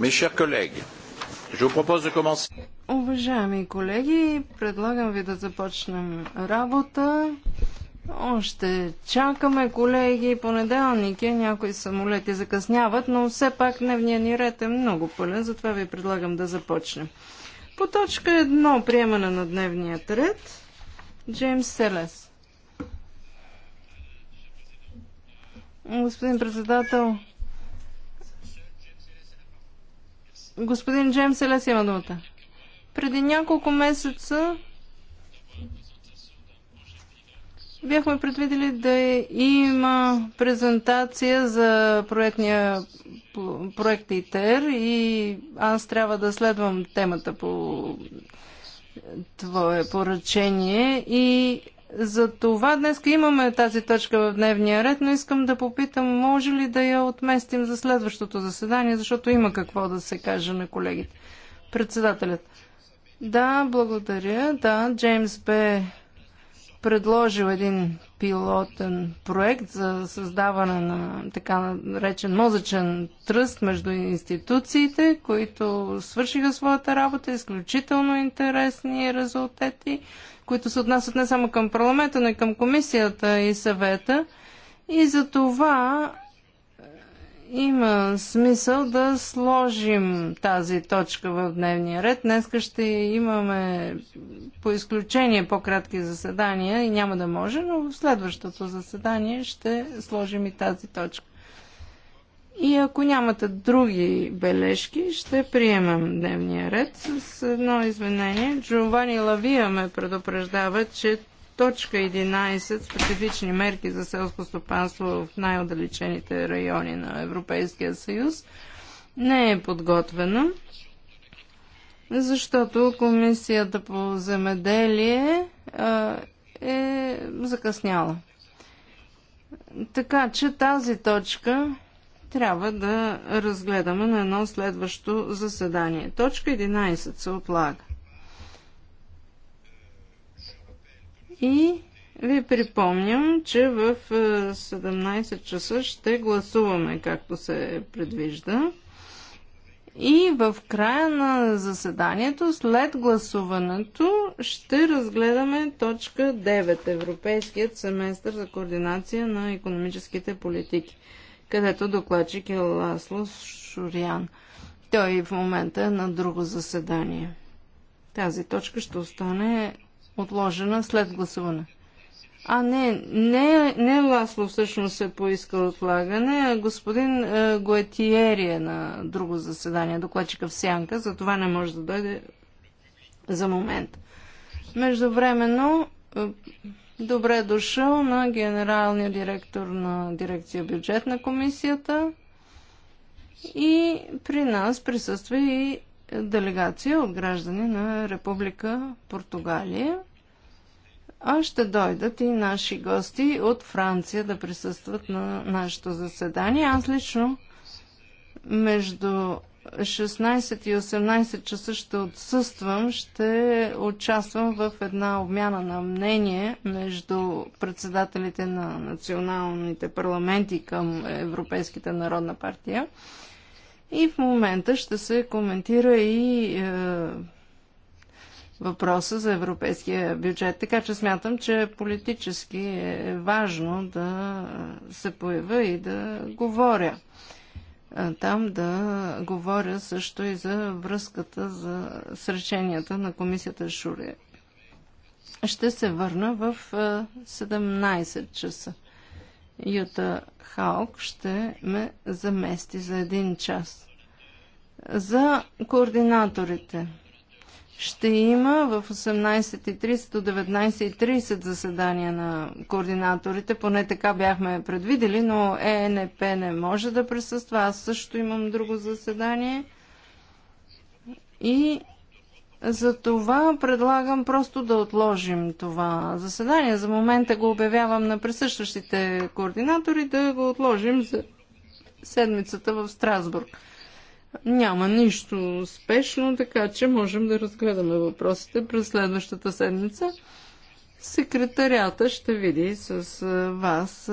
Mes chers collègues, je vous propose de commencer. Уважаеми колеги, предлагам ви да започнем работа. Още чакаме, колеги. Понеделник е, някои самолети закъсняват, но все пак дневният ни ред е много пълен, затова ви предлагам да започнем. По точка едно, приемане на дневният ред, Джеймс Селес. Господин председател, Господин Джеймс Селес има думата. Преди няколко месеца бяхме предвидели да има презентация за проектния проект ИТЕР и аз трябва да следвам темата по твое поръчение и за това днес имаме тази точка в дневния ред, но искам да попитам, може ли да я отместим за следващото заседание, защото има какво да се каже на колегите. Председателят. Да, благодаря. Да, Джеймс бе предложил един пилотен проект за създаване на така наречен мозъчен тръст между институциите, които свършиха своята работа, изключително интересни резултати които се отнасят не само към парламента, но и към комисията и съвета. И за това е, има смисъл да сложим тази точка в дневния ред. Днес ще имаме по изключение по-кратки заседания и няма да може, но в следващото заседание ще сложим и тази точка. И ако нямате други бележки, ще приемам дневния ред с едно изменение. Джовани Лавия ме предупреждава, че точка 11 специфични мерки за селско стопанство в най-отдалечените райони на Европейския съюз не е подготвена, защото Комисията по земеделие а, е закъсняла. Така че тази точка трябва да разгледаме на едно следващо заседание. Точка 11 се отлага. И ви припомням, че в 17 е, часа ще гласуваме, както се предвижда. И в края на заседанието, след гласуването, ще разгледаме точка 9 Европейският семестър за координация на економическите политики където докладчик е Ласло Шуриан. Той в момента е на друго заседание. Тази точка ще остане отложена след гласуване. А, не, не, не Ласло всъщност е поискал отлагане, а господин е, Гуетиери е на друго заседание, докладчика в Сянка, за това не може да дойде за момент. Междувременно, е, Добре е дошъл на генералния директор на дирекция бюджет на комисията. И при нас присъства и делегация от граждани на Република Португалия. А ще дойдат и наши гости от Франция да присъстват на нашето заседание. Аз лично между 16 и 18 часа ще отсъствам, ще участвам в една обмяна на мнение между председателите на националните парламенти към Европейската народна партия. И в момента ще се коментира и е, въпроса за европейския бюджет. Така че смятам, че политически е важно да се появя и да говоря там да говоря също и за връзката за, среченията решенията на комисията Шуре. Ще се върна в 17 часа. Юта Хаук ще ме замести за един час. За координаторите ще има в 18.30 до 19.30 заседания на координаторите. Поне така бяхме предвидели, но е ЕНП не може да присъства. Аз също имам друго заседание. И за това предлагам просто да отложим това заседание. За момента го обявявам на присъщащите координатори да го отложим за седмицата в Страсбург. Няма нищо спешно, така че можем да разгледаме въпросите през следващата седмица. Секретарията ще види с вас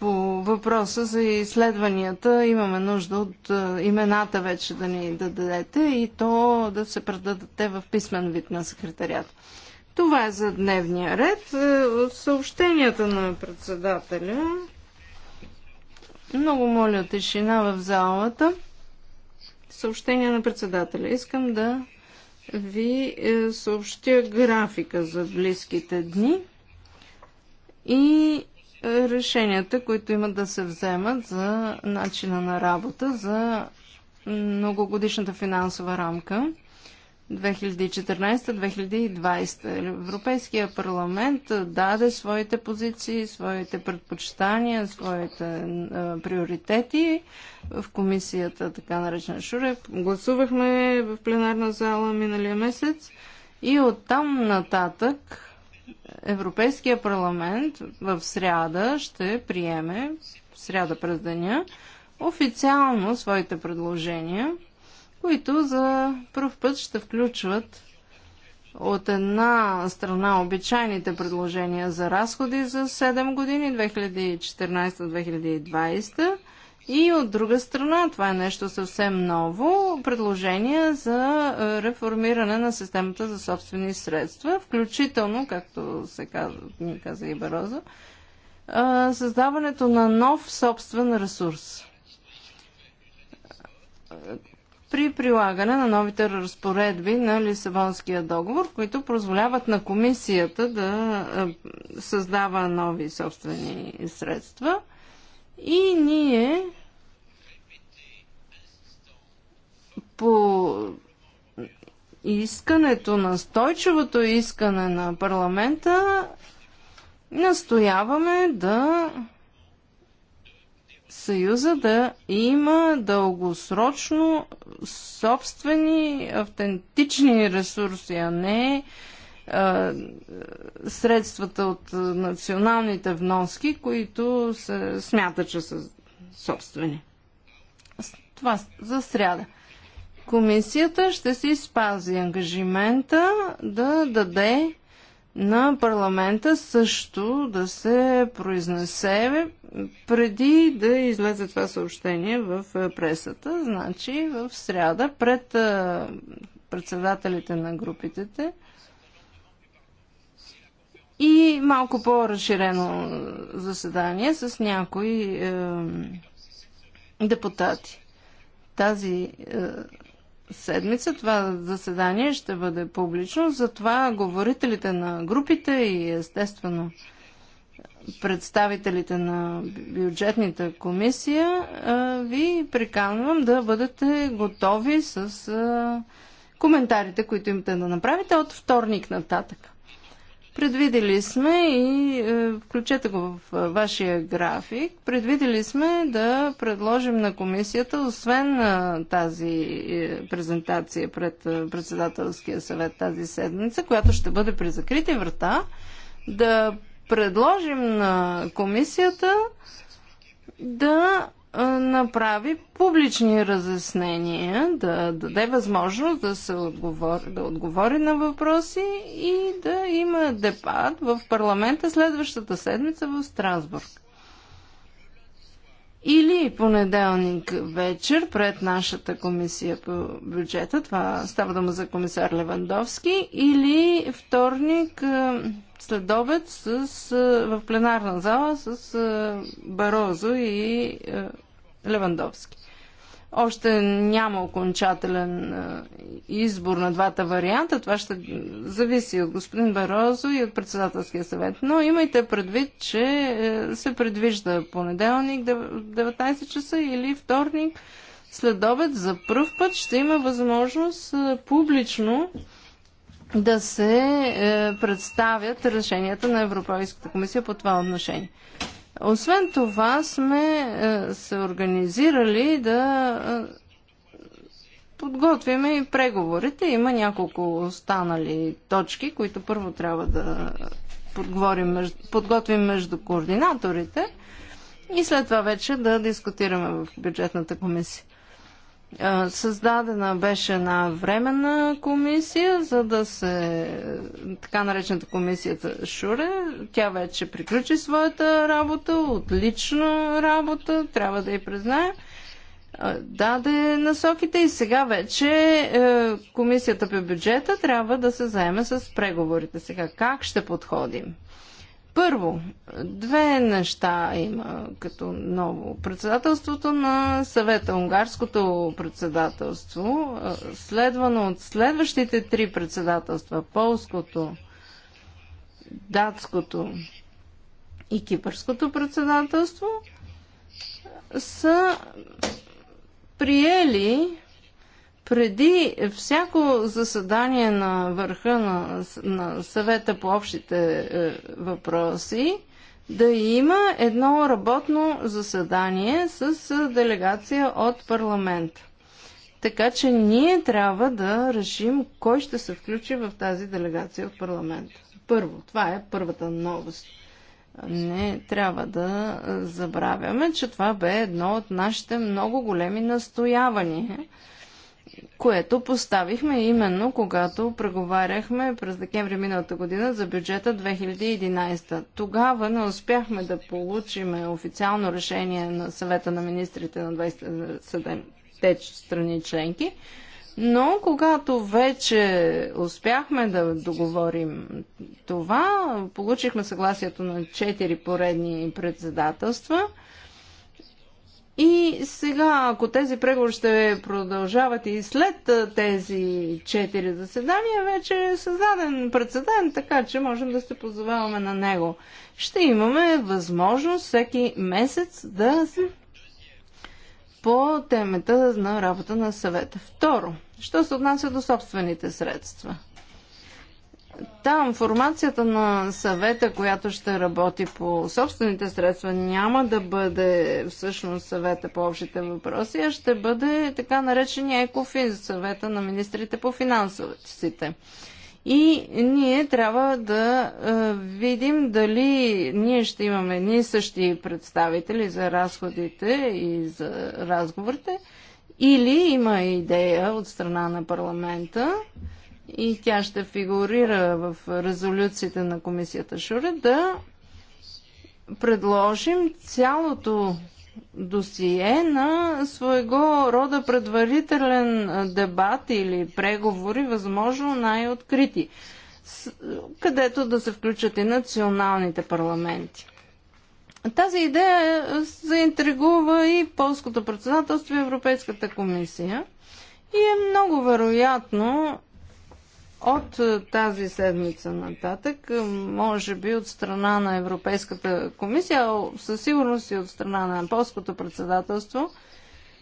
по въпроса за изследванията имаме нужда от имената вече да ни дадете и то да се предадете в писмен вид на секретарията. Това е за дневния ред. Е, съобщенията на председателя много моля тишина в залата. Съобщение на председателя. Искам да ви е, съобщя графика за близките дни и е, решенията, които имат да се вземат за начина на работа, за многогодишната финансова рамка. 2014-2020. Европейския парламент даде своите позиции, своите предпочитания, своите е, приоритети в комисията, така наречена Шурев. Гласувахме в пленарна зала миналия месец и оттам нататък Европейския парламент в сряда ще приеме, в сряда през деня, официално своите предложения – които за първ път ще включват от една страна обичайните предложения за разходи за 7 години 2014-2020 и от друга страна, това е нещо съвсем ново, предложения за е, реформиране на системата за собствени средства, включително, както се казва, ни каза и Бароза, е, създаването на нов собствен ресурс при прилагане на новите разпоредби на Лисабонския договор, които позволяват на комисията да е, създава нови собствени средства. И ние по искането, настойчивото искане на парламента, настояваме да Съюза да има дългосрочно собствени автентични ресурси, а не а, средствата от националните вноски, които се смята, че са собствени. Това за сряда. Комисията ще си спази ангажимента да даде на парламента също да се произнесе преди да излезе това съобщение в е, пресата. Значи в сряда пред е, председателите на групите и малко по-разширено заседание с някои е, депутати. Тази е, седмица това заседание ще бъде публично, затова говорителите на групите и естествено представителите на бюджетната комисия ви приканвам да бъдете готови с коментарите, които имате да направите от вторник нататък. Предвидели сме и е, включете го в е, вашия график. Предвидели сме да предложим на комисията, освен на е, тази презентация пред председателския съвет тази седмица, която ще бъде при закрити врата, да предложим на комисията да направи публични разяснения, да даде възможност да се отговори, да отговори на въпроси и да има дебат в парламента следващата седмица в Страсбург. Или понеделник вечер пред нашата комисия по бюджета, това става дума за комисар Левандовски, или вторник след обед с, в пленарна зала с Барозо и Левандовски. Още няма окончателен избор на двата варианта. Това ще зависи от господин Барозо и от председателския съвет. Но имайте предвид, че е, се предвижда понеделник 19 часа или вторник след обед за първ път ще има възможност е, публично да се е, представят решенията на Европейската комисия по това отношение. Освен това сме е, се организирали да е, подготвиме и преговорите. Има няколко останали точки, които първо трябва да подготвим между координаторите и след това вече да дискутираме в бюджетната комисия. Създадена беше една временна комисия, за да се така наречената комисията Шуре. Тя вече приключи своята работа, отлична работа, трябва да я признаем. Даде насоките и сега вече е, комисията по бюджета трябва да се заеме с преговорите. Сега как ще подходим? Първо, две неща има като ново. Председателството на съвета, унгарското председателство, следвано от следващите три председателства, полското, датското и кипърското председателство, са приели преди всяко заседание на върха на, на съвета по общите е, въпроси да има едно работно заседание с е, делегация от парламента. Така че ние трябва да решим кой ще се включи в тази делегация от парламента. Първо, това е първата новост. Не трябва да е, забравяме, че това бе едно от нашите много големи настоявания – което поставихме именно когато преговаряхме през декември миналата година за бюджета 2011. Тогава не успяхме да получим официално решение на съвета на министрите на 27-те страни членки, но когато вече успяхме да договорим това, получихме съгласието на 4 поредни председателства – и сега, ако тези преговори ще продължават и след тези четири заседания, вече е създаден прецедент, така че можем да се позоваваме на него. Ще имаме възможност всеки месец да се по темата на работа на съвета. Второ, що се отнася до собствените средства? Там формацията на съвета, която ще работи по собствените средства, няма да бъде всъщност съвета по общите въпроси, а ще бъде така наречения екофин, съвета на министрите по финансовите. И ние трябва да е, видим дали ние ще имаме ние същи представители за разходите и за разговорите, или има идея от страна на парламента и тя ще фигурира в резолюциите на комисията Шуре, да предложим цялото досие на своего рода предварителен дебат или преговори, възможно най-открити, където да се включат и националните парламенти. Тази идея заинтригува и полското председателство и Европейската комисия и е много вероятно от е, тази седмица нататък, е, може би от страна на Европейската комисия, със сигурност и от страна на полското председателство,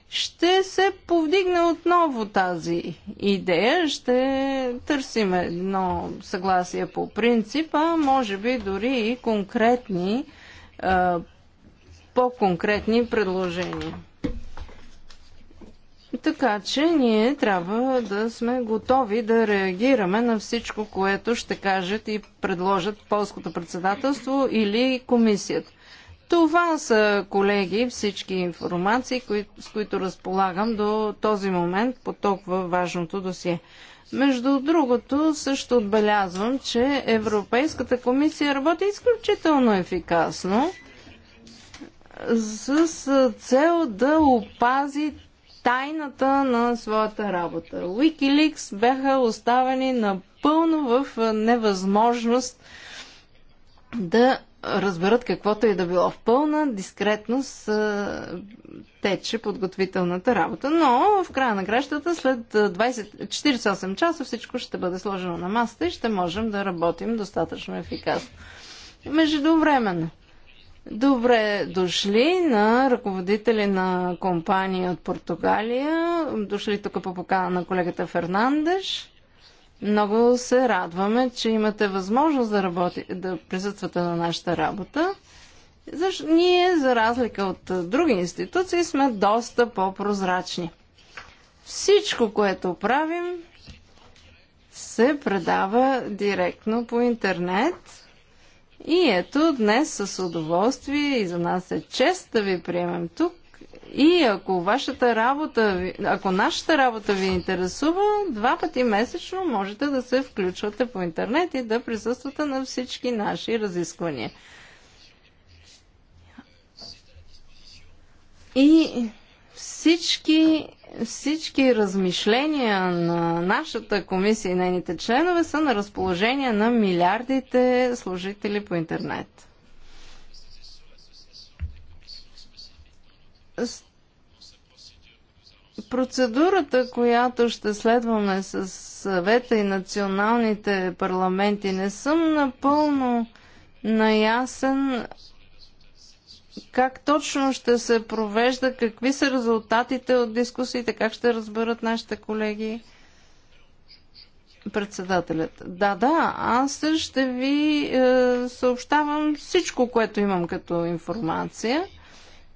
ще се повдигне отново тази идея. Ще търсим едно съгласие по принципа, може би дори и конкретни, е, по-конкретни предложения. Така че ние трябва да сме готови да реагираме на всичко, което ще кажат и предложат полското председателство или комисията. Това са, колеги, всички информации, с които разполагам до този момент по толкова важното досие. Между другото, също отбелязвам, че Европейската комисия работи изключително ефикасно с цел да опази тайната на своята работа. Wikileaks бяха оставени напълно в невъзможност да разберат каквото и да било. В пълна дискретност тече подготвителната работа. Но в края на кращата след 20, 48 часа всичко ще бъде сложено на масата и ще можем да работим достатъчно ефикасно. Междувременно Добре дошли на ръководители на компании от Португалия. Дошли тук по покана на колегата Фернандеш. Много се радваме, че имате възможност да, работи, да присъствате на нашата работа. Защо ние, за разлика от други институции, сме доста по-прозрачни. Всичко, което правим, се предава директно по интернет – и ето, днес с удоволствие и за нас е чест да ви приемем тук. И ако вашата работа, ако нашата работа ви интересува, два пъти месечно можете да се включвате по интернет и да присъствате на всички наши разисквания. И всички всички размишления на нашата комисия и нейните членове са на разположение на милиардите служители по интернет. Процедурата, която ще следваме с съвета и националните парламенти, не съм напълно наясен как точно ще се провежда, какви са резултатите от дискусиите, как ще разберат нашите колеги председателят. Да, да, аз ще ви е, съобщавам всичко, което имам като информация.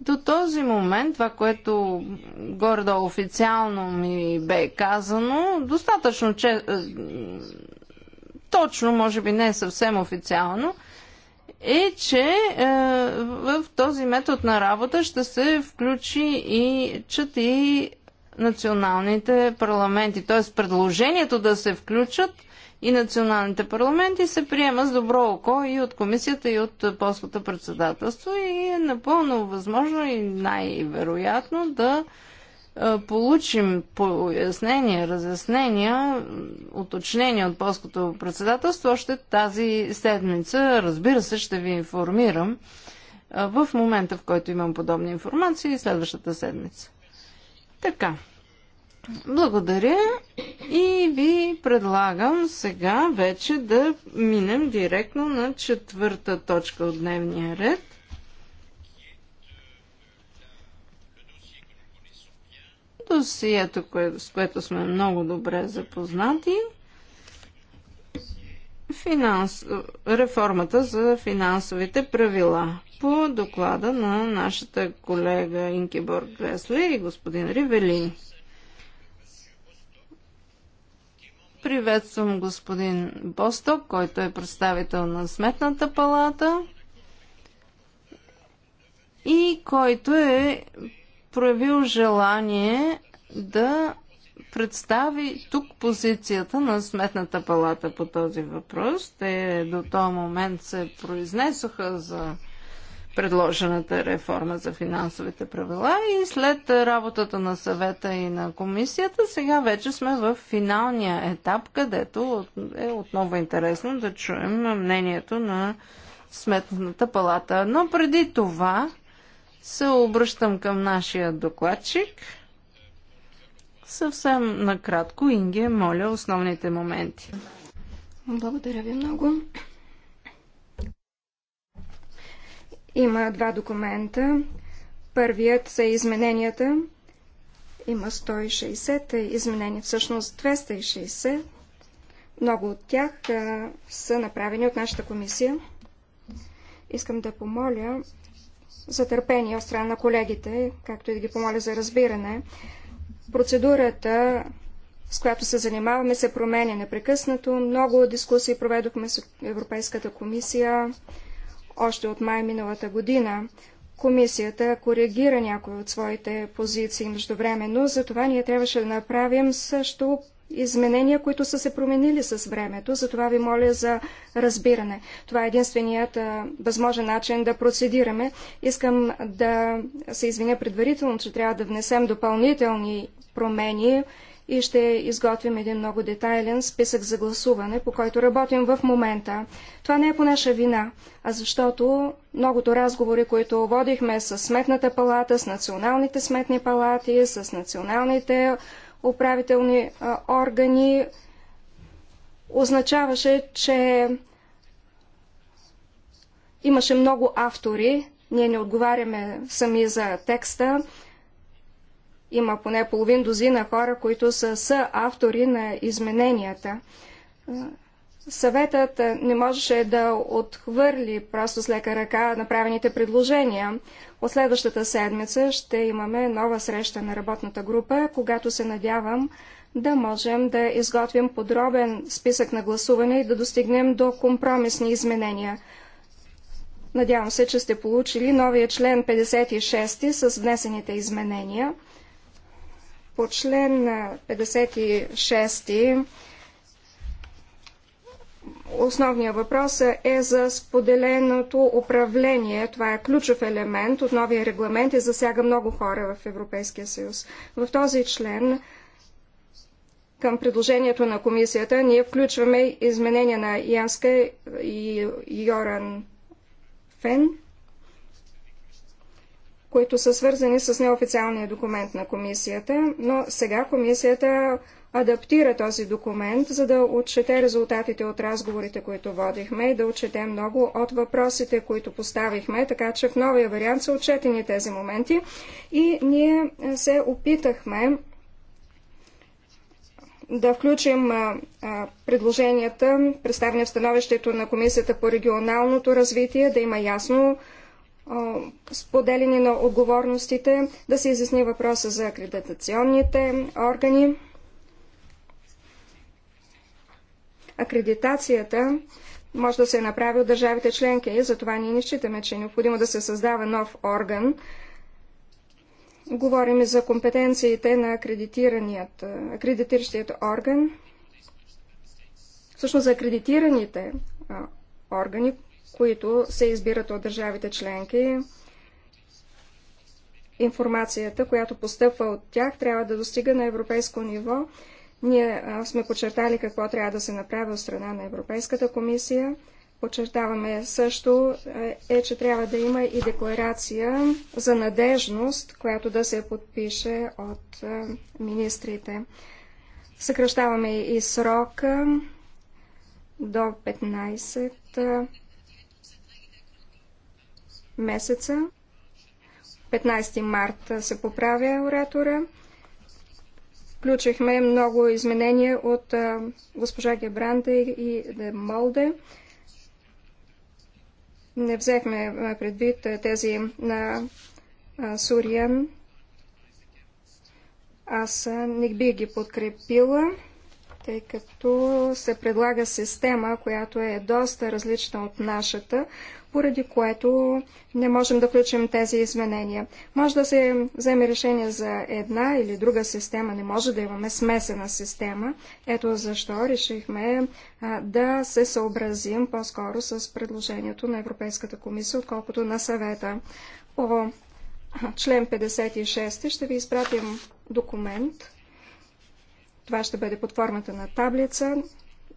До този момент, това, което гордо официално ми бе казано, достатъчно че, е, точно, може би не съвсем официално, е, че е, в този метод на работа ще се включи и чат и националните парламенти. Т.е. предложението да се включат и националните парламенти се приема с добро око и от комисията, и от полското председателство и е напълно възможно и най-вероятно да е, получим пояснения, разяснения, уточнения от полското председателство още тази седмица. Разбира се, ще ви информирам е, в момента, в който имам подобни информации и следващата седмица. Така. Благодаря и ви предлагам сега вече да минем директно на четвърта точка от дневния ред. досието, с което сме много добре запознати. Финанс... Реформата за финансовите правила по доклада на нашата колега Инкеборг Гресле и господин Ривелин. Приветствам господин Босток, който е представител на Сметната палата и който е проявил желание да представи тук позицията на Сметната палата по този въпрос. Те до този момент се произнесоха за предложената реформа за финансовите правила и след работата на съвета и на комисията, сега вече сме в финалния етап, където е отново интересно да чуем мнението на Сметната палата. Но преди това се обръщам към нашия докладчик. Съвсем накратко, Инге, моля основните моменти. Благодаря ви много. Има два документа. Първият са измененията. Има 160 изменения, всъщност 260. Много от тях а, са направени от нашата комисия. Искам да помоля за търпение от страна на колегите, както и да ги помоля за разбиране. Процедурата, с която се занимаваме, се променя непрекъснато. Много дискусии проведохме с Европейската комисия още от май миналата година. Комисията коригира някои от своите позиции междувременно, затова ние трябваше да направим също изменения, които са се променили с времето. Затова ви моля за разбиране. Това е единственият а, възможен начин да процедираме. Искам да се извиня предварително, че трябва да внесем допълнителни промени и ще изготвим един много детайлен списък за гласуване, по който работим в момента. Това не е по наша вина, а защото многото разговори, които водихме с Сметната палата, с националните сметни палати, с националните управителни органи означаваше, че имаше много автори. Ние не отговаряме сами за текста. Има поне половин дозина хора, които са, са автори на измененията. Съветът не можеше да отхвърли просто с лека ръка направените предложения. От следващата седмица ще имаме нова среща на работната група, когато се надявам да можем да изготвим подробен списък на гласуване и да достигнем до компромисни изменения. Надявам се, че сте получили новия член 56 с внесените изменения. По член 56 Основният въпрос е за споделеното управление. Това е ключов елемент от новия регламент и засяга много хора в Европейския съюз. В този член към предложението на комисията ние включваме изменения на Янска и Йоран Фен, които са свързани с неофициалния документ на комисията, но сега комисията адаптира този документ, за да отчете резултатите от разговорите, които водихме и да отчете много от въпросите, които поставихме, така че в новия вариант са отчетени тези моменти и ние е, се опитахме да включим е, е, предложенията, представени в становището на Комисията по регионалното развитие, да има ясно споделени на отговорностите, да се изясни въпроса за акредитационните органи. Акредитацията може да се направи от държавите членки и затова ние не считаме, че е необходимо да се създава нов орган. Говорим и за компетенциите на акредитиращият орган. Всъщност за акредитираните органи, които се избират от държавите членки, информацията, която постъпва от тях, трябва да достига на европейско ниво ние сме подчертали какво трябва да се направи от страна на Европейската комисия. Подчертаваме също е, е че трябва да има и декларация за надежност, която да се подпише от министрите. Съкръщаваме и срока до 15 месеца. 15 марта се поправя оратора. Включихме много изменения от а, госпожа Гебранде и Де Молде. Не взехме предвид тези на а, Аз не би ги подкрепила тъй като се предлага система, която е доста различна от нашата, поради което не можем да включим тези изменения. Може да се вземе решение за една или друга система, не може да имаме смесена система. Ето защо решихме да се съобразим по-скоро с предложението на Европейската комисия, отколкото на съвета. По член 56 ще ви изпратим документ, това ще бъде под формата на таблица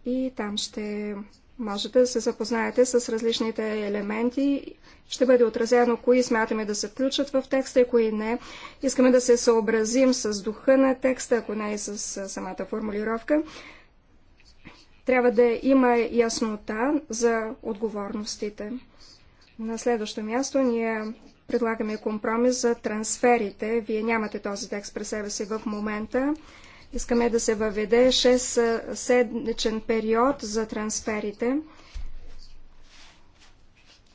и там ще можете да се запознаете с различните елементи. Ще бъде отразено кои смятаме да се включат в текста и кои не. Искаме да се съобразим с духа на текста, ако не и с самата формулировка. Трябва да има яснота за отговорностите. На следващо място ние предлагаме компромис за трансферите. Вие нямате този текст през себе си в момента. Искаме да се въведе 6-седмичен период за трансферите.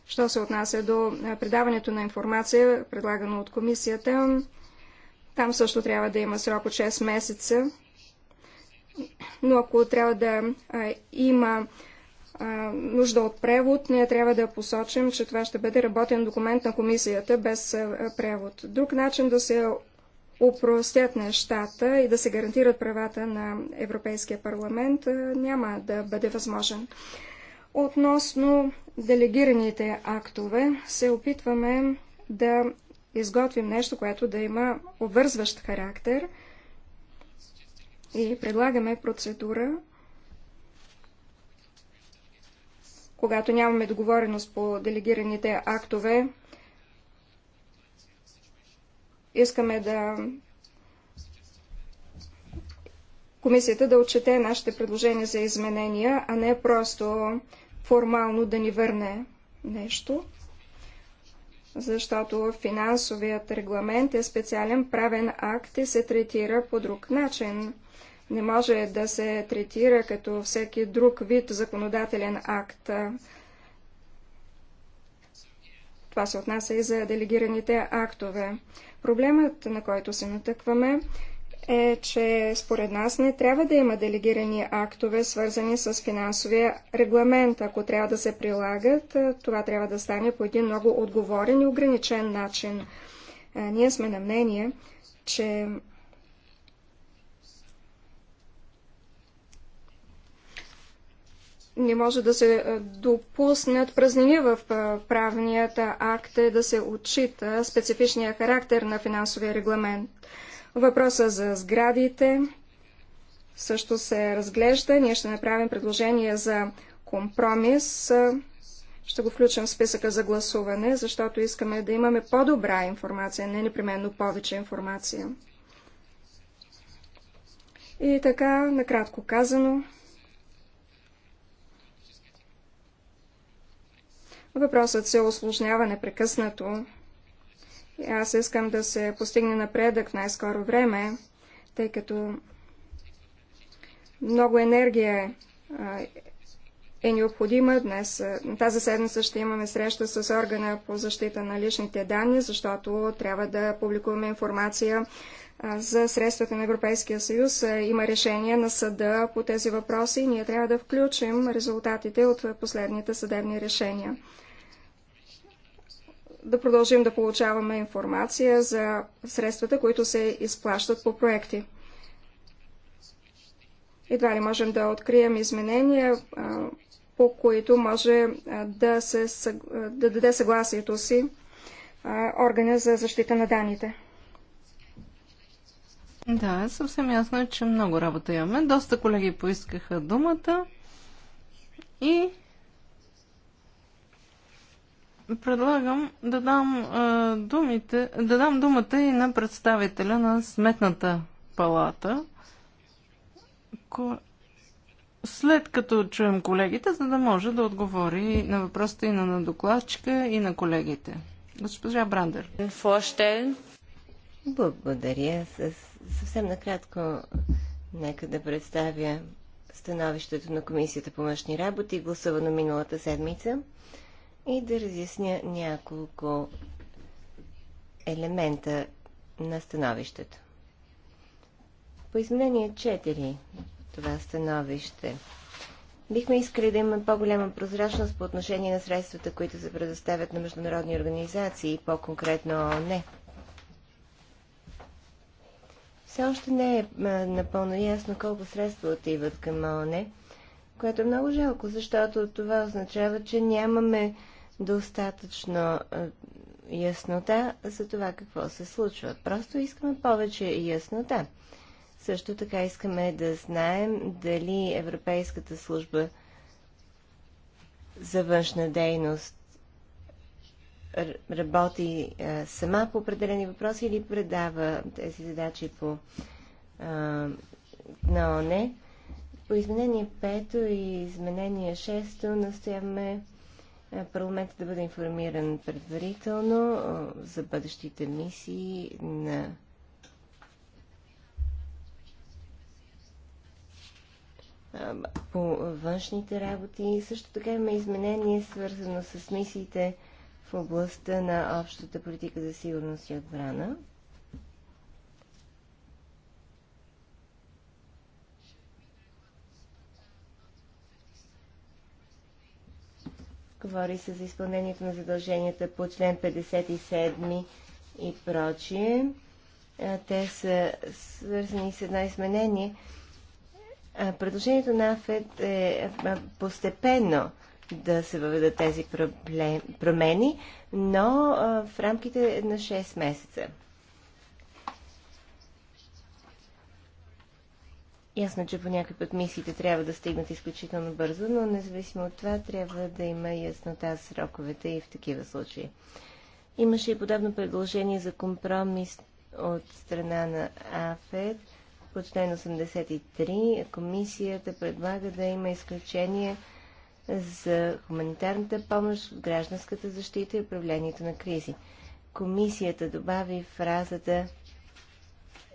Що се отнася до предаването на информация, предлагано от комисията, там също трябва да има срок от 6 месеца. Но ако трябва да има нужда от превод, ние трябва да посочим, че това ще бъде работен документ на комисията без превод. Друг начин да се упростят нещата и да се гарантират правата на Европейския парламент, няма да бъде възможен. Относно делегираните актове, се опитваме да изготвим нещо, което да има обвързващ характер и предлагаме процедура, когато нямаме договореност по делегираните актове, Искаме да комисията да отчете нашите предложения за изменения, а не просто формално да ни върне нещо, защото финансовият регламент е специален правен акт и се третира по друг начин. Не може да се третира като всеки друг вид законодателен акт. Това се отнася и за делегираните актове. Проблемът, на който се натъкваме, е, че според нас не трябва да има делегирани актове, свързани с финансовия регламент. Ако трябва да се прилагат, това трябва да стане по един много отговорен и ограничен начин. Ние сме на мнение, че не може да се допуснат празнини в правният акт, е да се отчита специфичния характер на финансовия регламент. Въпроса за сградите също се разглежда. Ние ще направим предложение за компромис. Ще го включим в списъка за гласуване, защото искаме да имаме по-добра информация, не непременно повече информация. И така, накратко казано, Въпросът се осложнява непрекъснато. И аз искам да се постигне напредък в най-скоро време, тъй като много енергия е необходима. Днес, На тази седмица ще имаме среща с органа по защита на личните данни, защото трябва да публикуваме информация за средствата на Европейския съюз. Има решение на съда по тези въпроси и ние трябва да включим резултатите от последните съдебни решения да продължим да получаваме информация за средствата, които се изплащат по проекти. Едва ли можем да открием изменения, по които може да, се, да даде съгласието си органа за защита на данните. Да, съвсем ясно е, че много работа имаме. Доста колеги поискаха думата и предлагам да дам, а, думите, да дам думата и на представителя на Сметната палата, ко... след като чуем колегите, за да може да отговори на въпросите и на, на докладчика и на колегите. Госпожа Брандер. Благодаря. С... Съвсем накратко нека да представя становището на Комисията по външни работи, гласувано миналата седмица и да разясня няколко елемента на становището. По изменение 4 това становище бихме искали да има по-голяма прозрачност по отношение на средствата, които се предоставят на международни организации и по-конкретно ООН. Все още не е напълно ясно колко средства отиват към ООН, което е много жалко, защото това означава, че нямаме достатъчно яснота за това какво се случва. Просто искаме повече яснота. Също така искаме да знаем дали Европейската служба за външна дейност работи сама по определени въпроси или предава тези задачи по а, на ОНЕ. По изменение 5 и изменение 6 настояваме е, парламентът да бъде информиран предварително е, за бъдещите мисии на по външните работи. Също така има изменение, свързано с мисиите в областта на общата политика за сигурност и отбрана. говори се за изпълнението на задълженията по член 57 и прочие. Те са свързани с едно изменение. Предложението на АФЕД е постепенно да се въведат тези проблем, промени, но в рамките на 6 месеца. Ясно, че по някакъв път мисиите трябва да стигнат изключително бързо, но независимо от това трябва да има яснота с сроковете и в такива случаи. Имаше и подобно предложение за компромис от страна на АФЕД по член 83. Комисията предлага да има изключение за хуманитарната помощ, гражданската защита и управлението на кризи. Комисията добави фразата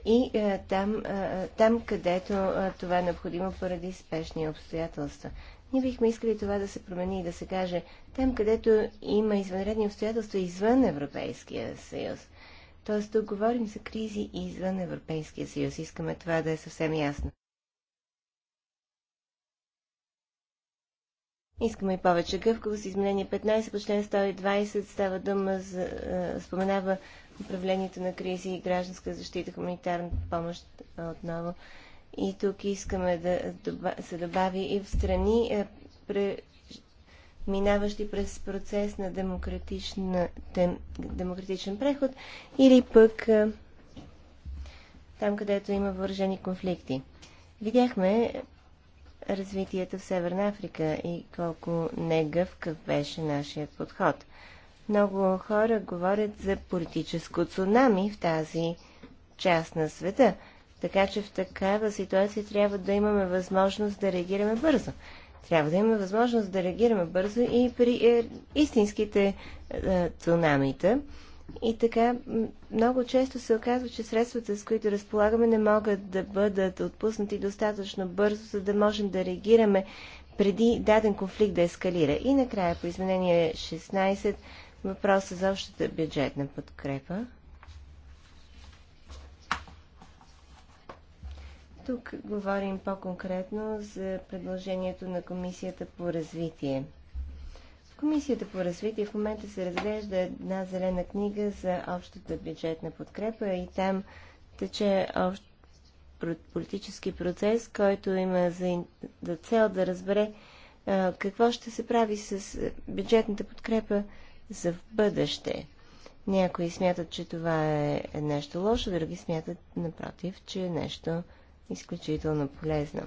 и а, е, там, а, е, там, където а, е, това е необходимо поради спешни обстоятелства. Ние бихме искали това да се промени и да се каже там, където има извънредни обстоятелства извън Европейския съюз. Тоест, тук говорим за кризи извън Европейския съюз. Искаме това да е съвсем ясно. Искаме и повече гъвкавост. Изменение 15 по член 120 става дума за, споменава управлението на кризи и гражданска защита, хуманитарна помощ отново. И тук искаме да се добави и в страни, е, минаващи през процес на дем, демократичен преход или пък е, там, където има въоръжени конфликти. Видяхме развитието в Северна Африка и колко негъвкав беше нашия подход – много хора говорят за политическо цунами в тази част на света. Така че в такава ситуация трябва да имаме възможност да реагираме бързо. Трябва да имаме възможност да реагираме бързо и при е, истинските е, цунамита. И така много често се оказва, че средствата, с които разполагаме, не могат да бъдат отпуснати достатъчно бързо, за да можем да реагираме преди даден конфликт да ескалира. И накрая по изменение 16 Въпросът за общата бюджетна подкрепа. Тук говорим по-конкретно за предложението на Комисията по развитие. В Комисията по развитие в момента се разглежда една зелена книга за общата бюджетна подкрепа и там тече общ политически процес, който има за, за цел да разбере а, какво ще се прави с бюджетната подкрепа за в бъдеще. Някои смятат, че това е нещо лошо, други смятат, напротив, че е нещо изключително полезно.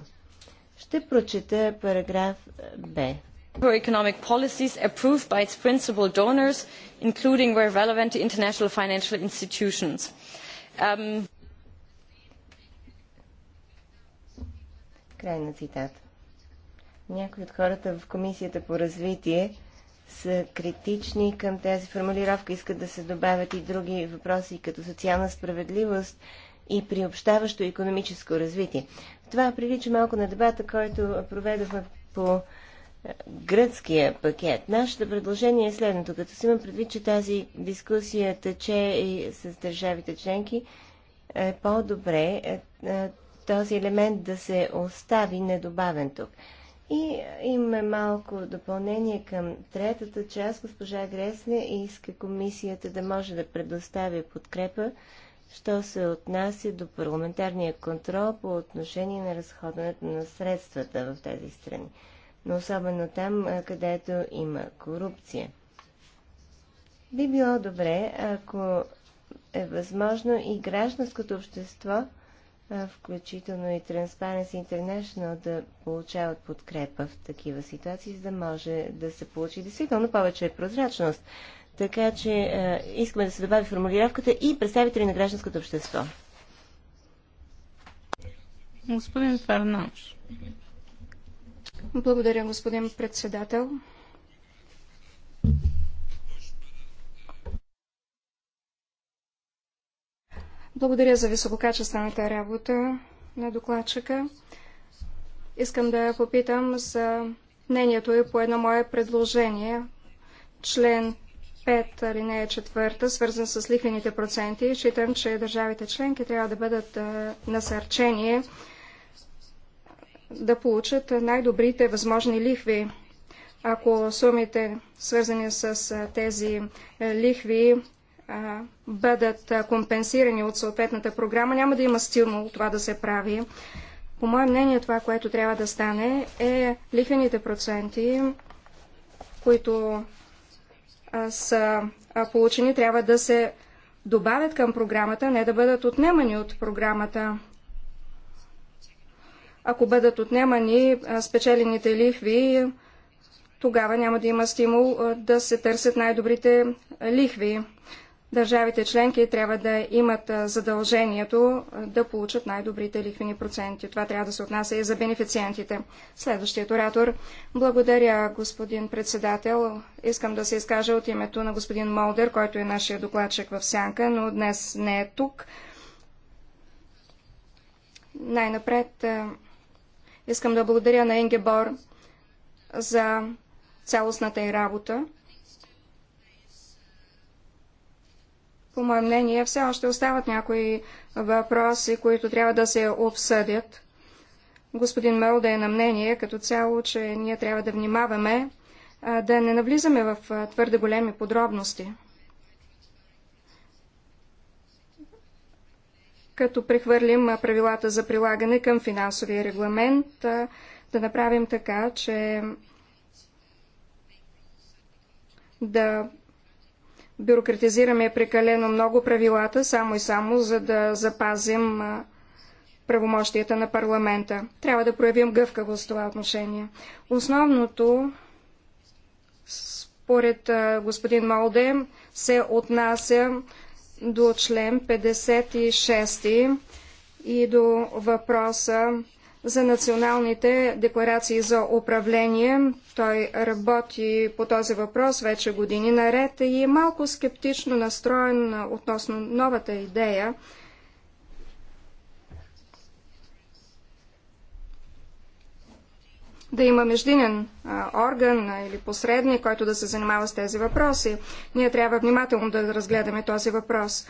Ще прочета параграф е, Б economic policies approved by its principal donors, including where relevant to international financial institutions. Um... Край на цитат. Някои от хората в Комисията по развитие са критични към тази формулировка, искат да се добавят и други въпроси, като социална справедливост и приобщаващо економическо развитие. Това прилича малко на дебата, който проведохме по е, гръцкия пакет. Нашето предложение е следното. Като си имам предвид, че тази дискусия тече и с държавите членки, е по-добре е, е, този елемент да се остави недобавен тук. И имаме малко допълнение към третата част. Госпожа Гресне иска комисията да може да предоставя подкрепа, що се отнася до парламентарния контрол по отношение на разходването на средствата в тези страни. Но особено там, където има корупция. Би било добре, ако е възможно и гражданското общество – включително и Transparency International, да получават подкрепа в такива ситуации, за да може да се получи действително повече прозрачност. Така че искаме да се добави формулировката и представители на гражданското общество. Господин Фернанш. Благодаря, господин председател. Благодаря за висококачествената работа на докладчика. Искам да я попитам за мнението и по едно мое предложение. Член 5, алинея 4, свързан с лихвените проценти. Считам, че държавите членки трябва да бъдат насърчени да получат най-добрите възможни лихви. Ако сумите, свързани с тези лихви, бъдат компенсирани от съответната програма, няма да има стимул това да се прави. По мое мнение, това, което трябва да стане, е лихвените проценти, които са получени, трябва да се добавят към програмата, не да бъдат отнемани от програмата. Ако бъдат отнемани спечелените лихви, тогава няма да има стимул да се търсят най-добрите лихви държавите членки трябва да имат задължението да получат най-добрите лихвени проценти. Това трябва да се отнася и за бенефициентите. Следващият оратор. Благодаря, господин председател. Искам да се изкажа от името на господин Молдер, който е нашия докладчик в Сянка, но днес не е тук. Най-напред искам да благодаря на Ингебор за цялостната й работа. По мое мнение, все още остават някои въпроси, които трябва да се обсъдят. Господин Мълда е на мнение като цяло, че ние трябва да внимаваме да не навлизаме в твърде големи подробности. Като прехвърлим правилата за прилагане към финансовия регламент, да направим така, че да бюрократизираме прекалено много правилата, само и само, за да запазим правомощията на парламента. Трябва да проявим гъвкавост в това отношение. Основното, според господин Молде, се отнася до член 56 и до въпроса за националните декларации за управление. Той работи по този въпрос вече години наред и е малко скептично настроен относно новата идея. да има междинен а, орган а, или посредник, който да се занимава с тези въпроси. Ние трябва внимателно да разгледаме този въпрос.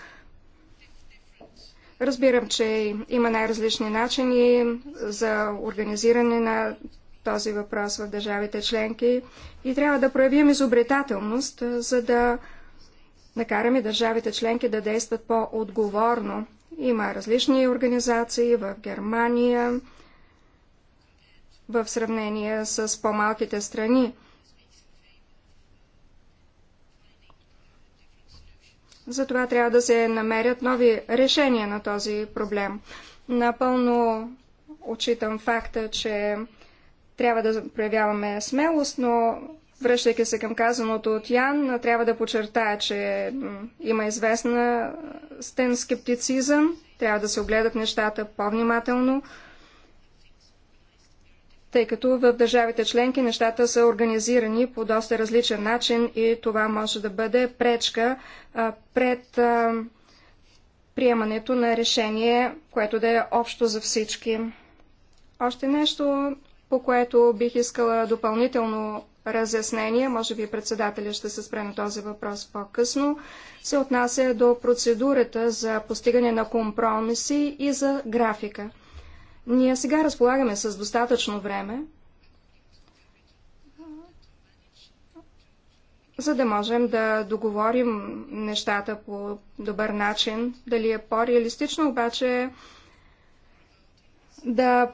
Разбирам, че има най-различни начини за организиране на този въпрос в държавите членки и трябва да проявим изобретателност, за да накараме държавите членки да действат по-отговорно. Има различни организации в Германия в сравнение с по-малките страни. Затова трябва да се намерят нови решения на този проблем. Напълно отчитам факта, че трябва да проявяваме смелост, но връщайки се към казаното от Ян, трябва да подчертая, че има известна стен скептицизъм, трябва да се огледат нещата по-внимателно, тъй като в държавите членки нещата са организирани по доста различен начин и това може да бъде пречка а, пред а, приемането на решение, което да е общо за всички. Още нещо, по което бих искала допълнително разяснение, може би председателя ще се спре на този въпрос по-късно, се отнася до процедурата за постигане на компромиси и за графика. Ние сега разполагаме с достатъчно време, за да можем да договорим нещата по добър начин. Дали е по-реалистично обаче да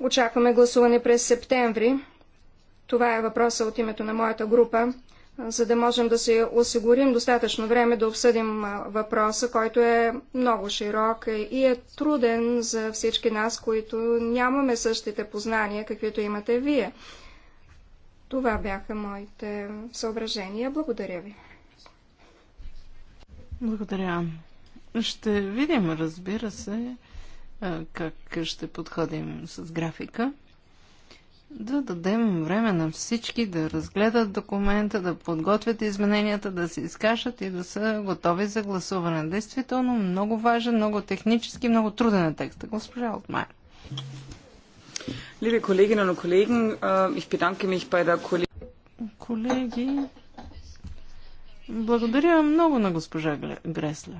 очакваме гласуване през септември. Това е въпроса от името на моята група за да можем да се осигурим достатъчно време да обсъдим въпроса, който е много широк и е труден за всички нас, които нямаме същите познания, каквито имате вие. Това бяха моите съображения. Благодаря ви. Благодаря. Ще видим, разбира се, как ще подходим с графика да дадем време на всички да разгледат документа, да подготвят измененията, да се изкашат и да са готови за гласуване. Действително много важен, много технически, много труден е текстът. Госпожа Отмайер. Liebe Kolleginnen und Kollegen, ich bedanke mich bei der Kollegin. Колеги, благодаря много на госпожа Гресле.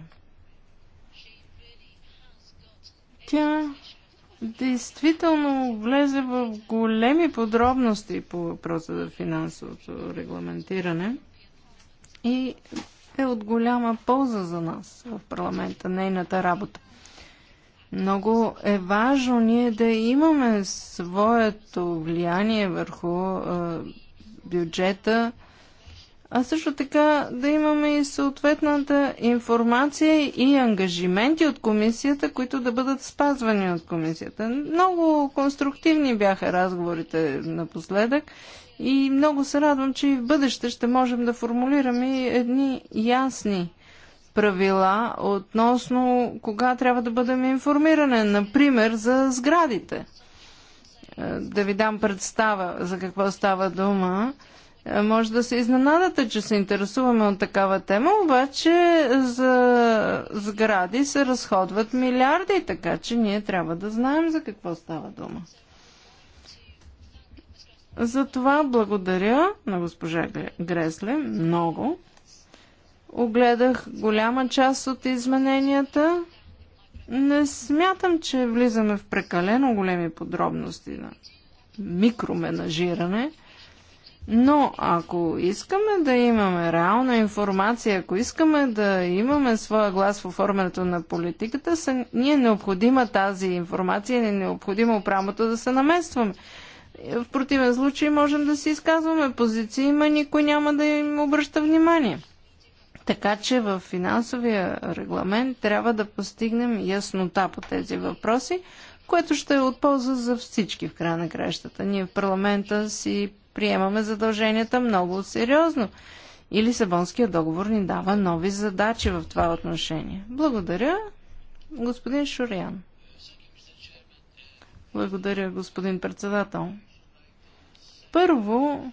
Тя действително влезе в големи подробности по въпроса за финансовото регламентиране и е от голяма полза за нас в парламента, нейната работа. Много е важно ние да имаме своето влияние върху е, бюджета, а също така да имаме и съответната информация и ангажименти от комисията, които да бъдат спазвани от комисията. Много конструктивни бяха разговорите напоследък и много се радвам, че и в бъдеще ще можем да формулираме едни ясни правила относно кога трябва да бъдем информирани, например за сградите. Е, да ви дам представа за какво става дума може да се изненадате, че се интересуваме от такава тема, обаче за сгради се разходват милиарди, така че ние трябва да знаем за какво става дума. За това благодаря на госпожа Гресле много. Огледах голяма част от измененията. Не смятам, че влизаме в прекалено големи подробности на микроменажиране – но ако искаме да имаме реална информация, ако искаме да имаме своя глас в оформянето на политиката, са, ни е необходима тази информация, ни е необходимо правото да се наместваме. В противен случай можем да си изказваме позиции, но никой няма да им обръща внимание. Така че в финансовия регламент трябва да постигнем яснота по тези въпроси, което ще е от полза за всички в края на кращата. Ние в парламента си приемаме задълженията много сериозно. И Лисабонския договор ни дава нови задачи в това отношение. Благодаря, господин Шурян. Благодаря, господин председател. Първо,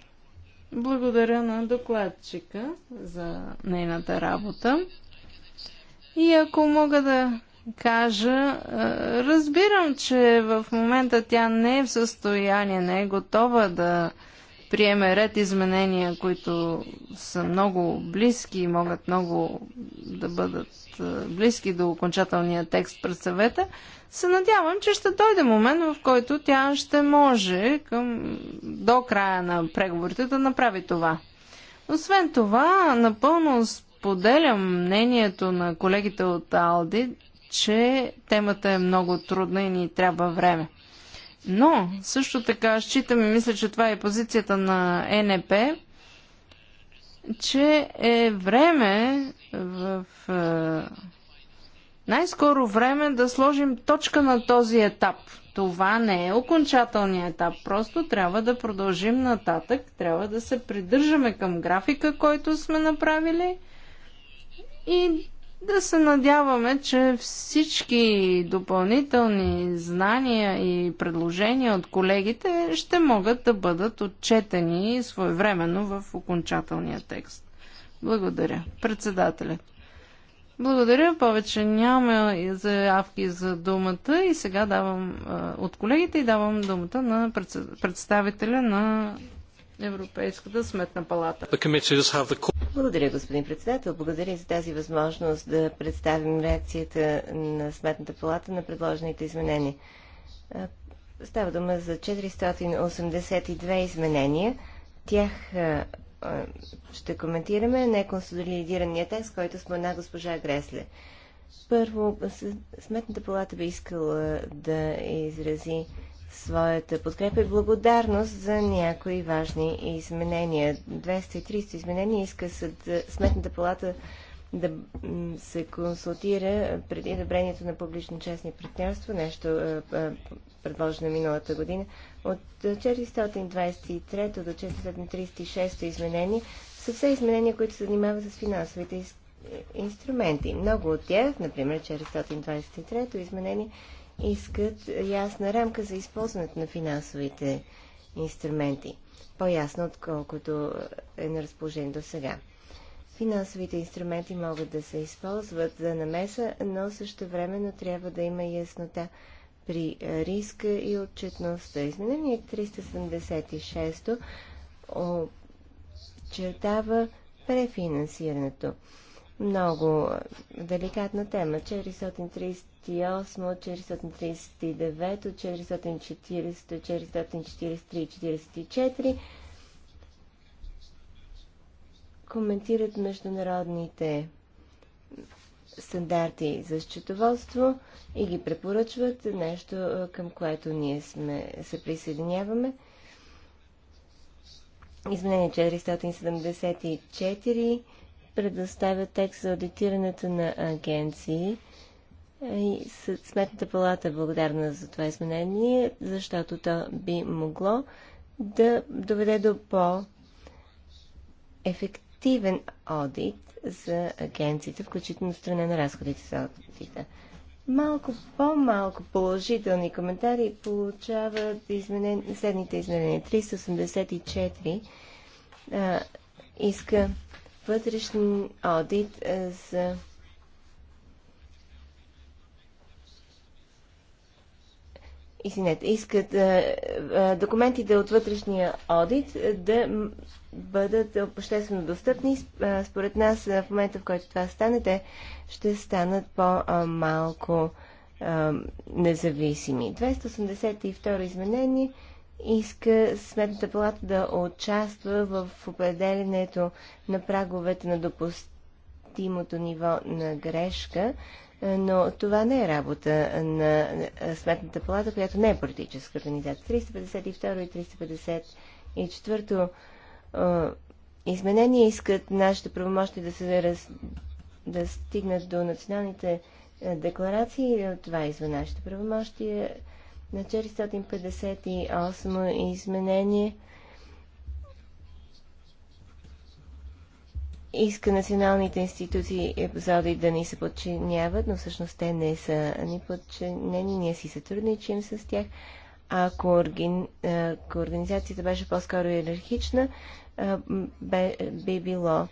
благодаря на докладчика за нейната работа. И ако мога да кажа, разбирам, че в момента тя не е в състояние, не е готова да приеме ред изменения, които са много близки и могат много да бъдат е, близки до окончателния текст пред съвета, се надявам, че ще дойде момент, в който тя ще може към, до края на преговорите да направи това. Освен това, напълно споделям мнението на колегите от Алди, че темата е много трудна и ни трябва време. Но също така считаме, мисля, че това е позицията на НП, че е време в е, най-скоро време да сложим точка на този етап. Това не е окончателният етап, просто трябва да продължим нататък, трябва да се придържаме към графика, който сме направили и да се надяваме, че всички допълнителни знания и предложения от колегите ще могат да бъдат отчетени своевременно в окончателния текст. Благодаря. Председателят. Благодаря. Повече нямаме заявки за думата и сега давам от колегите и давам думата на представителя на Европейската сметна палата. Благодаря, господин председател. Благодаря за тази възможност да представим реакцията на Сметната палата на предложените изменения. Става дума за 482 изменения. Тях ще коментираме неконсолидирания текст, който спомена госпожа Гресле. Първо, Сметната палата би искала да изрази своята подкрепа и благодарност за някои важни изменения. 230 изменения иска съд, Сметната палата да се консултира преди одобрението на публично-частни партньорства, нещо е, е, предложено миналата година. От 423 е, до 436 изменения са все изменения, които се занимават с финансовите инструменти. Много от тях, например 423 изменения, искат ясна рамка за използването на финансовите инструменти. По-ясно, отколкото е на разположение до сега. Финансовите инструменти могат да се използват за намеса, но също времено трябва да има яснота при риска и отчетността. Изменение 376 очертава префинансирането много деликатна тема. 438, 439, 440, 443 и 44 коментират международните стандарти за счетоводство и ги препоръчват нещо, към което ние сме, се присъединяваме. Изменение 474 предоставя текст за аудитирането на агенции и Сметната палата е благодарна за това изменение, защото то би могло да доведе до по-ефективен одит за агенциите, включително страна на разходите за одита. Малко по-малко положителни коментари получават изменен... следните изменения. 384 а, иска вътрешен одит е, за Извинете, искат е, е, документите от вътрешния одит да бъдат обществено достъпни. Според нас, в момента в който това стане, те ще станат по-малко независими. 282 изменение иска Сметната палата да участва в определенето на праговете на допустимото ниво на грешка, е, но това не е работа на Сметната палата, която не е политическа организация. 352 и 354 е, изменения искат нашите правомощи да се раз... да стигнат до националните е, декларации. Това е извън нашите правомощия на 458 изменение иска националните институции епизоди да ни се подчиняват, но всъщност те не са ни подчинени, ние си сътрудничим с тях. Ако, орген... ако организацията беше по-скоро иерархична, би било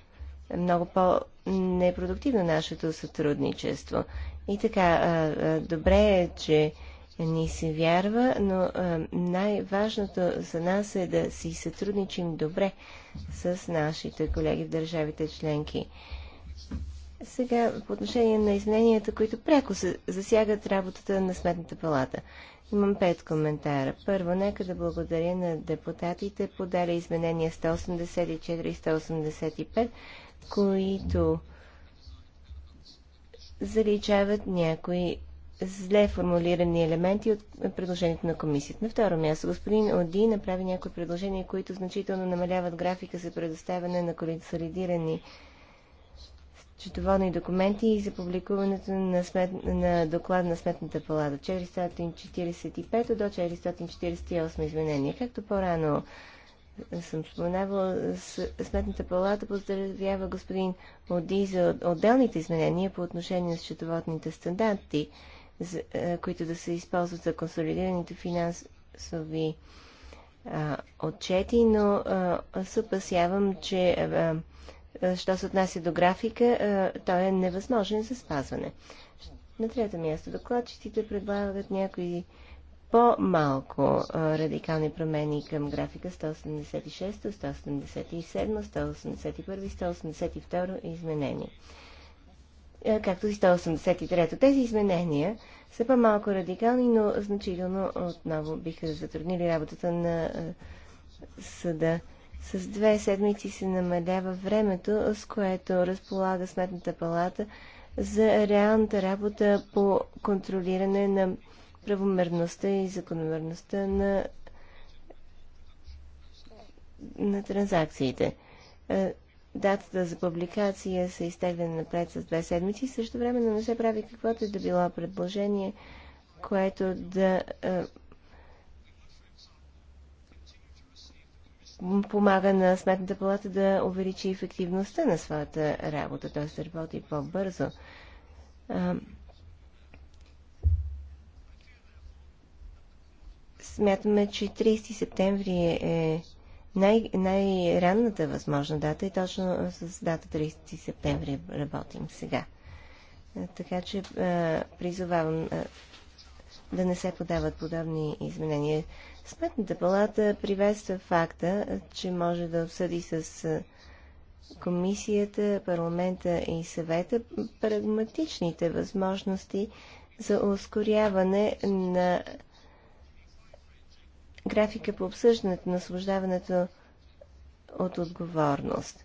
много по-непродуктивно нашето сътрудничество. И така, добре е, че ни се вярва, но най-важното за нас е да си сътрудничим добре с нашите колеги в държавите членки. Сега, по отношение на измененията, които пряко засягат работата на Сметната палата. Имам пет коментара. Първо, нека да благодаря на депутатите, подали изменения 184 и 185, които заличават някои зле формулирани елементи от предложението на комисията. На второ място, господин Оди направи някои предложения, които значително намаляват графика за предоставяне на консолидирани четоводни документи и за публикуването на, смет... на доклад на Сметната палата 445 до 448 изменения. Както по-рано съм споменавал, Сметната палата поздравява господин Оди за отделните изменения по отношение на счетоводните стандарти. Е, които да се използват за консолидираните финансови а, отчети, но се опасявам, че а, що се отнася до графика, а, той е невъзможен за спазване. На трето място докладчиците предлагат някои по-малко радикални промени към графика 186, 187, 181, 182 изменение. Е, както и 183 Тези изменения са по-малко радикални, но значително отново биха затруднили работата на е, съда. С две седмици се намалява времето, с което разполага Сметната палата за реалната работа по контролиране на правомерността и закономерността на, на транзакциите. Е, датата за публикация се изтегля напред с две седмици също време не се прави каквото и е да било предложение, което да е, помага на Сметната палата да увеличи ефективността на своята работа, т.е. да работи по-бързо. Е, смятаме, че 30 септември е най- най-ранната възможна дата и е точно с дата 30 септември работим сега. Е, така че е, призовавам да не се подават подобни изменения. Сметната палата приветства факта, че може да обсъди с комисията, парламента и съвета прагматичните възможности за ускоряване на графика по обсъждането на освобождаването от отговорност.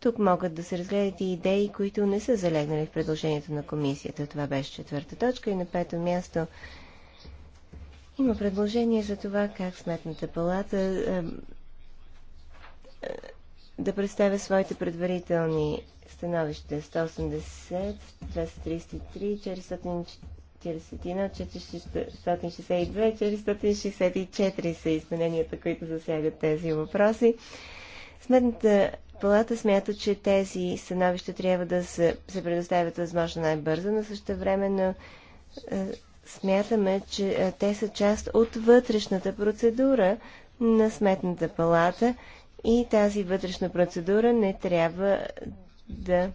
Тук могат да се разгледат и идеи, които не са залегнали в предложението на комисията. Това беше четвърта точка и на пето място има предложение за това как Сметната палата е, е, да представя своите предварителни становища 180, 233, 462 464 са измененията, които засягат тези въпроси. Сметната палата смята, че тези становища трябва да се, се предоставят възможно най-бързо, но също време е, смятаме, че е, те са част от вътрешната процедура на Сметната палата и тази вътрешна процедура не трябва да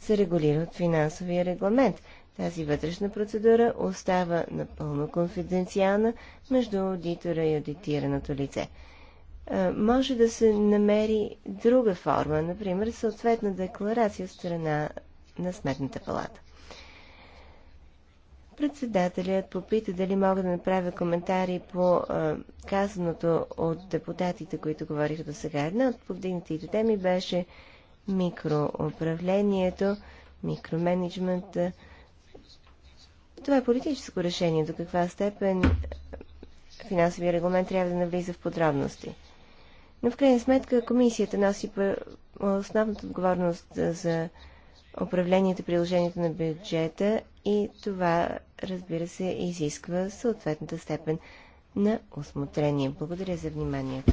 се регулира от финансовия регламент. Тази вътрешна процедура остава напълно конфиденциална между аудитора и аудитираното лице. Може да се намери друга форма, например съответна декларация от страна на Сметната палата. Председателят попита дали мога да направя коментари по а, казаното от депутатите, които говориха до сега. Една от повдигнатите теми беше микроуправлението, микроменеджмента, това е политическо решение. До каква степен финансовия регламент трябва да навлиза в подробности. Но в крайна сметка комисията носи основната отговорност за управлението, и приложението на бюджета и това, разбира се, изисква съответната степен на осмотрение. Благодаря за вниманието.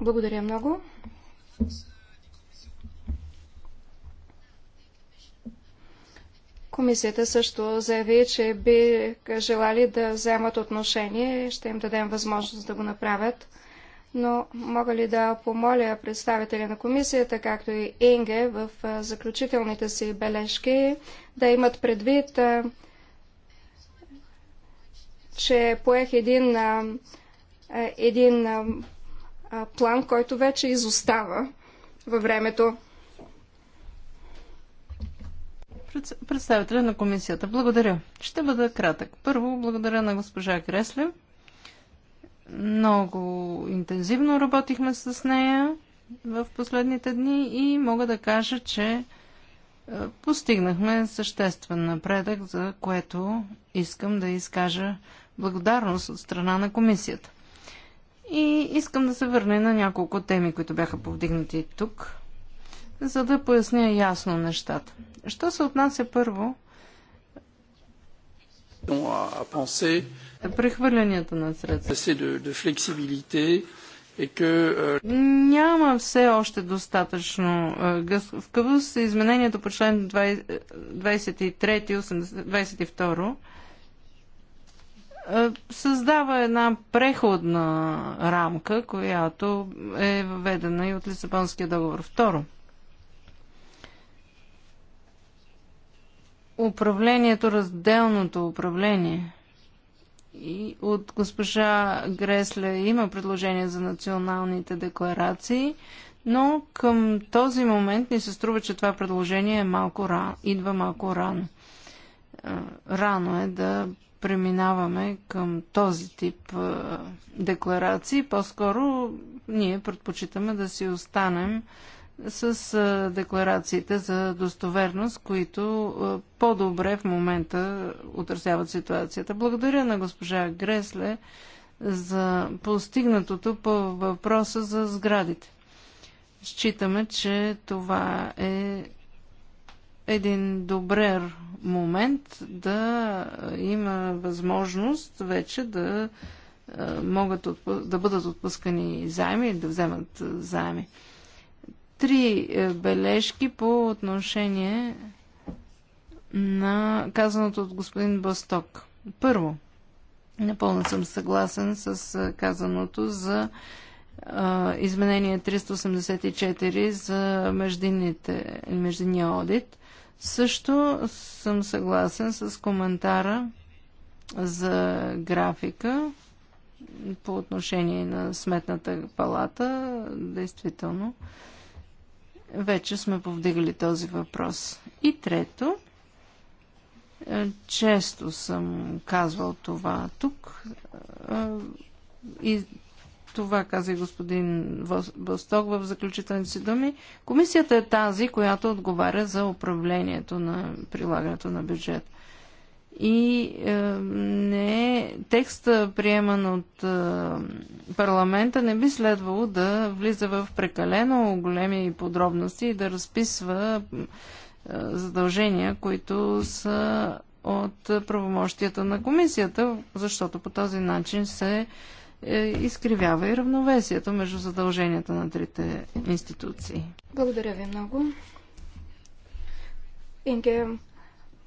Благодаря много. Комисията също заяви, че би желали да вземат отношение. Ще им дадем възможност да го направят. Но мога ли да помоля представителя на комисията, както и Инге, в заключителните си бележки, да имат предвид, че поех един, един план, който вече изостава във времето представителя на комисията. Благодаря. Ще бъда кратък. Първо, благодаря на госпожа Кресле. Много интензивно работихме с нея в последните дни и мога да кажа, че е, постигнахме съществен напредък, за което искам да изкажа благодарност от страна на комисията. И искам да се върна на няколко теми, които бяха повдигнати тук за да поясня ясно нещата. Що се отнася първо? Прехвърлянията на средства. Euh, Няма все още достатъчно гъвкавост. Изменението по член 23-22 създава една преходна рамка, която е въведена и от Лисабонския договор. Второ, управлението, разделното управление. И от госпожа Гресле има предложение за националните декларации, но към този момент ни се струва, че това предложение е малко рано, идва малко рано. Рано е да преминаваме към този тип декларации. По-скоро ние предпочитаме да си останем с декларациите за достоверност, които по-добре в момента отразяват ситуацията. Благодаря на госпожа Гресле за постигнатото по въпроса за сградите. Считаме, че това е един добър момент да има възможност вече да могат да бъдат отпускани заеми, да вземат заеми три е, бележки по отношение на казаното от господин Басток. Първо, напълно съм съгласен с е, казаното за е, изменение 384 за междинния одит. Също съм съгласен с коментара за графика по отношение на сметната палата. Действително, вече сме повдигали този въпрос. И трето, е, често съм казвал това тук е, и това каза и господин Восток в заключителните си думи. Комисията е тази, която отговаря за управлението на прилагането на бюджет и е, не е текста приеман от е, парламента не би следвало да влиза в прекалено големи подробности и да разписва е, задължения, които са от правомощията на комисията, защото по този начин се е, изкривява и равновесието между задълженията на трите институции. Благодаря ви много. Инге,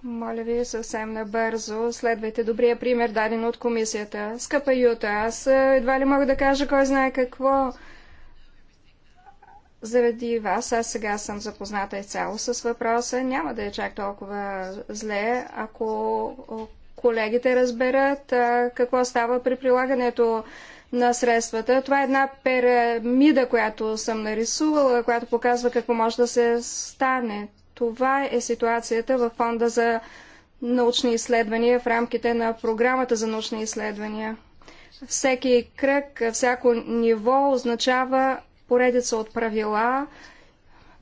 моля ви съвсем набързо, следвайте добрия пример, даден от комисията. Скъпа Юта, аз е, едва ли мога да кажа кой знае какво. Заради вас аз сега съм запозната изцяло с въпроса. Няма да е чак толкова зле, ако колегите разберат а, какво става при прилагането на средствата. Това е една пирамида, която съм нарисувала, която показва какво може да се стане. Това е ситуацията в фонда за научни изследвания в рамките на програмата за научни изследвания. Всеки кръг, всяко ниво означава поредица от правила,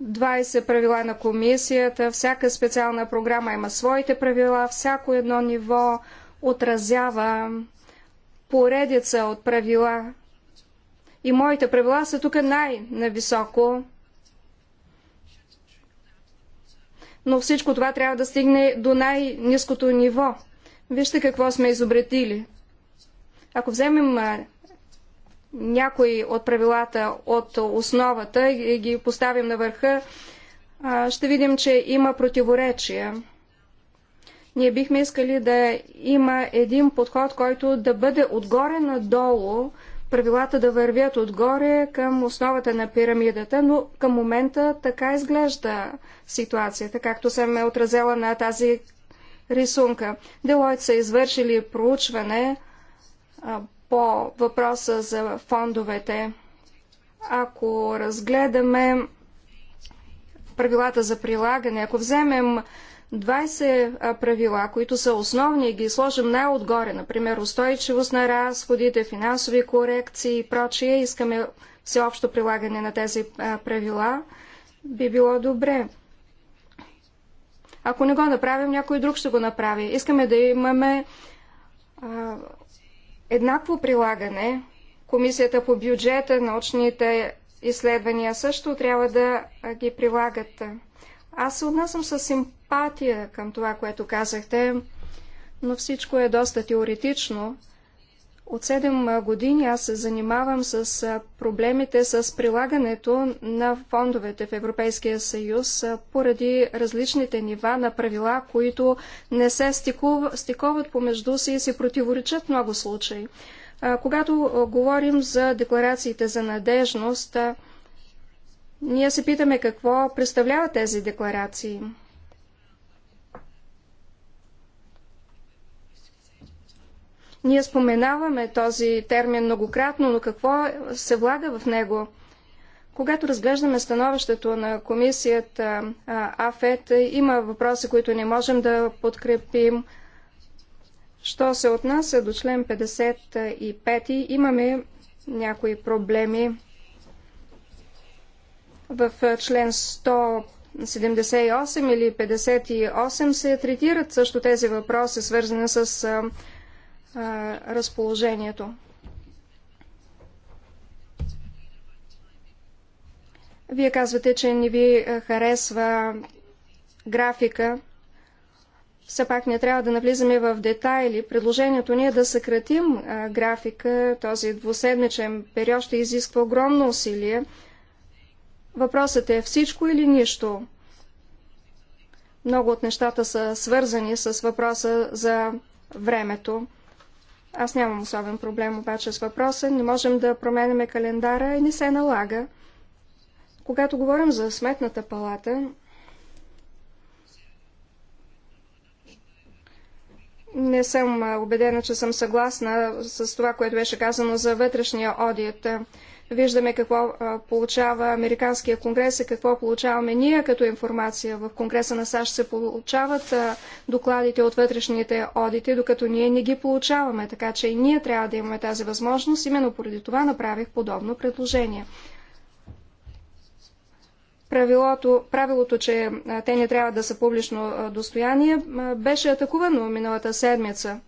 20 правила на комисията, всяка специална програма има своите правила, всяко едно ниво отразява поредица от правила. И моите правила са тук най-нависоко. но всичко това трябва да стигне до най-низкото ниво. Вижте какво сме изобретили. Ако вземем някои от правилата от основата и ги поставим на върха, ще видим, че има противоречия. Ние бихме искали да има един подход, който да бъде отгоре надолу, правилата да вървят отгоре към основата на пирамидата, но към момента така изглежда ситуацията, както съм е отразела на тази рисунка. Делойт са извършили проучване а, по въпроса за фондовете. Ако разгледаме правилата за прилагане, ако вземем 20 правила, които са основни и ги сложим най-отгоре, например устойчивост на разходите, финансови корекции и прочие, искаме всеобщо прилагане на тези правила, би било добре. Ако не го направим, някой друг ще го направи. Искаме да имаме а, еднакво прилагане. Комисията по бюджета, научните изследвания също трябва да ги прилагат. Аз се отнасям с симпатия към това, което казахте, но всичко е доста теоретично. От 7 години аз се занимавам с проблемите с прилагането на фондовете в Европейския съюз поради различните нива на правила, които не се стикуват, стиковат помежду си и се противоречат много случаи. Когато говорим за декларациите за надежност, ние се питаме какво представляват тези декларации. Ние споменаваме този термин многократно, но какво се влага в него? Когато разглеждаме становището на комисията АФЕТ, има въпроси, които не можем да подкрепим. Що се отнася до член 55, имаме някои проблеми в член 178 или 58 се третират също тези въпроси, свързани с а, а, разположението. Вие казвате, че не ви харесва графика. Все пак не трябва да навлизаме в детайли. Предложението ни е да съкратим графика. Този двуседмичен период ще изисква огромно усилие. Въпросът е всичко или нищо. Много от нещата са свързани с въпроса за времето. Аз нямам особен проблем обаче с въпроса. Не можем да променяме календара и не се налага. Когато говорим за сметната палата, не съм убедена, че съм съгласна с това, което беше казано за вътрешния одит. Виждаме какво получава Американския конгрес и какво получаваме ние като информация. В Конгреса на САЩ се получават докладите от вътрешните одити, докато ние не ги получаваме. Така че и ние трябва да имаме тази възможност. Именно поради това направих подобно предложение правилото, правилото, че те не трябва да са публично достояние, беше атакувано миналата седмица.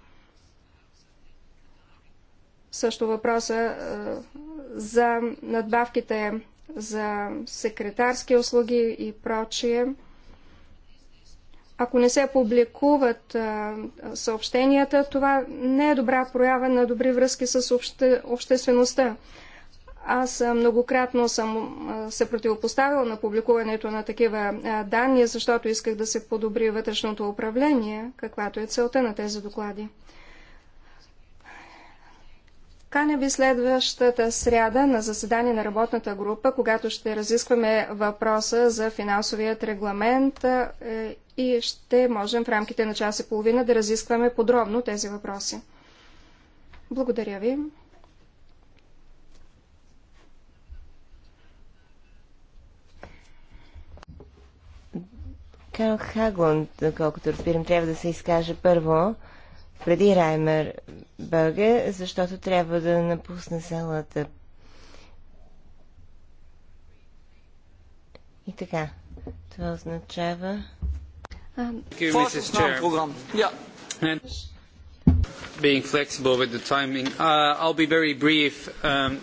Също въпроса за надбавките за секретарски услуги и прочие. Ако не се публикуват а, съобщенията, това не е добра проява на добри връзки с обще, обществеността. Аз многократно съм се противопоставила на публикуването на такива данни, защото исках да се подобри вътрешното управление, каквато е целта на тези доклади. Каня ви следващата сряда на заседание на работната група, когато ще разискваме въпроса за финансовият регламент е, и ще можем в рамките на час и половина да разискваме подробно тези въпроси. Благодаря ви. Карл Хагланд, доколкото разбирам, трябва да се изкаже първо преди Раймер Бълге, защото трябва да напусне селата. И така, това означава... А... Uh, um,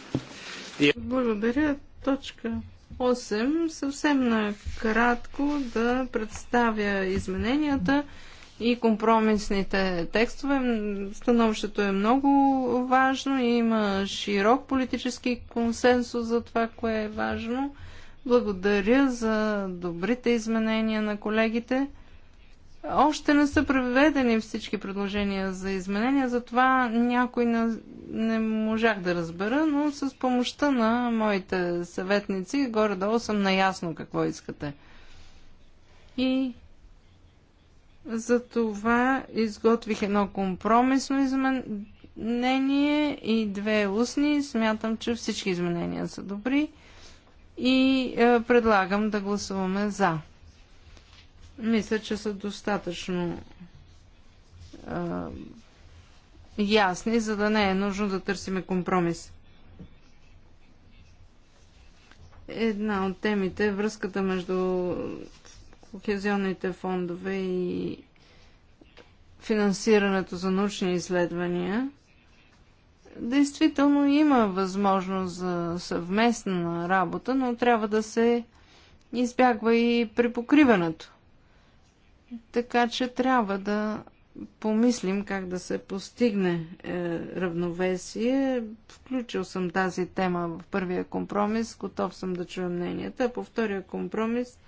Благодаря. Точка 8. Съвсем накратко да представя измененията. Mm-hmm и компромисните текстове. Становището е много важно и има широк политически консенсус за това, кое е важно. Благодаря за добрите изменения на колегите. Още не са преведени всички предложения за изменения, затова някой не, не можах да разбера, но с помощта на моите съветници горе-долу съм наясно какво искате. И затова изготвих едно компромисно изменение и две устни. Смятам, че всички изменения са добри и е, предлагам да гласуваме за. Мисля, че са достатъчно е, ясни, за да не е нужно да търсиме компромис. Една от темите е връзката между кохезионните фондове и финансирането за научни изследвания, действително има възможност за съвместна работа, но трябва да се избягва и при покриването. Така че трябва да помислим как да се постигне е, равновесие. Включил съм тази тема в първия компромис, готов съм да чуя мненията. По втория компромис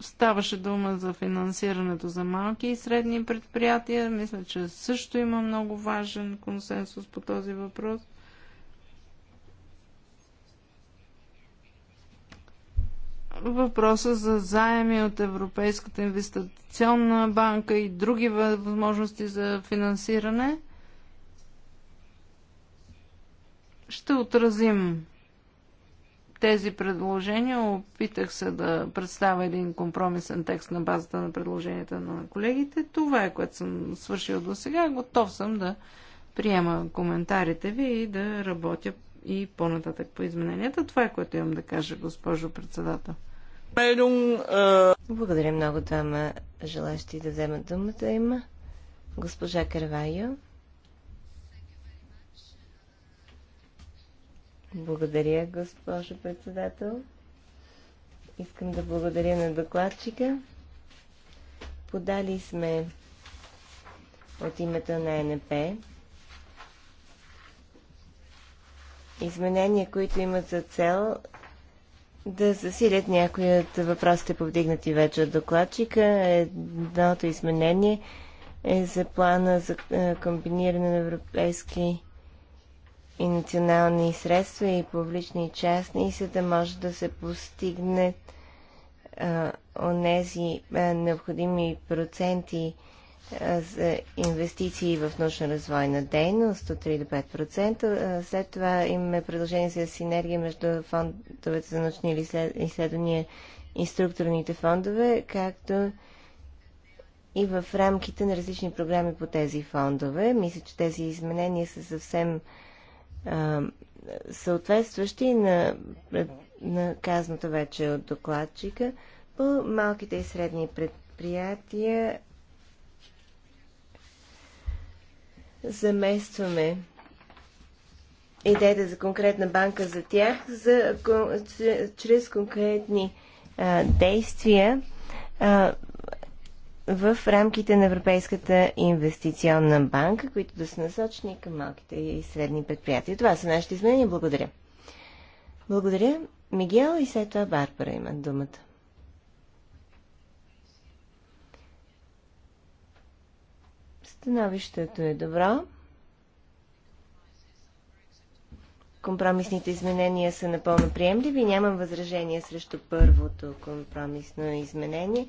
Ставаше дума за финансирането за малки и средни предприятия. Мисля, че също има много важен консенсус по този въпрос. Въпроса за заеми от Европейската инвестиционна банка и други възможности за финансиране ще отразим тези предложения. Опитах се да представя един компромисен текст на базата на предложенията на колегите. Това е, което съм свършил до сега. Готов съм да приема коментарите ви и да работя и по-нататък по измененията. Това е, което имам да кажа, госпожо председател. Благодаря много, дама. Желащи да вземат думата има. Госпожа Карвайо. Благодаря, госпожо председател. Искам да благодаря на докладчика. Подали сме от името на НП изменения, които имат за цел да засилят някои от въпросите повдигнати вече от докладчика. Едното изменение е за плана за е, комбиниране на европейски и национални средства и публични и частни, за да може да се постигне а, онези необходими проценти за инвестиции в научно-развойна дейност от 3 до 5%. След това имаме предложение за синергия между фондовете за научни изследвания и структурните фондове, както и в рамките на различни програми по тези фондове. Мисля, че тези изменения са съвсем съответстващи на, на казаното вече от докладчика по малките и средни предприятия заместваме идеята за конкретна банка за тях за, чрез конкретни а, действия а, в рамките на Европейската инвестиционна банка, които да са насочени към малките и средни предприятия. Това са нашите изменения. Благодаря. Благодаря. Мигел и след това Барбара имат думата. Становището е добро. Компромисните изменения са напълно приемливи. Нямам възражения срещу първото компромисно изменение.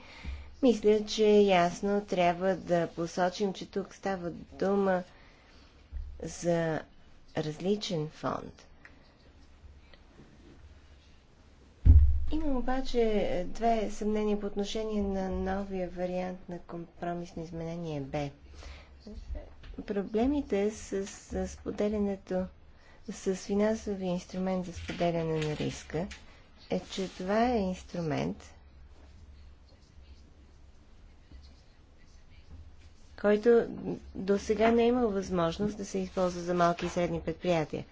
Мисля, че ясно трябва да посочим, че тук става дума за различен фонд. Имам обаче две съмнения по отношение на новия вариант на компромисно изменение Б. Проблемите с, с споделянето с финансови инструмент за споделяне на риска е, че това е инструмент, който до сега не е имал възможност да се използва за малки и средни предприятия.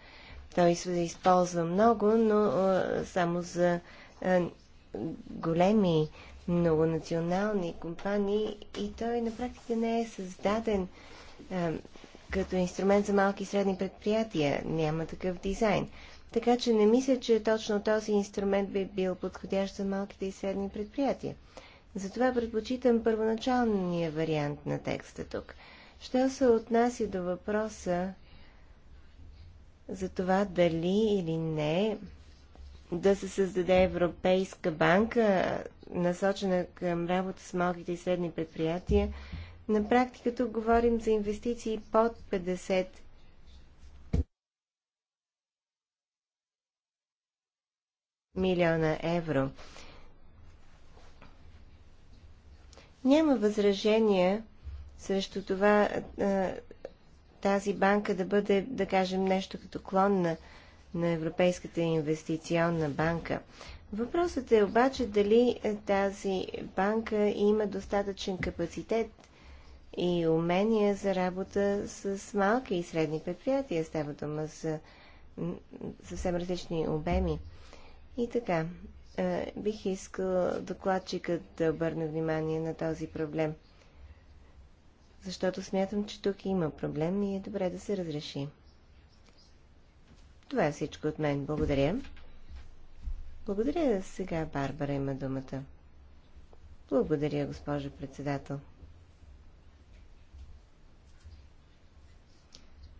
Той се използва много, но само за големи многонационални компании и той на практика не е създаден като инструмент за малки и средни предприятия. Няма такъв дизайн. Така че не мисля, че точно този инструмент би бил подходящ за малките и средни предприятия. Затова предпочитам първоначалния вариант на текста тук. Що се отнася до въпроса за това дали или не да се създаде Европейска банка, насочена към работа с малките и средни предприятия, на практика тук говорим за инвестиции под 50 милиона евро. Няма възражения срещу това тази банка да бъде, да кажем, нещо като клон на, на Европейската инвестиционна банка. Въпросът е обаче дали тази банка има достатъчен капацитет и умения за работа с малки и средни предприятия. Става дума за съвсем различни обеми. И така, е, бих искал докладчикът да обърне внимание на този проблем. Защото смятам, че тук има проблем и е добре да се разреши. Това е всичко от мен. Благодаря. Благодаря. Сега Барбара има думата. Благодаря, госпожо председател.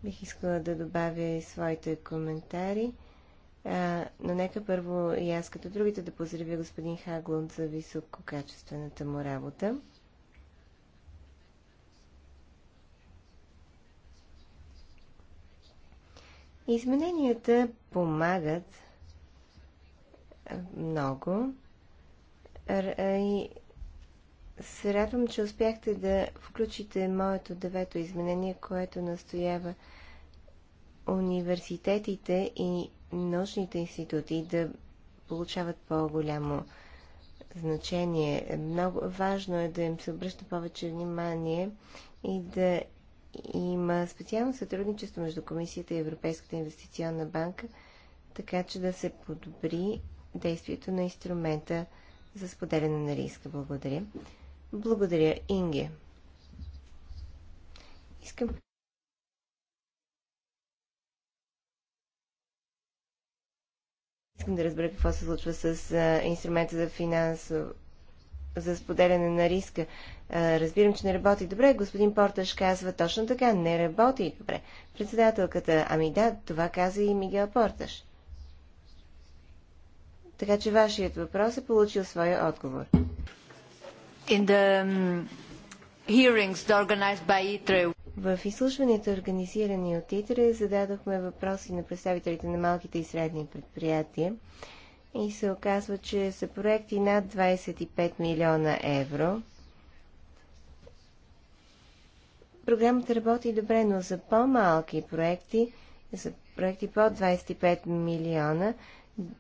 Бих искала да добавя и своите коментари. А, но нека първо и аз като другите да поздравя господин Хаглунд за висококачествената му работа. Измененията помагат много. И се радвам, че успяхте да включите моето девето изменение, което настоява университетите и научните институти да получават по-голямо значение. Много важно е да им се обръща повече внимание и да има специално сътрудничество между Комисията и Европейската инвестиционна банка, така че да се подобри действието на инструмента за споделяне на риска. Благодаря. Благодаря, Инге. Искам Искам да разбера какво се случва с а, инструмента за финансов за споделяне на риска. А, разбирам, че не работи добре. Господин Порташ казва точно така. Не работи добре. Председателката, ами да, това каза и Мигел Порташ. Така че вашият въпрос е получил своя отговор. In the hearings organized by ITRE, в изслушването, организирани от ИТРЕ, зададохме въпроси на представителите на малките и средни предприятия и се оказва, че са проекти над 25 милиона евро. Програмата работи добре, но за по-малки проекти, за проекти под 25 милиона,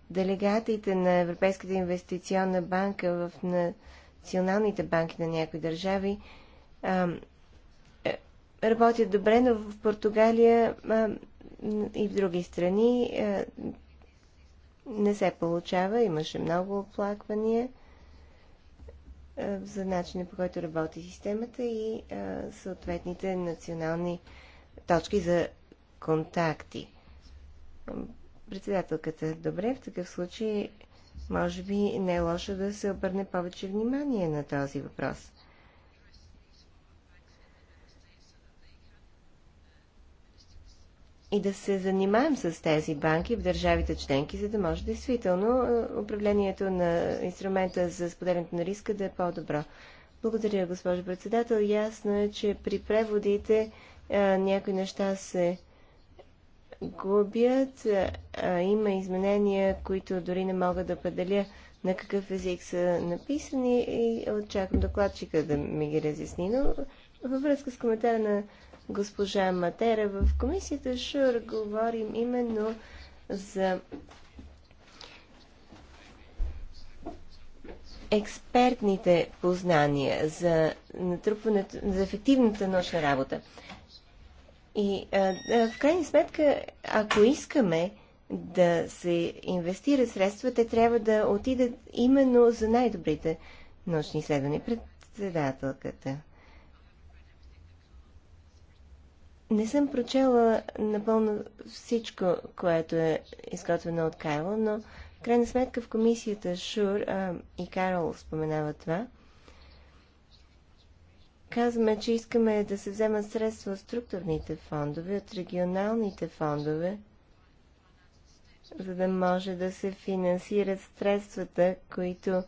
делегатите на Европейската инвестиционна банка в националните банки на някои държави работят добре, но в Португалия а, и в други страни а, не се получава. Имаше много оплаквания а, за начина по който работи системата и а, съответните национални точки за контакти. Председателката, добре, в такъв случай може би не е лошо да се обърне повече внимание на този въпрос. и да се занимаем с тези банки в държавите членки, за да може действително управлението на инструмента за споделянето на риска да е по-добро. Благодаря, госпожо председател. Ясно е, че при преводите а, някои неща се губят. А, има изменения, които дори не мога да определя на какъв език са написани и очаквам докладчика да ми ги разясни. Но във връзка с коментара на госпожа Матера. В комисията ШУР говорим именно за експертните познания, за натрупването, за ефективната научна работа. И а, в крайна сметка, ако искаме да се инвестират средства, те трябва да отидат именно за най-добрите нощни изследвания. Председателката. Не съм прочела напълно всичко, което е изготвено от Кайло, но в крайна сметка в комисията Шур а, и Карл споменава това. Казваме, че искаме да се вземат средства от структурните фондове, от регионалните фондове, за да може да се финансират средствата, които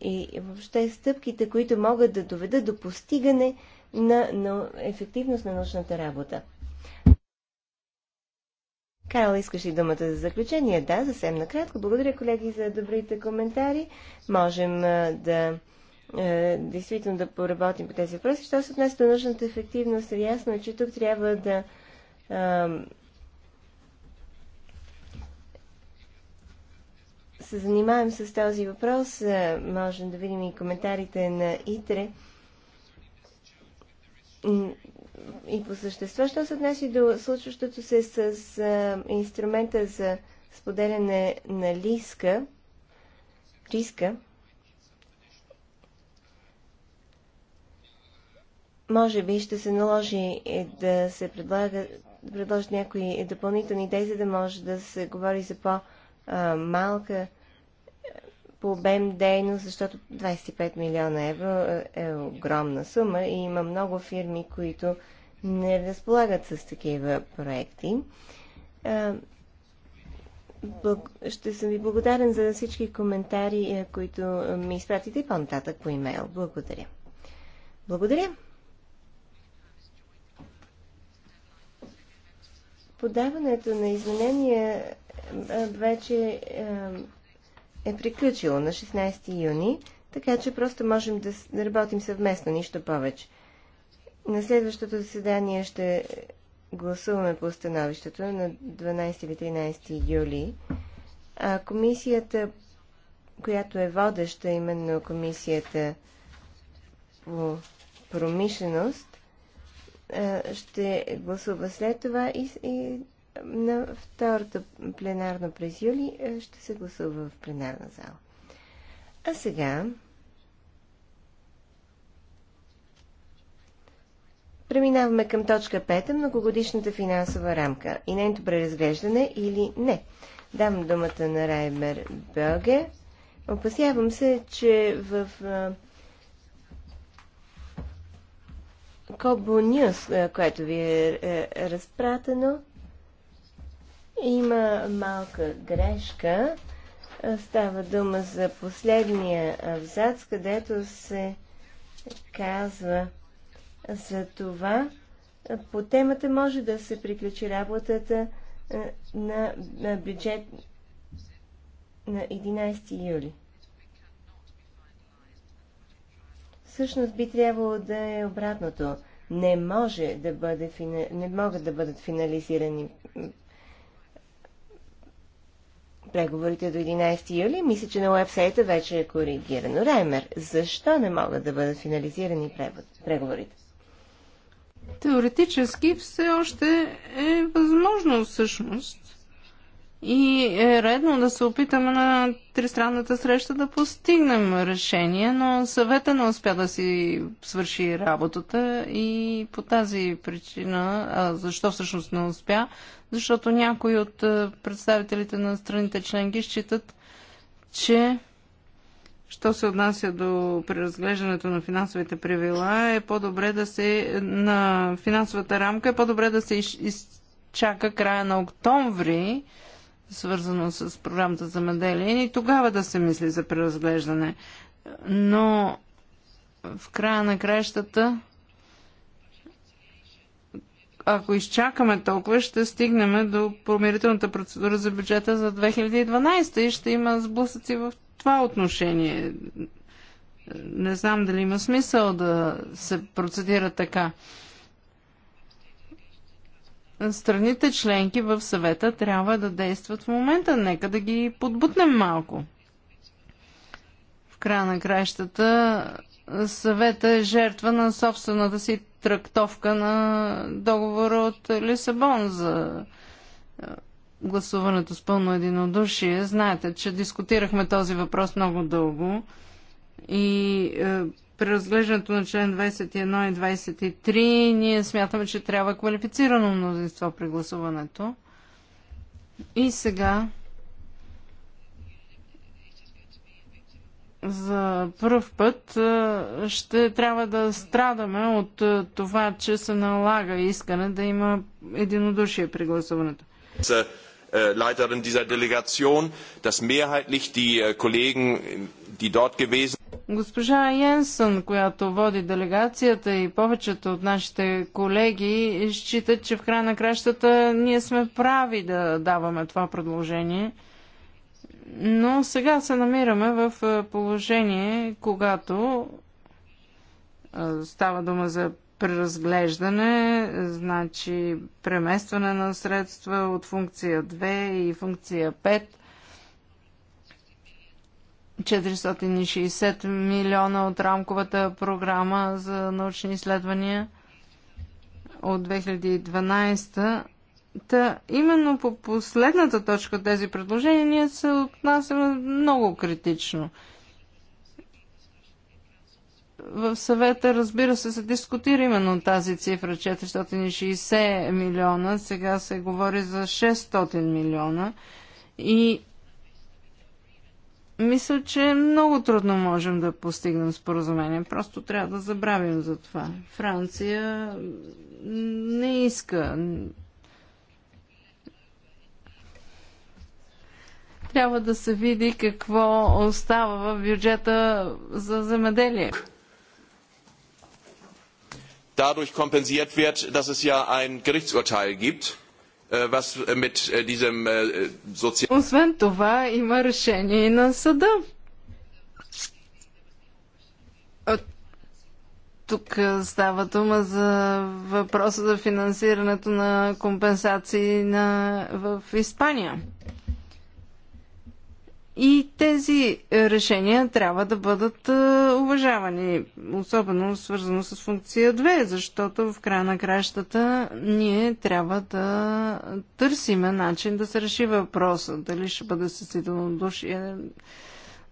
и въобще стъпките, които могат да доведат до постигане на, на ефективност на научната работа. Карл, искаш ли думата за заключение? Да, съвсем накратко. Благодаря, колеги, за добрите коментари. Можем да действително да поработим по тези въпроси. Що се отнася до нужната ефективност, е ясно е, че тук трябва да се занимаем с този въпрос. можем да видим и коментарите на ИТРЕ и по същество, що се отнася до случващото се с а, инструмента за споделяне на лиска, риска, може би ще се наложи да се предлага, да предложат някои допълнителни идеи, за да може да се говори за по-малка по обем дейност, защото 25 милиона евро е, е огромна сума и има много фирми, които не разполагат с такива проекти. Ще съм ви благодарен за всички коментари, е, които е, ми изпратите и по-нататък по имейл. Благодаря. Благодаря. Подаването на изменения вече е приключило на 16 юни, така че просто можем да работим съвместно, нищо повече. На следващото заседание ще гласуваме по установището на 12 или 13 юли. А комисията, която е водеща, именно комисията по промишленост, ще гласува след това и, и на второто пленарно през юли е, ще се гласува в пленарна зала. А сега преминаваме към точка 5, многогодишната финансова рамка и нейното преразглеждане или не. Дам думата на Раймер Бълге. Опасявам се, че в Кобо Нюс, което ви е, е разпратено, има малка грешка. Става дума за последния абзац, където се казва за това. По темата може да се приключи работата е, на, бюджет на 11 юли. Всъщност би трябвало да е обратното. Не може да бъде, не могат да бъдат финализирани преговорите до 11 юли. Мисля, че на уебсайта вече е коригирано. Раймер, защо не могат да бъдат финализирани преговорите? Теоретически все още е възможно всъщност и е редно да се опитаме на тристранната среща да постигнем решение, но съвета не успя да си свърши работата и по тази причина, а защо всъщност не успя, защото някои от е, представителите на страните членки считат, че що се отнася до преразглеждането на финансовите правила, е по-добре да се на финансовата рамка е по-добре да се изчака края на октомври, свързано с програмата за меделие и тогава да се мисли за преразглеждане. Но в края на краищата, ако изчакаме толкова, ще стигнем до промирителната процедура за бюджета за 2012 и ще има сблъсъци в това отношение. Не знам дали има смисъл да се процедира така страните членки в съвета трябва да действат в момента. Нека да ги подбутнем малко. В края на краищата съвета е жертва на собствената си трактовка на договора от Лисабон за е, гласуването с пълно единодушие. Знаете, че дискутирахме този въпрос много дълго и е, при разглеждането на член 21 и 23 ние смятаме, че трябва квалифицирано мнозинство при гласуването. И сега за първ път е, ще трябва да страдаме от е, това, че се налага искане да има единодушие при гласуването. Leiterin dieser Delegation, dass mehrheitlich die Kollegen, die dort gewesen Госпожа Йенсън, която води делегацията и повечето от нашите колеги, считат, че в края на кращата ние сме прави да даваме това предложение. Но сега се намираме в положение, когато става дума за преразглеждане, значи преместване на средства от функция 2 и функция 5 – 460 милиона от рамковата програма за научни изследвания от 2012. Та именно по последната точка тези предложения ние се отнасяме много критично. В съвета, разбира се, се дискутира именно тази цифра 460 милиона, сега се говори за 600 милиона и мисля, че много трудно можем да постигнем споразумение. Просто трябва да забравим за това. Франция не иска. Трябва да се види какво остава в бюджета за земеделие. Dadurch kompensiert wird, dass es ja ein Gerichtsurteil gibt. Äh, äh, äh, Освен това, има решение на съда. Тук е, става дума за въпроса за финансирането на компенсации на... в Испания. И тези е, решения трябва да бъдат е, уважавани, особено свързано с функция 2, защото в края на кращата ние трябва да търсиме начин да се реши въпроса. Дали ще бъде с единодушие,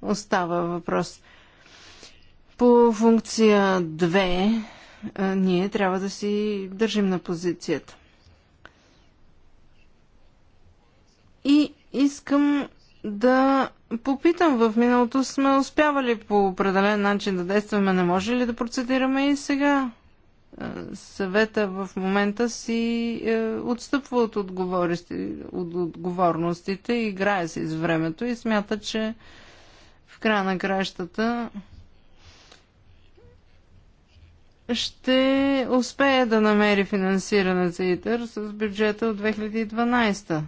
остава въпрос. По функция 2 е, ние трябва да си държим на позицията. И искам да попитам, в миналото сме успявали по определен начин да действаме, не може ли да процедираме и сега? Е, съвета в момента си е, отстъпва от, от отговорностите, играе се из времето и смята, че в края на кращата ще успее да намери финансиране за ИТЕР с бюджета от 2012.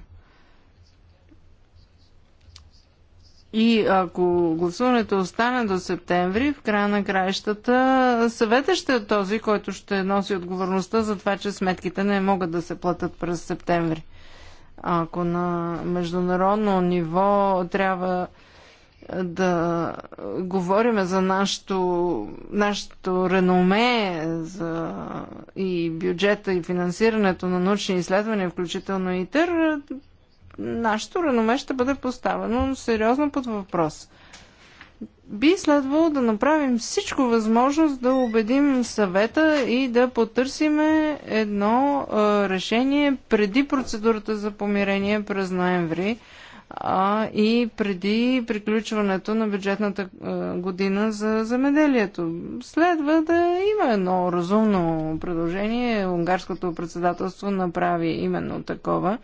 И ако гласуването остане до септември, в края на краищата съвета ще е този, който ще носи отговорността за това, че сметките не могат да се платят през септември. Ако на международно ниво трябва да говорим за нашето, нашето реноме за и бюджета и финансирането на научни изследвания, включително ИТЕР, нашето реноме ще бъде поставено сериозно под въпрос. Би следвало да направим всичко възможност да убедим съвета и да потърсиме едно а, решение преди процедурата за помирение през ноември а, и преди приключването на бюджетната а, година за замеделието. Следва да има едно разумно предложение. Унгарското председателство направи именно такова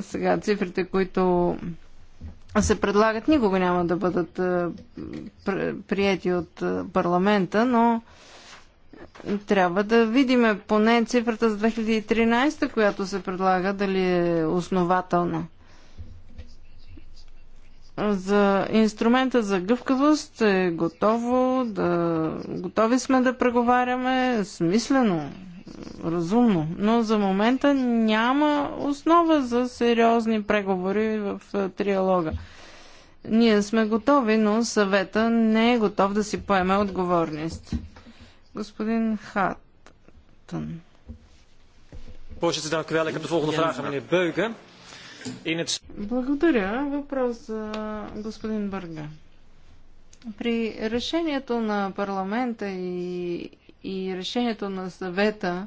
сега цифрите, които се предлагат, никога няма да бъдат прияти от парламента, но трябва да видим поне цифрата за 2013, която се предлага, дали е основателна. За инструмента за гъвкавост е готово, да, готови сме да преговаряме смислено, разумно. Но за момента няма основа за сериозни преговори в триалога. Ние сме готови, но съвета не е готов да си поеме отговорност. Господин Хаттън. Voorzitter, dank u wel. Ik heb Благодаря. Въпрос за господин Бърга. При решението на парламента и и решението на съвета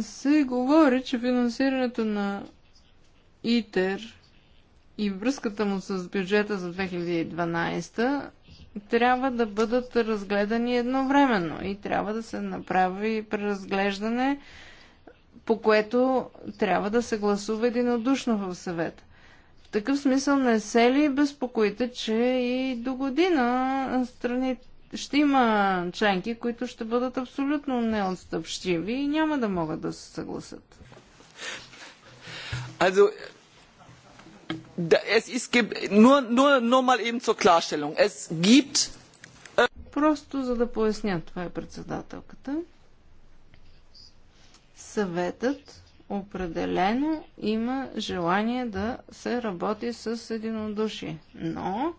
се говори, че финансирането на ИТЕР и връзката му с бюджета за 2012 трябва да бъдат разгледани едновременно и трябва да се направи преразглеждане, по което трябва да се гласува единодушно в съвета. В такъв смисъл не се ли безпокоите, че и до година страните ще има членки, които ще бъдат абсолютно неотстъпщиви и няма да могат да се съгласят. Also, es ist, nur, nur, nur mal eben zur Klarstellung. Es gibt... Äh, Просто за да поясня, това е председателката. Съветът определено има желание да се работи с единодушие. Но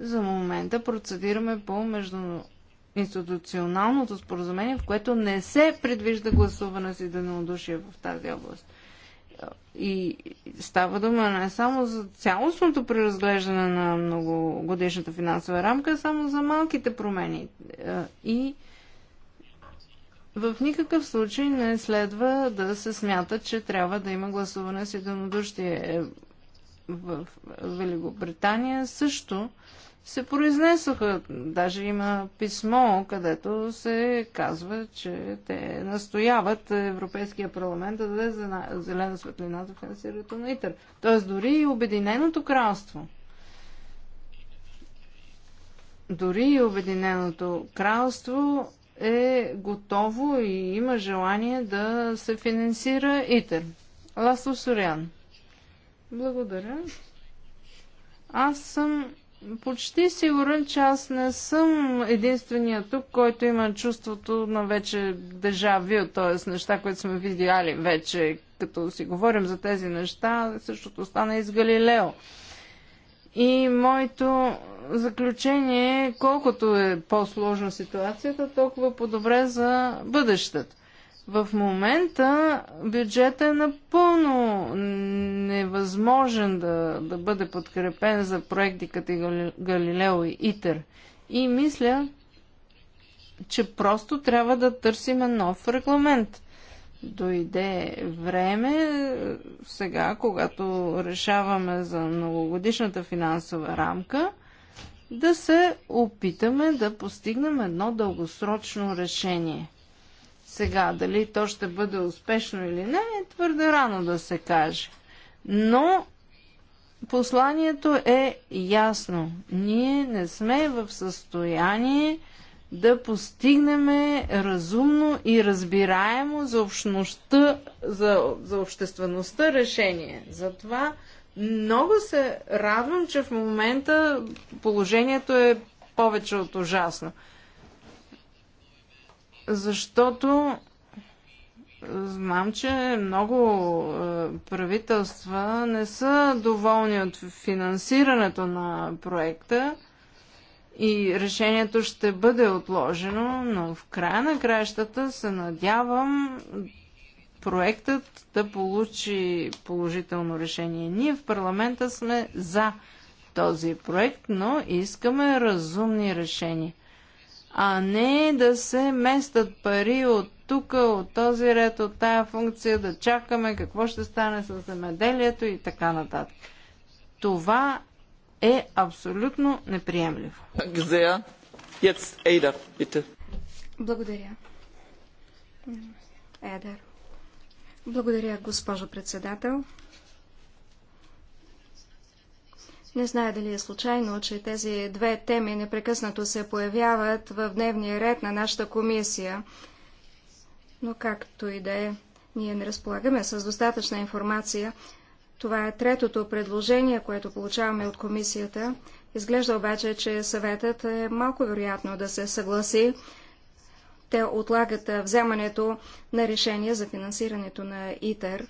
за момента процедираме по междуинституционалното споразумение, в което не се предвижда гласуване с единодушие в тази област. И става дума не само за цялостното преразглеждане на многогодишната финансова рамка, а само за малките промени. И в никакъв случай не следва да се смята, че трябва да има гласуване с единодушие. Е, в Великобритания също се произнесоха. Даже има писмо, където се казва, че те настояват Европейския парламент да даде зелена светлина за финансирането на ИТЕР. Тоест дори и Обединеното кралство. Дори и Обединеното кралство е готово и има желание да се финансира ИТЕР. Ласло Сорян. Благодаря. Аз съм почти сигурен, че аз не съм единствения тук, който има чувството на вече дежавю, т.е. неща, които сме видяли вече, като си говорим за тези неща, същото стана и с Галилео. И моето заключение е, колкото е по-сложна ситуацията, толкова по-добре за бъдещето. В момента бюджетът е напълно невъзможен да, да бъде подкрепен за проекти като Галилео и ИТЕР. И мисля, че просто трябва да търсиме нов регламент. Дойде време, сега, когато решаваме за многогодишната финансова рамка, да се опитаме да постигнем едно дългосрочно решение – сега, дали то ще бъде успешно или не, е твърде рано да се каже. Но посланието е ясно. Ние не сме в състояние да постигнем разумно и разбираемо за, общността, за, за обществеността решение. Затова много се радвам, че в момента положението е повече от ужасно. Защото знам, че много е, правителства не са доволни от финансирането на проекта и решението ще бъде отложено, но в края на краищата се надявам проектът да получи положително решение. Ние в парламента сме за този проект, но искаме разумни решения а не да се местат пари от тук, от този ред, от тая функция, да чакаме какво ще стане с земеделието и така нататък. Това е абсолютно неприемливо. Благодаря. Едър. Благодаря, госпожо председател. Не знае дали е случайно, че тези две теми непрекъснато се появяват в дневния ред на нашата комисия. Но както и да е, ние не разполагаме с достатъчна информация. Това е третото предложение, което получаваме от комисията. Изглежда обаче, че съветът е малко вероятно да се съгласи. Те отлагат вземането на решение за финансирането на ИТЕР.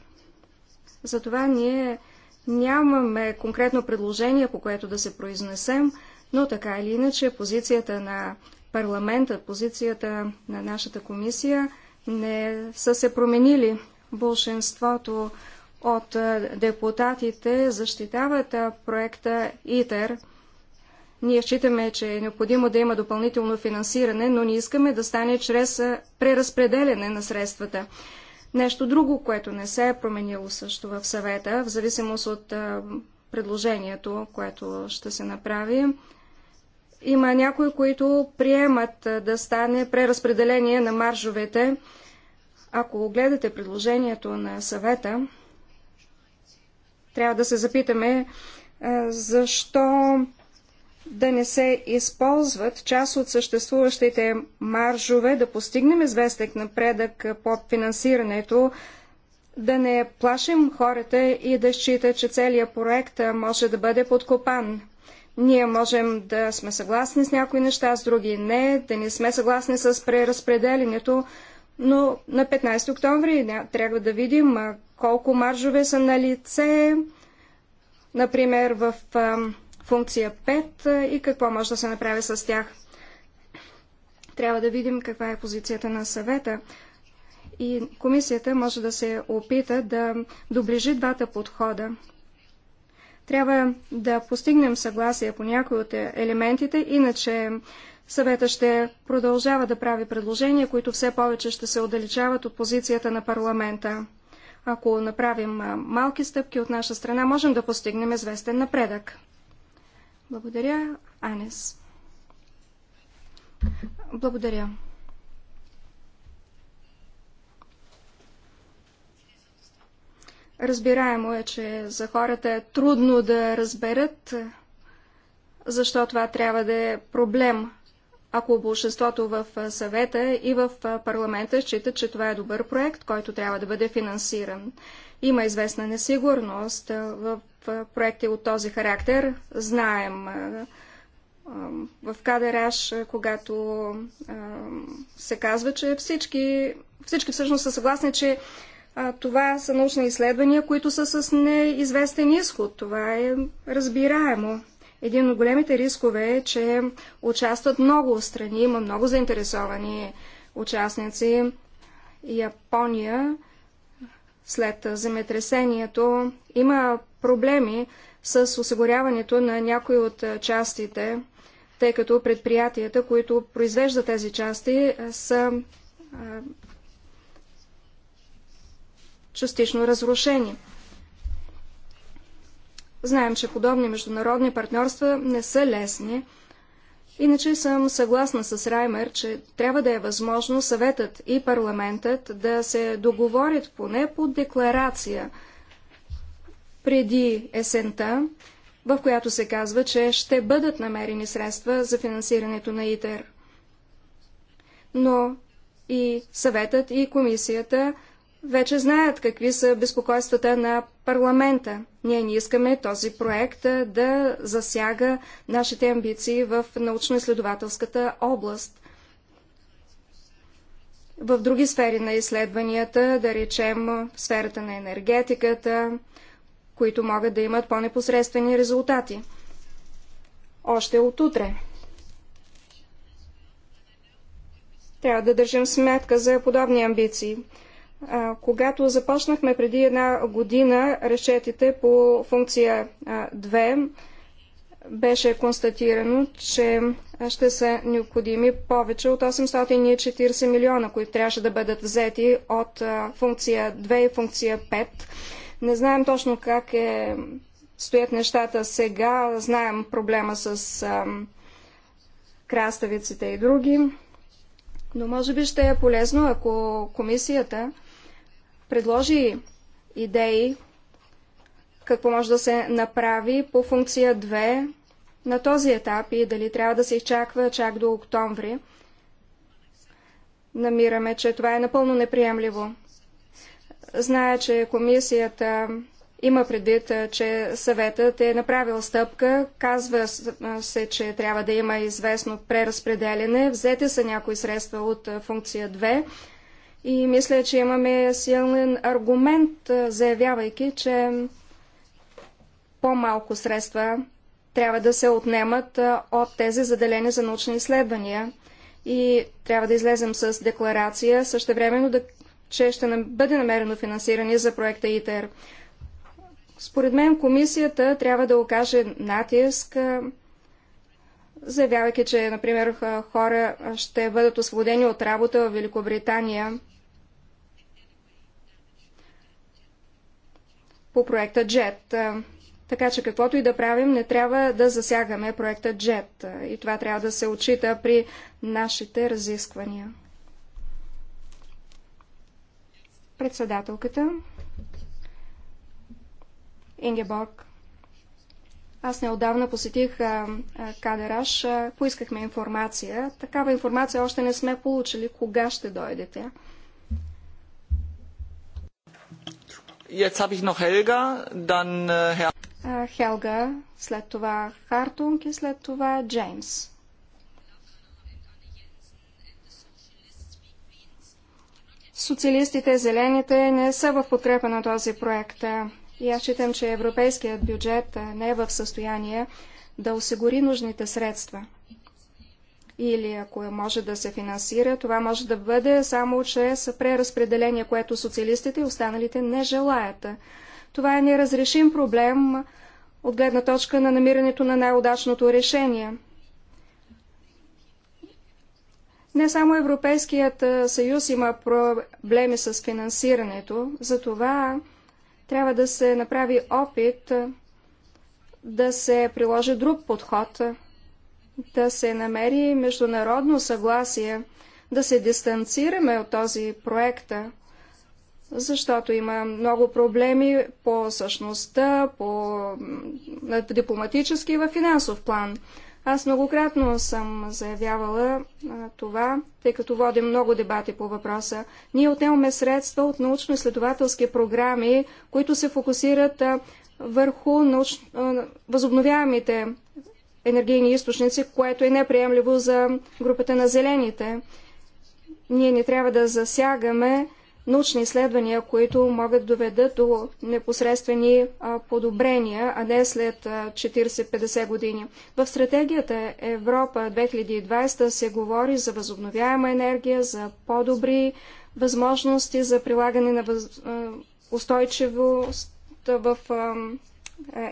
Затова ние Нямаме конкретно предложение, по което да се произнесем, но така или иначе позицията на парламента, позицията на нашата комисия не са се променили. Болшинството от депутатите защитават проекта ИТЕР. Ние считаме, че е необходимо да има допълнително финансиране, но не искаме да стане чрез преразпределяне на средствата. Нещо друго, което не се е променило също в съвета, в зависимост от предложението, което ще се направи, има някои, които приемат да стане преразпределение на маржовете. Ако гледате предложението на съвета, трябва да се запитаме защо да не се използват част от съществуващите маржове, да постигнем известен напредък под финансирането, да не плашим хората и да считат, че целият проект може да бъде подкопан. Ние можем да сме съгласни с някои неща, с други не, да не сме съгласни с преразпределението, но на 15 октомври трябва да видим колко маржове са на лице. Например, в функция 5 и какво може да се направи с тях. Трябва да видим каква е позицията на съвета и комисията може да се опита да доближи двата подхода. Трябва да постигнем съгласие по някои от елементите, иначе съвета ще продължава да прави предложения, които все повече ще се отдалечават от позицията на парламента. Ако направим малки стъпки от наша страна, можем да постигнем известен напредък. Благодаря, Анес. Благодаря. Разбираемо е, че за хората е трудно да разберат защо това трябва да е проблем ако большинството в съвета и в парламента считат, че това е добър проект, който трябва да бъде финансиран. Има известна несигурност в проекти от този характер. Знаем в Кадераш, когато се казва, че всички, всички всъщност са съгласни, че това са научни изследвания, които са с неизвестен изход. Това е разбираемо. Един от големите рискове е, че участват много страни, има много заинтересовани участници. Япония след земетресението има проблеми с осигуряването на някои от частите, тъй като предприятията, които произвеждат тези части, са а, частично разрушени. Знаем, че подобни международни партньорства не са лесни. Иначе съм съгласна с Раймер, че трябва да е възможно съветът и парламентът да се договорят поне по декларация преди есента, в която се казва, че ще бъдат намерени средства за финансирането на ИТЕР. Но и съветът и комисията вече знаят какви са безпокойствата на парламента. Ние не искаме този проект да засяга нашите амбиции в научно-изследователската област. В други сфери на изследванията, да речем в сферата на енергетиката, които могат да имат по-непосредствени резултати. Още от утре. Трябва да държим сметка за подобни амбиции когато започнахме преди една година разчетите по функция 2, беше констатирано, че ще са необходими повече от 840 милиона, които трябваше да бъдат взети от функция 2 и функция 5. Не знаем точно как е, стоят нещата сега. Знаем проблема с а, краставиците и други. Но може би ще е полезно, ако комисията предложи идеи какво може да се направи по функция 2 на този етап и дали трябва да се изчаква чак до октомври. Намираме, че това е напълно неприемливо. Зная, че комисията има предвид, че съветът е направил стъпка, казва се, че трябва да има известно преразпределене, взете са някои средства от функция 2, и мисля, че имаме силен аргумент, заявявайки, че по-малко средства трябва да се отнемат от тези заделени за научни изследвания. И трябва да излезем с декларация, също времено да, че ще бъде намерено финансиране за проекта ИТЕР. Според мен комисията трябва да окаже натиск, заявявайки, че, например, хора ще бъдат освободени от работа в Великобритания по проекта JET. Така че каквото и да правим, не трябва да засягаме проекта JET. И това трябва да се отчита при нашите разисквания. Председателката Ингеборг. Аз неодавна посетих а, а, Кадераш, а, поискахме информация. Такава информация още не сме получили. Кога ще дойде тя? Jetzt habe ich noch Helga, dann äh, Herr... Хелга, след това Хартунг и след това Джеймс. Социалистите, зелените не са в подкрепа на този проект. И аз считам, че европейският бюджет не е в състояние да осигури нужните средства или ако може да се финансира, това може да бъде само чрез преразпределение, което социалистите и останалите не желаят. Това е неразрешим проблем от гледна точка на намирането на най-удачното решение. Не само Европейският съюз има проблеми с финансирането, затова трябва да се направи опит да се приложи друг подход – да се намери международно съгласие, да се дистанцираме от този проект, защото има много проблеми по същността, по дипломатически и в финансов план. Аз многократно съм заявявала а, това, тъй като водим много дебати по въпроса. Ние отнемаме средства от научно-изследователски програми, които се фокусират а, върху науч... а, възобновяемите енергийни източници, което е неприемливо за групата на зелените. Ние не трябва да засягаме научни изследвания, които могат доведат до непосредствени подобрения, а не след 40-50 години. В стратегията Европа 2020 се говори за възобновяема енергия, за по-добри възможности за прилагане на въз... устойчивост в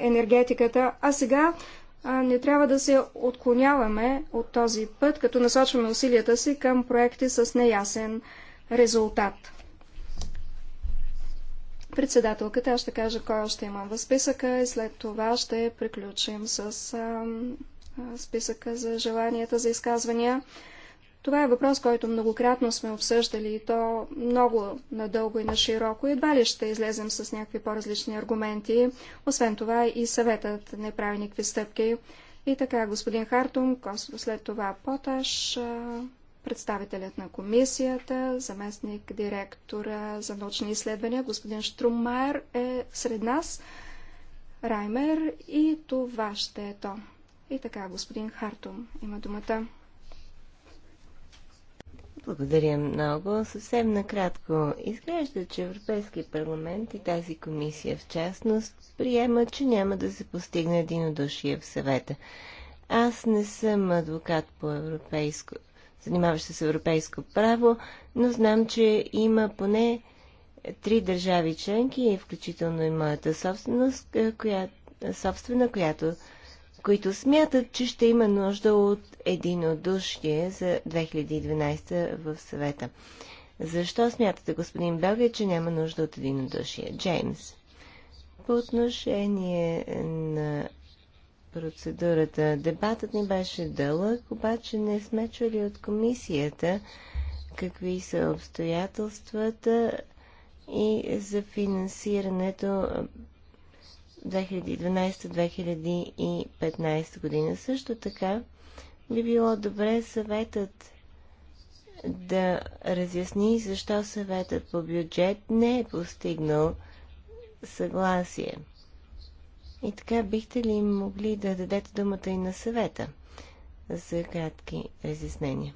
енергетиката, а сега не трябва да се отклоняваме от този път, като насочваме усилията си към проекти с неясен резултат. Председателката, аз ще кажа кой още имам в списъка и след това ще приключим с а, списъка за желанията за изказвания. Това е въпрос, който многократно сме обсъждали и то много надълго и на широко. Едва ли ще излезем с някакви по-различни аргументи. Освен това и съветът не прави никакви стъпки. И така, господин Хартум, след това Поташ, представителят на комисията, заместник директора за научни изследвания, господин Штрумайер е сред нас, Раймер и това ще е то. И така, господин Хартум има думата. Благодаря много. Съвсем накратко. Изглежда, че Европейския парламент и тази комисия в частност приема, че няма да се постигне единодушие в съвета. Аз не съм адвокат по европейско, занимаващ се с европейско право, но знам, че има поне три държави членки, включително и моята собственост, коя, собствена, която които смятат, че ще има нужда от единодушие за 2012 в съвета. Защо смятате, господин Белгия, че няма нужда от единодушие? Джеймс. По отношение на процедурата, дебатът ни беше дълъг, обаче не сме чули от комисията какви са обстоятелствата и за финансирането 2012-2015 година. Също така би било добре съветът да разясни защо съветът по бюджет не е постигнал съгласие. И така бихте ли могли да дадете думата и на съвета за кратки разяснения?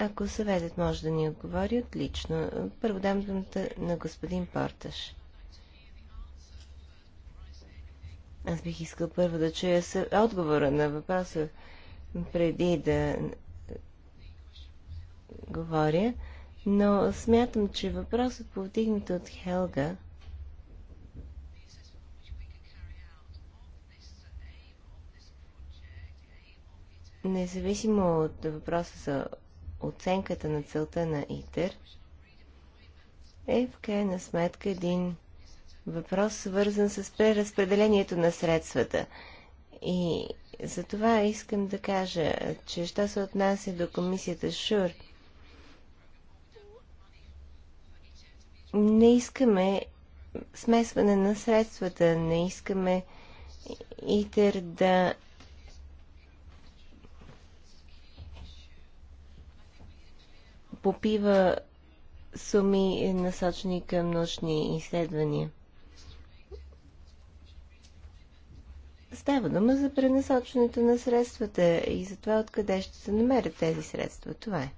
Ако съветът може да ни отговори, отлично. Първо дам думата на господин Порташ. Аз бих искал първо да чуя отговора на въпроса преди да говоря, но смятам, че въпросът повдигнат от Хелга независимо от въпроса за оценката на целта на ИТЕР е в крайна сметка един въпрос, свързан с преразпределението на средствата. И за това искам да кажа, че що се отнася до комисията ШУР, не искаме смесване на средствата, не искаме ИТЕР да попива суми насочени към научни изследвания. Става дума за пренасочването на средствата и за това откъде ще се намерят тези средства. Това е.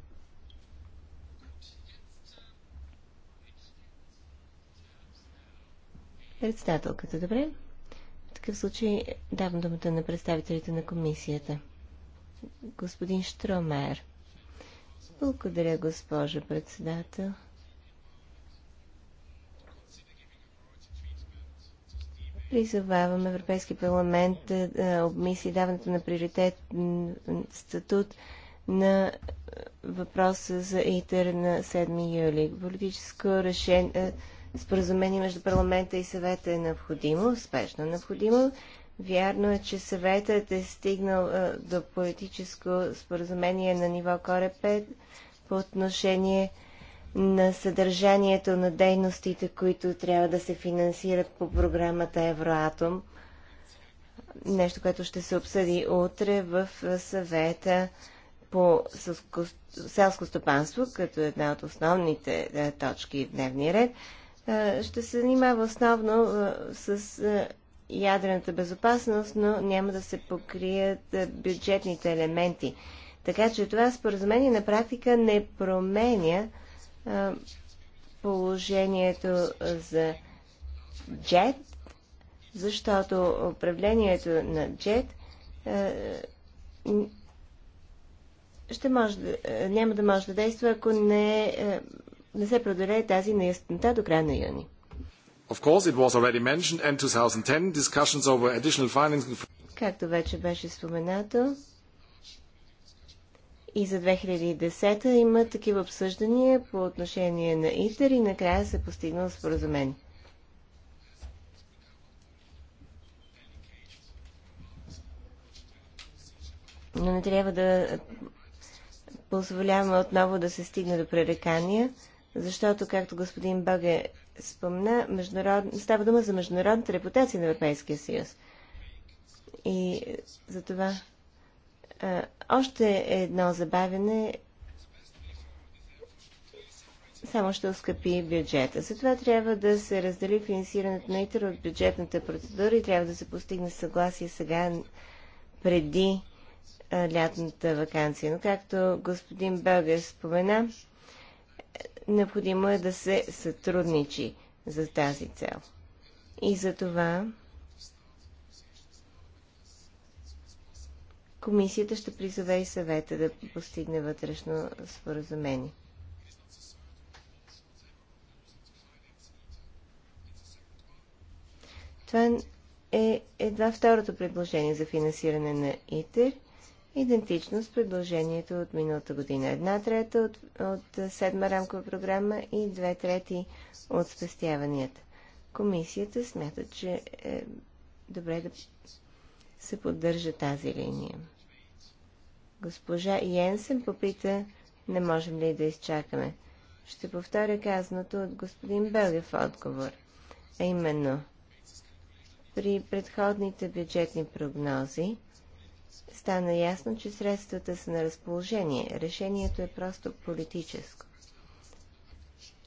Председателката, добре? В такъв случай давам думата на представителите на комисията. Господин Штромер. Благодаря, госпожо председател. Призовавам Европейски парламент да обмисли даването на приоритет статут на е, въпроса за ИТЕР на 7 юли. Политическо решение, споразумение между парламента и съвета е необходимо, успешно необходимо. Вярно е, че съветът е стигнал а, до политическо споразумение на ниво Корепет по отношение на съдържанието на дейностите, които трябва да се финансират по програмата Евроатом. Нещо, което ще се обсъди утре в съвета по селско стопанство, като една от основните точки в дневния ред ще се занимава основно с ядрената безопасност, но няма да се покрият е, бюджетните елементи. Така че това споразумение на практика не променя а, е, положението за джет, защото управлението на джет а, е, ще може да, няма да може да действа, ако не, а, не се преодолее тази неяснота до края на юни. Of course, it was already mentioned, and 2010 discussions over additional financing. Както вече беше споменато, и за 2010 има такива обсъждания по отношение на ИТЕР и накрая се постигнал споразумение. Но не трябва да позволяваме отново да се стигне до пререкания, защото, както господин Баге, спомна, международ... става дума за международната репутация на Европейския съюз. И за това още едно забавяне само ще ускъпи бюджета. Затова трябва да се раздели финансирането на ИТР от бюджетната процедура и трябва да се постигне съгласие сега преди лятната вакансия. Но както господин Белгер спомена, необходимо е да се сътрудничи за тази цел. И за това комисията ще призове и съвета да постигне вътрешно споразумение. Това е едва второто предложение за финансиране на ИТЕР – идентично с предложението от миналата година. Една трета от, от седма рамкова програма и две трети от спестяванията. Комисията смята, че е добре да се поддържа тази линия. Госпожа Йенсен попита, не можем ли да изчакаме. Ще повторя казаното от господин Белгев отговор, а именно при предходните бюджетни прогнози – стана ясно, че средствата са на разположение. Решението е просто политическо.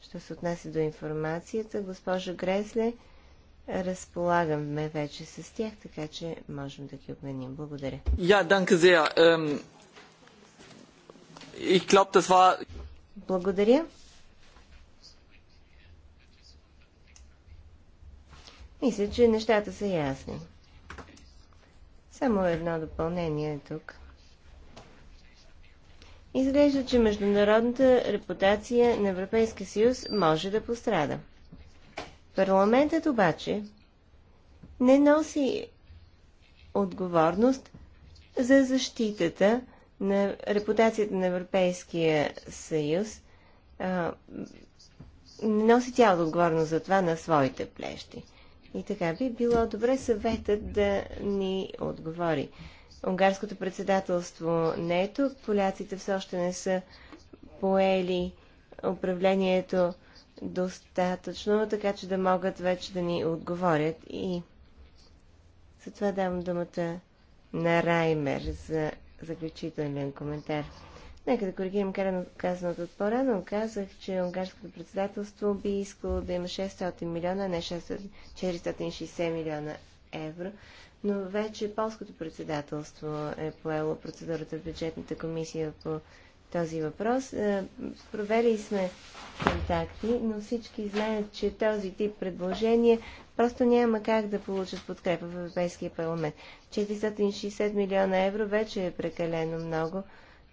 Що се отнася до информацията, госпожо Гресле, разполагаме вече с тях, така че можем да ги обменим. Благодаря. Я, данка зея. Ich glaube, das war... Благодаря. Мисля, че нещата са ясни. Само едно допълнение тук. Изглежда, че международната репутация на Европейския съюз може да пострада. Парламентът обаче не носи отговорност за защитата на репутацията на Европейския съюз. А, не носи цялата отговорност за това на своите плещи. И така би било добре съветът да ни отговори. Унгарското председателство не е тук, поляците все още не са поели управлението достатъчно, така че да могат вече да ни отговорят. И затова давам думата на Раймер за заключителен коментар. Нека да коригирам казаното от по-рано. Казах, че унгарското председателство би искало да има 600 милиона, а не 600, 460 милиона евро, но вече полското председателство е поело процедурата в бюджетната комисия по този въпрос. Е, провели сме контакти, но всички знаят, че този тип предложения просто няма как да получат подкрепа в Европейския парламент. 460 милиона евро вече е прекалено много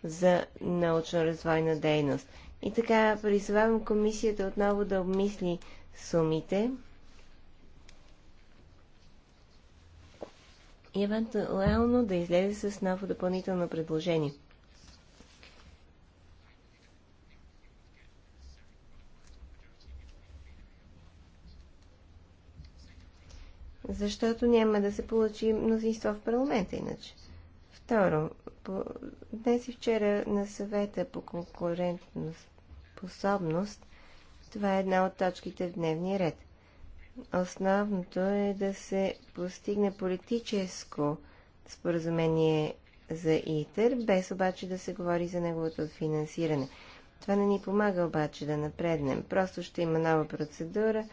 за научно-развойна дейност. И така призовавам комисията отново да обмисли сумите и евентуално да излезе с ново допълнително предложение. Защото няма да се получи мнозинство в парламента иначе. Второ, по... Днес и вчера на съвета по конкурентност способност, това е една от точките в дневния ред. Основното е да се постигне политическо споразумение за ИТЕР, без обаче да се говори за неговото финансиране. Това не ни помага обаче да напреднем. Просто ще има нова процедура.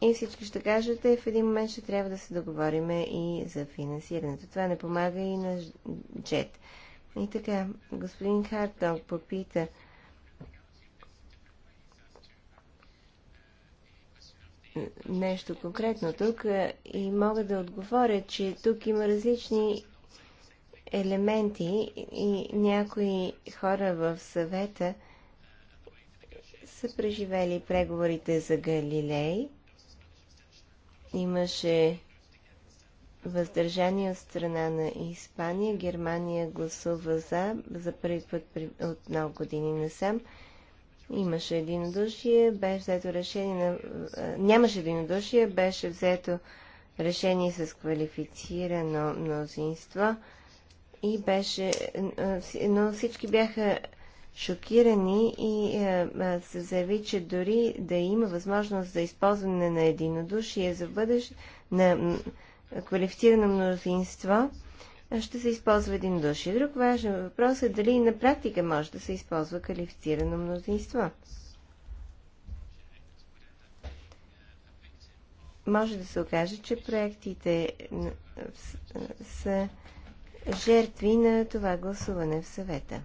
И всички ще кажете, в един момент ще трябва да се договориме и за финансирането. Това не помага и на джет. И така, господин Хартонг попита, нещо конкретно тук е, и мога да отговоря, че тук има различни елементи и някои хора в съвета са преживели преговорите за Галилей имаше въздържание от страна на Испания. Германия гласува за, за първи път от много години насам. Имаше единодушие, беше взето решение на... Нямаше единодушие, беше взето решение с квалифицирано мнозинство и беше... Но всички бяха шокирани и а, е, а, е, се заяви, че дори да има възможност за използване на единодушие за бъдещ, на квалифицирано мнозинство, е, ще се използва души. Друг важен въпрос е дали на практика може да се използва квалифицирано мнозинство. Може да се окаже, че проектите са жертви на това гласуване в съвета.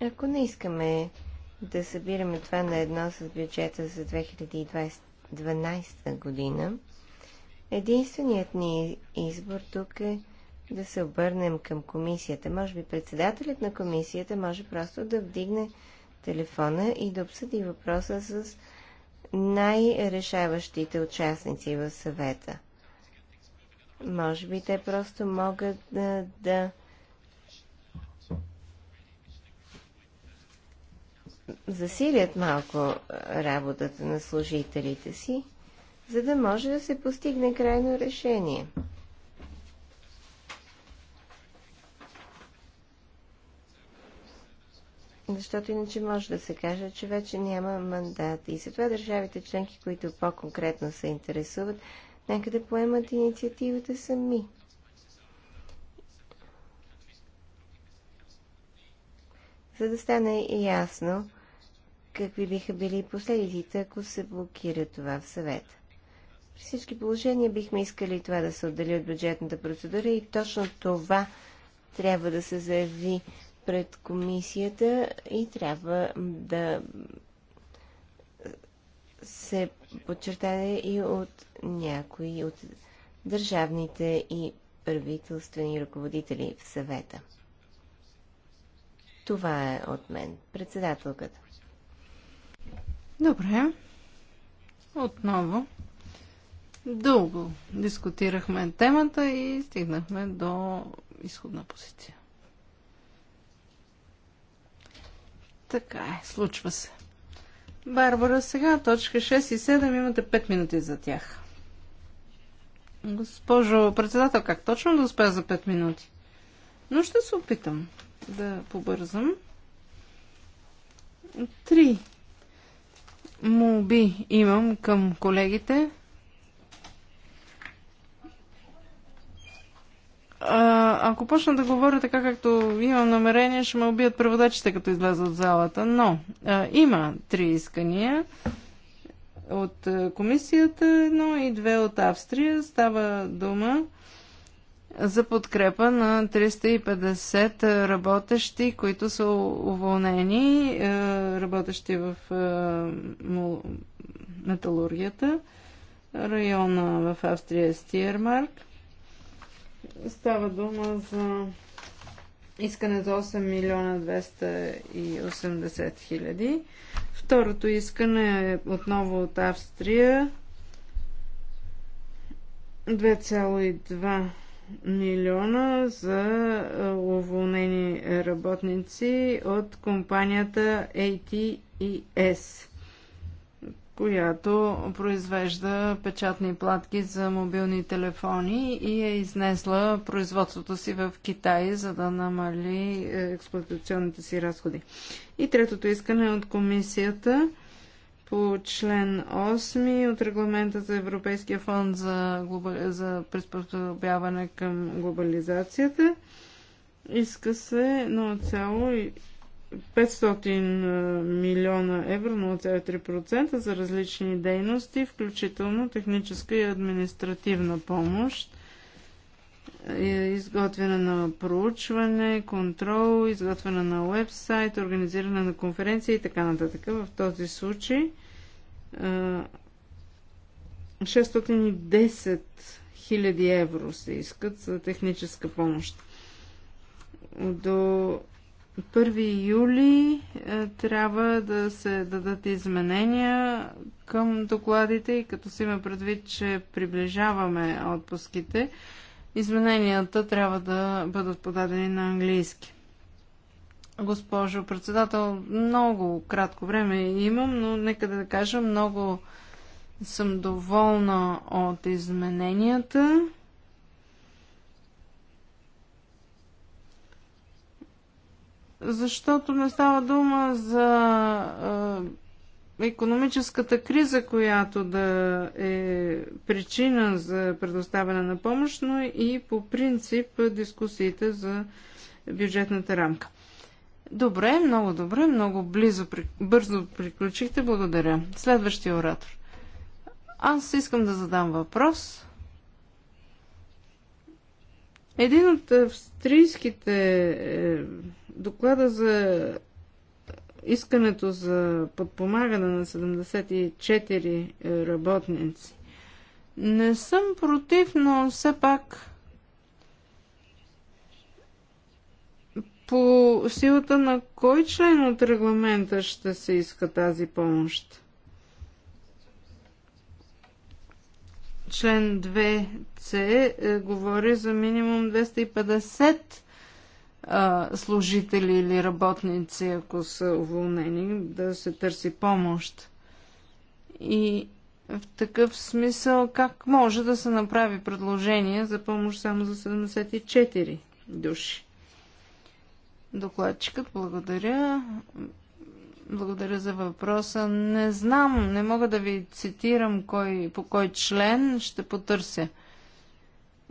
Ако не искаме да събираме това на едно с бюджета за 2012 година, единственият ни избор тук е да се обърнем към комисията. Може би председателят на комисията може просто да вдигне телефона и да обсъди въпроса с най-решаващите участници в съвета. Може би те просто могат да, да засилят малко работата на служителите си, за да може да се постигне крайно решение. Защото иначе може да се каже, че вече няма мандат. И за това държавите членки, които по-конкретно се интересуват, нека да поемат инициативата сами. За да стане ясно, какви биха били последиците, ако се блокира това в съвета. При всички положения бихме искали това да се отдели от бюджетната процедура и точно това трябва да се заяви пред комисията и трябва да се подчертае и от някои от държавните и правителствени ръководители в съвета. Това е от мен, председателката. Добре. Отново. Дълго дискутирахме темата и стигнахме до изходна позиция. Така е, случва се. Барбара, сега точка 6 и 7 имате 5 минути за тях. Госпожо председател, как точно да успя за 5 минути? Но ще се опитам да побързам. Три молби имам към колегите. А, ако почна да говоря така, както имам намерение, ще ме убият преводачите, като изляза от залата. Но а, има три искания от комисията, едно и две от Австрия. Става дума за подкрепа на 350 работещи, които са уволнени, е, работещи в е, металургията, района в Австрия е Стиермарк. Става дума за искане за 8 милиона 280 хиляди. Второто искане е отново от Австрия 2,2 милиона за е, уволнени работници от компанията ATES, която произвежда печатни платки за мобилни телефони и е изнесла производството си в Китай, за да намали е, експлуатационните си разходи. И третото искане е от комисията – по член 8 от регламента за Европейския фонд за, глоба... за приспособяване към глобализацията. Иска се 0,500 милиона евро, 0,3% за различни дейности, включително техническа и административна помощ е изготвяне на проучване, контрол, изготвяне на вебсайт, организиране на конференция и така нататък. В този случай 610 000 евро се искат за техническа помощ. До 1 юли е, трябва да се дадат изменения към докладите и като си има предвид, че приближаваме отпуските, Измененията трябва да бъдат подадени на английски. Госпожо председател, много кратко време имам, но нека да кажа, много съм доволна от измененията. Защото не става дума за економическата криза, която да е причина за предоставяне на помощ, но и по принцип дискусиите за бюджетната рамка. Добре, много добре, много близо, бързо приключихте. Благодаря. Следващия оратор. Аз искам да задам въпрос. Един от австрийските е, доклада за искането за подпомагане на 74 работници. Не съм против, но все пак по силата на кой член от регламента ще се иска тази помощ? Член 2c е, говори за минимум 250 служители или работници, ако са уволнени, да се търси помощ. И в такъв смисъл, как може да се направи предложение за помощ само за 74 души? Докладчикът, благодаря. Благодаря за въпроса. Не знам, не мога да ви цитирам кой, по кой член ще потърся.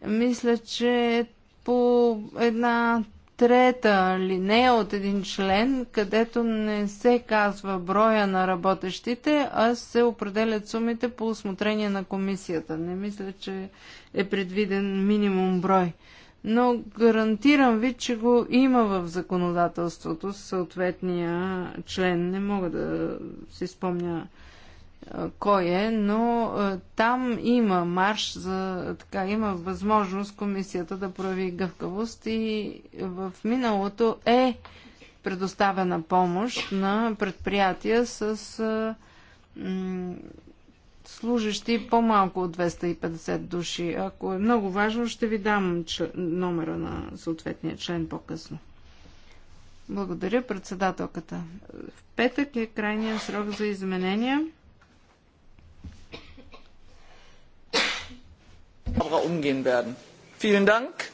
Мисля, че е по една трета линея от един член, където не се казва броя на работещите, а се определят сумите по осмотрение на комисията. Не мисля, че е предвиден минимум брой. Но гарантирам ви, че го има в законодателството съответния член. Не мога да си спомня кой е, но там има марш за така, има възможност комисията да прояви гъвкавост и в миналото е предоставена помощ на предприятия с служащи по-малко от 250 души. Ако е много важно, ще ви дам номера на съответния член по-късно. Благодаря, председателката. В петък е крайния срок за изменения. umgehen werden. Vielen Dank.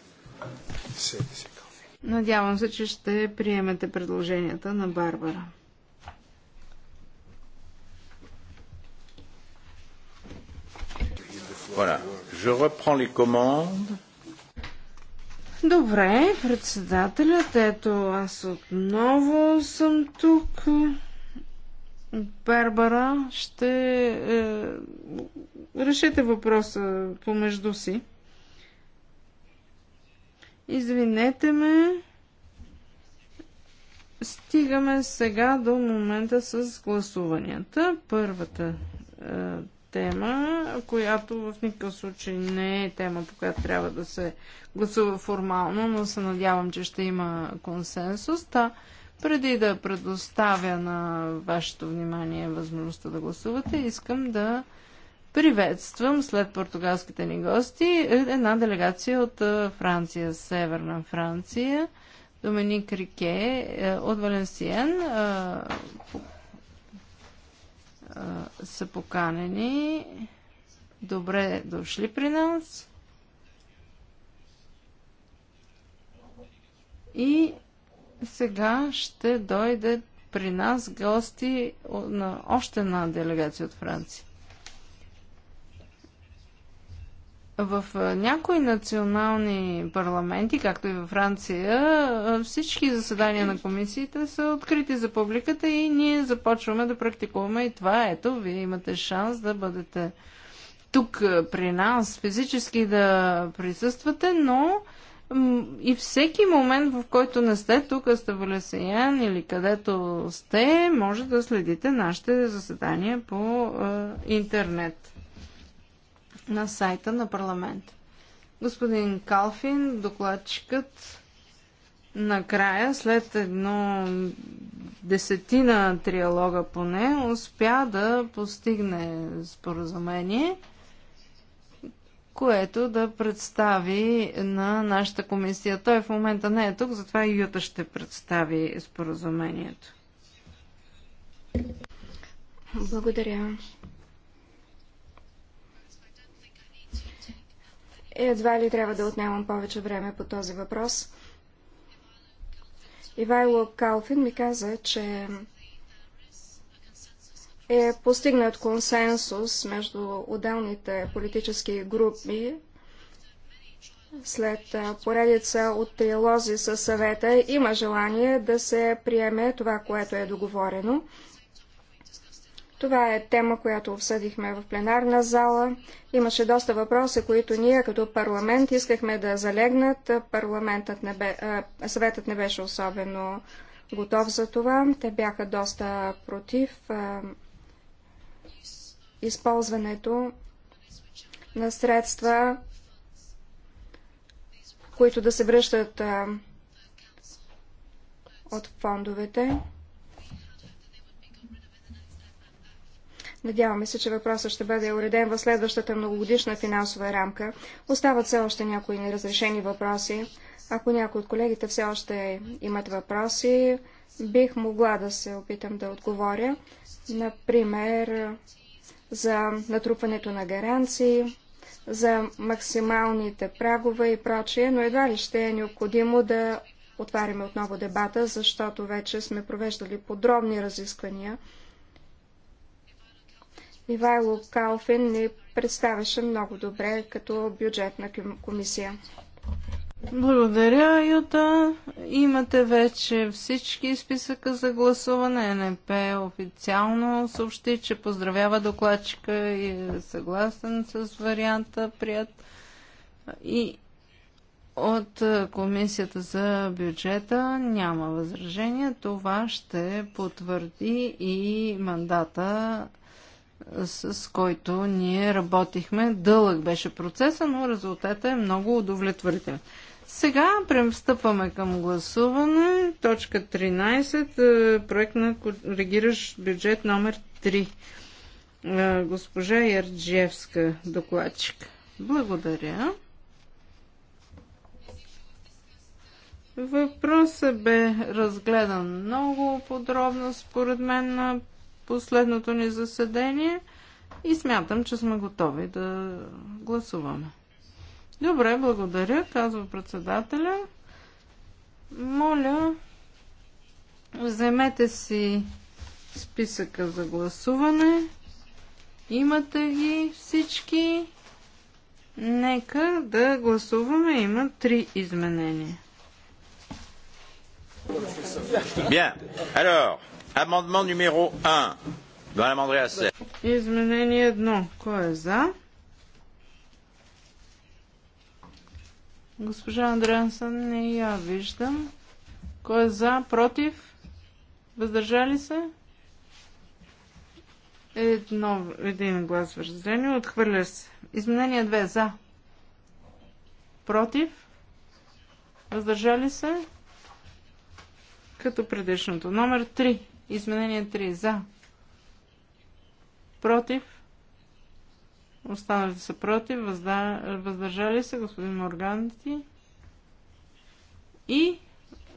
Надявам се, че ще приемете предложенията на Барбара. Voilà. Je reprends les commandes. Добре, председателят, ето аз отново съм тук. Барбара ще е, решете въпроса помежду си. Извинете ме. Стигаме сега до момента с гласуванията. Първата е, тема, която в никакъв случай не е тема, по която трябва да се гласува формално, но се надявам, че ще има консенсус. Та, преди да предоставя на вашето внимание възможността да гласувате, искам да приветствам след португалските ни гости е, една делегация от е, Франция, Северна Франция, Доминик Рике е, от Валенсиен са поканени. Добре дошли при нас. И сега ще дойде при нас гости на още една делегация от Франция. В някои национални парламенти, както и във Франция, всички заседания на комисиите са открити за публиката и ние започваме да практикуваме и това. Ето, вие имате шанс да бъдете тук при нас, физически да присъствате, но и всеки момент, в който не сте тук, сте в Лесеян или където сте, може да следите нашите заседания по интернет на сайта на парламент. Господин Калфин, докладчикът, накрая, след едно десетина триалога поне, успя да постигне споразумение, което да представи на нашата комисия. Той в момента не е тук, затова и Юта ще представи споразумението. Благодаря. Едва ли трябва да отнемам повече време по този въпрос. Ивайло Калфин ми каза, че е постигнат консенсус между отделните политически групи след поредица от триалози със съвета. Има желание да се приеме това, което е договорено. Това е тема, която обсъдихме в пленарна зала. Имаше доста въпроси, които ние като парламент искахме да залегнат. Парламентът не бе, съветът не беше особено готов за това. Те бяха доста против използването на средства, които да се връщат от фондовете. Надяваме се, че въпросът ще бъде уреден в следващата многогодишна финансова рамка. Остават все още някои неразрешени въпроси. Ако някои от колегите все още имат въпроси, бих могла да се опитам да отговоря. Например, за натрупването на гаранции, за максималните прагове и прочие, но едва ли ще е необходимо да отваряме отново дебата, защото вече сме провеждали подробни разисквания Ивайло Калфин ни представяше много добре като бюджетна комисия. Благодаря, Юта. Имате вече всички списъка за гласуване. НП официално съобщи, че поздравява докладчика и е съгласен с варианта прият. И от Комисията за бюджета няма възражение. Това ще потвърди и мандата с който ние работихме. Дълъг беше процеса, но резултатът е много удовлетворителен. Сега пристъпваме към гласуване. Точка 13. Е, проект на коригираш бюджет номер 3. Е, госпожа Ярджевска, докладчик. Благодаря. Въпросът бе разгледан много подробно, според мен, на последното ни заседение, и смятам, че сме готови да гласуваме. Добре, благодаря, казва председателя. Моля, вземете си списъка за гласуване. Имате ги всички. Нека да гласуваме. Има три изменения. Bien. Alors, Amendement numéro 1. Madame Andreasen. Изменение едно. Кой е за? Госпожа Андреасен не я виждам. Кой е за? Против? Въздържали се? Едно, един глас въздържание. Отхвърля се. Изменение 2. За. Против? Въздържали се? Като предишното. Номер 3. Изменение 3 за. Против. Останалите са против. Въздържали се господин Морганти. И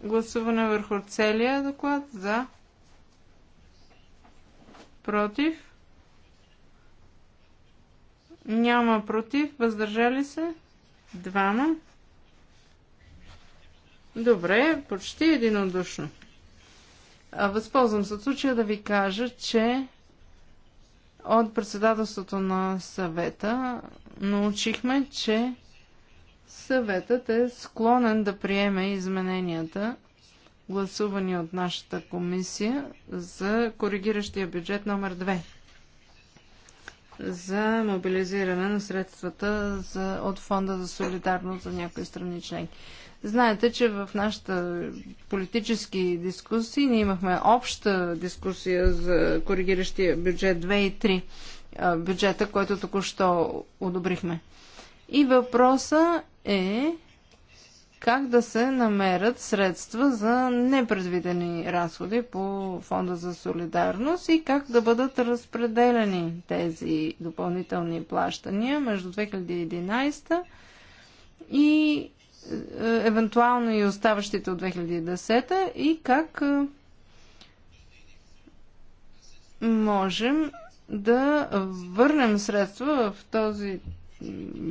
гласуване върху целия доклад за. Против. Няма против. Въздържали се. Двама. Добре, почти единодушно. Възползвам се от случая да ви кажа, че от председателството на съвета научихме, че съветът е склонен да приеме измененията, гласувани от нашата комисия за коригиращия бюджет номер 2 за мобилизиране на средствата за, от Фонда за солидарност за някои страни членки. Знаете, че в нашата политически дискусии ние имахме обща дискусия за коригиращия бюджет 2 и 3 бюджета, който току-що одобрихме. И въпроса е как да се намерят средства за непредвидени разходи по Фонда за солидарност и как да бъдат разпределени тези допълнителни плащания между 2011 и е, евентуално и оставащите от 2010 и как е, можем да върнем средства в този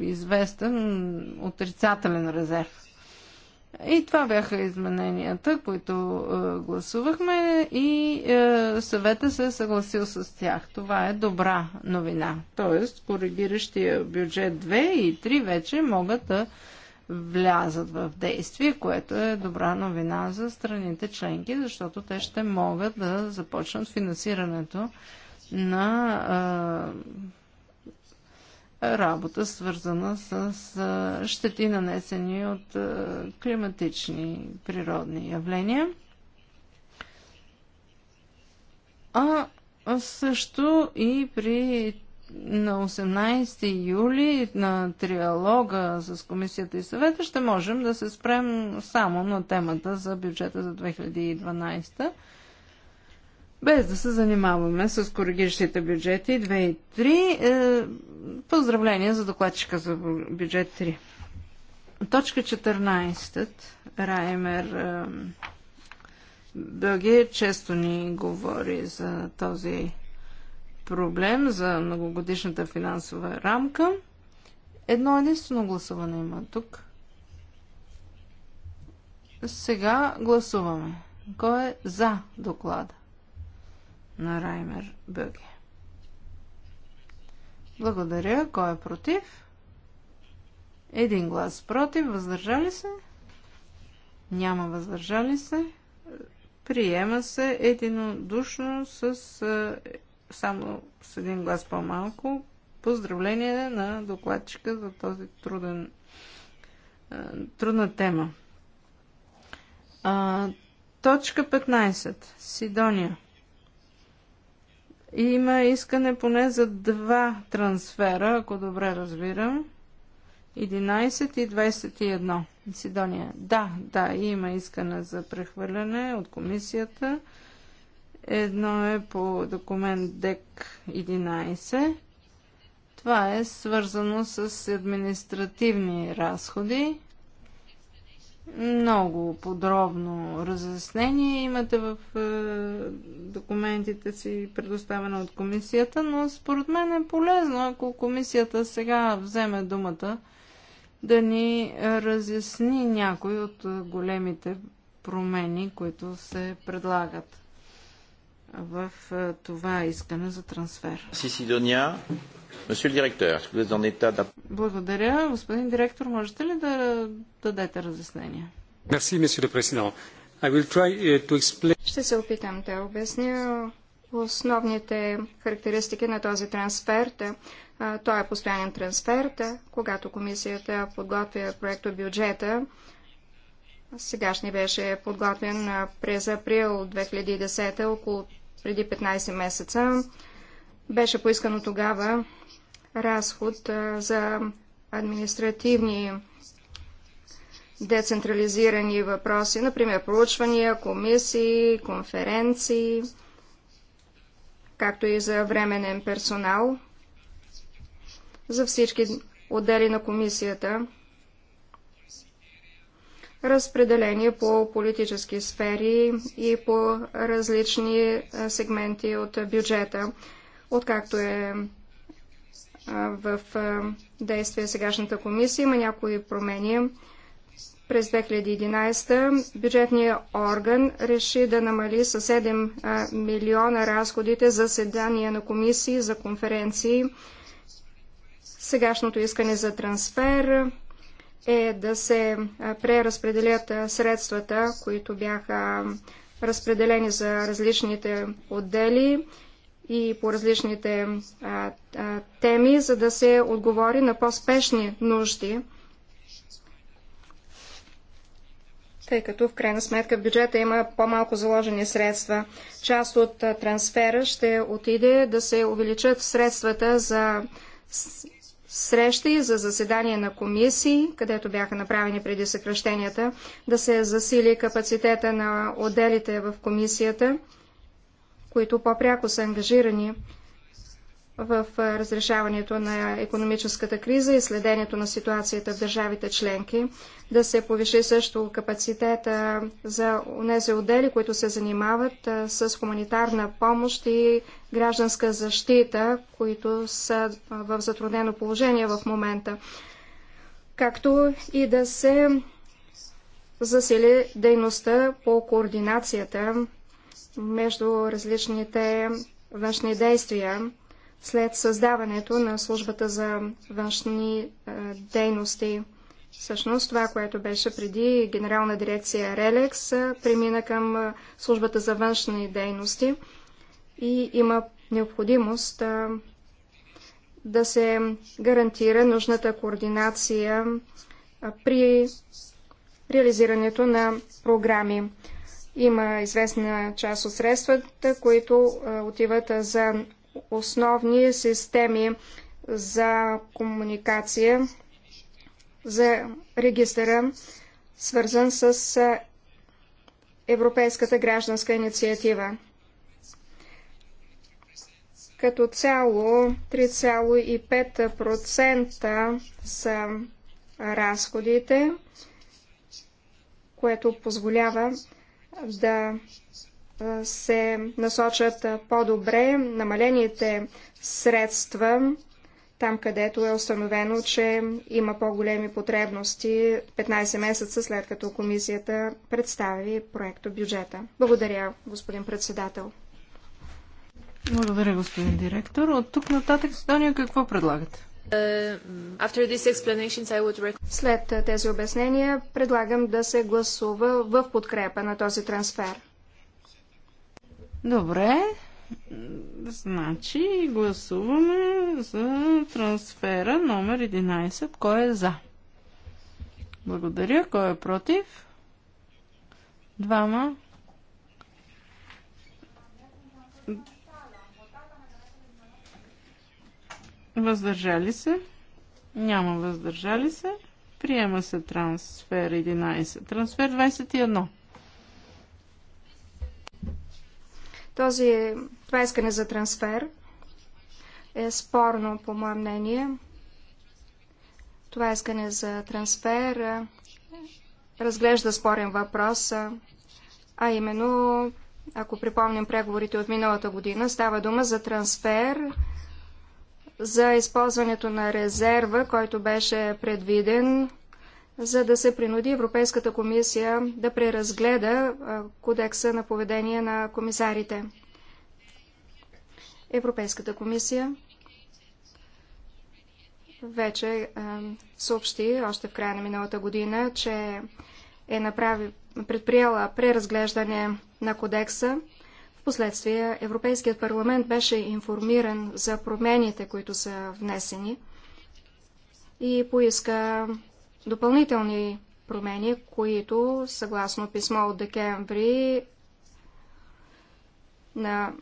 известен отрицателен резерв. И това бяха измененията, които е, гласувахме и е, съвета се е съгласил с тях. Това е добра новина. Тоест, коригиращия бюджет 2 и 3 вече могат да влязат в действие, което е добра новина за страните членки, защото те ще могат да започнат финансирането на а, работа, свързана с а, щети нанесени от а, климатични природни явления. А също и при на 18 юли на триалога с комисията и съвета ще можем да се спрем само на темата за бюджета за 2012 без да се занимаваме с коригиращите бюджети 2 и 3. Е, поздравления за докладчика за бюджет 3. Точка 14. Раймер е, Бългия често ни говори за този проблем за многогодишната финансова рамка. Едно единствено гласуване има тук. Сега гласуваме. Кой е за доклада на Раймер Бъге? Благодаря. Кой е против? Един глас против. Въздържали се? Няма въздържали се. Приема се единодушно с е, само с един глас по-малко. Поздравление на докладчика за този труден, трудна тема. А, точка 15. Сидония. И има искане поне за два трансфера, ако добре разбирам. 11 и 21. Сидония. Да, да, има искане за прехвърляне от комисията. Едно е по документ ДЕК 11. Това е свързано с административни разходи. Много подробно разяснение имате в е, документите си, предоставена от комисията, но според мен е полезно, ако комисията сега вземе думата да ни разясни някои от големите промени, които се предлагат в това искане за трансфер. Сисидония, Благодаря. Господин директор, можете ли да дадете разяснение? Uh, Ще се опитам да обясня основните характеристики на този трансфер. Той е постоянен трансфер. Когато комисията подготвя проекто бюджета, сегашни беше подготвен през април 2010 около преди 15 месеца. Беше поискано тогава разход за административни децентрализирани въпроси, например проучвания, комисии, конференции, както и за временен персонал за всички отдели на комисията разпределение по политически сфери и по различни сегменти от бюджета, откакто е в действие сегашната комисия. Има някои промени. През 2011 бюджетният орган реши да намали със 7 милиона разходите за седания на комисии, за конференции. Сегашното искане за трансфер е да се преразпределят средствата, които бяха разпределени за различните отдели и по различните а, а, теми, за да се отговори на по-спешни нужди, тъй като в крайна сметка в бюджета има по-малко заложени средства. Част от а, трансфера ще отиде да се увеличат средствата за срещи за заседание на комисии, където бяха направени преди съкръщенията, да се засили капацитета на отделите в комисията, които по-пряко са ангажирани в разрешаването на економическата криза и следението на ситуацията в държавите членки, да се повиши също капацитета за тези отдели, които се занимават с хуманитарна помощ и гражданска защита, които са в затруднено положение в момента, както и да се засили дейността по координацията между различните външни действия след създаването на службата за външни е, дейности. Всъщност това, което беше преди Генерална дирекция Релекс, е, премина към е, службата за външни дейности и има необходимост да се гарантира нужната координация при реализирането на програми. Има известна част от средствата, които отиват за основни системи за комуникация, за регистъра, свързан с Европейската гражданска инициатива. Като цяло 3,5% са разходите, което позволява да се насочат по-добре намалените средства там, където е установено, че има по-големи потребности 15 месеца след като комисията представи проекто бюджета. Благодаря, господин председател. Благодаря, господин директор. От тук нататък, Стония, какво предлагате? Uh, след тези обяснения предлагам да се гласува в подкрепа на този трансфер. Добре. Значи гласуваме за трансфера номер 11. Кой е за? Благодаря. Кой е против? Двама. Въздържали се? Няма въздържали се. Приема се трансфер 11. Трансфер 21. Този, това искане за трансфер е спорно, по мое мнение. Това искане за трансфер разглежда спорен въпрос, а именно, ако припомним преговорите от миналата година, става дума за трансфер за използването на резерва, който беше предвиден за да се принуди Европейската комисия да преразгледа кодекса на поведение на комисарите. Европейската комисия вече съобщи още в края на миналата година, че е направи, предприела преразглеждане на кодекса. Впоследствие Европейският парламент беше информиран за промените, които са внесени и поиска допълнителни промени, които съгласно писмо от декември на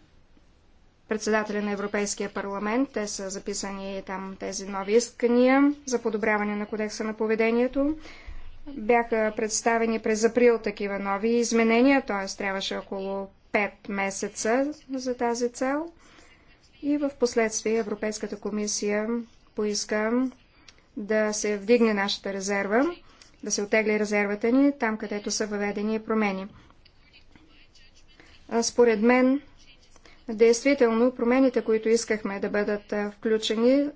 председателя на Европейския парламент. Те са записани там тези нови искания за подобряване на кодекса на поведението. Бяха представени през април такива нови изменения, т.е. трябваше около 5 месеца за тази цел. И в последствие Европейската комисия поиска да се вдигне нашата резерва, да се отегли резервата ни там, където са въведени промени. Според мен, действително, промените, които искахме да бъдат включени,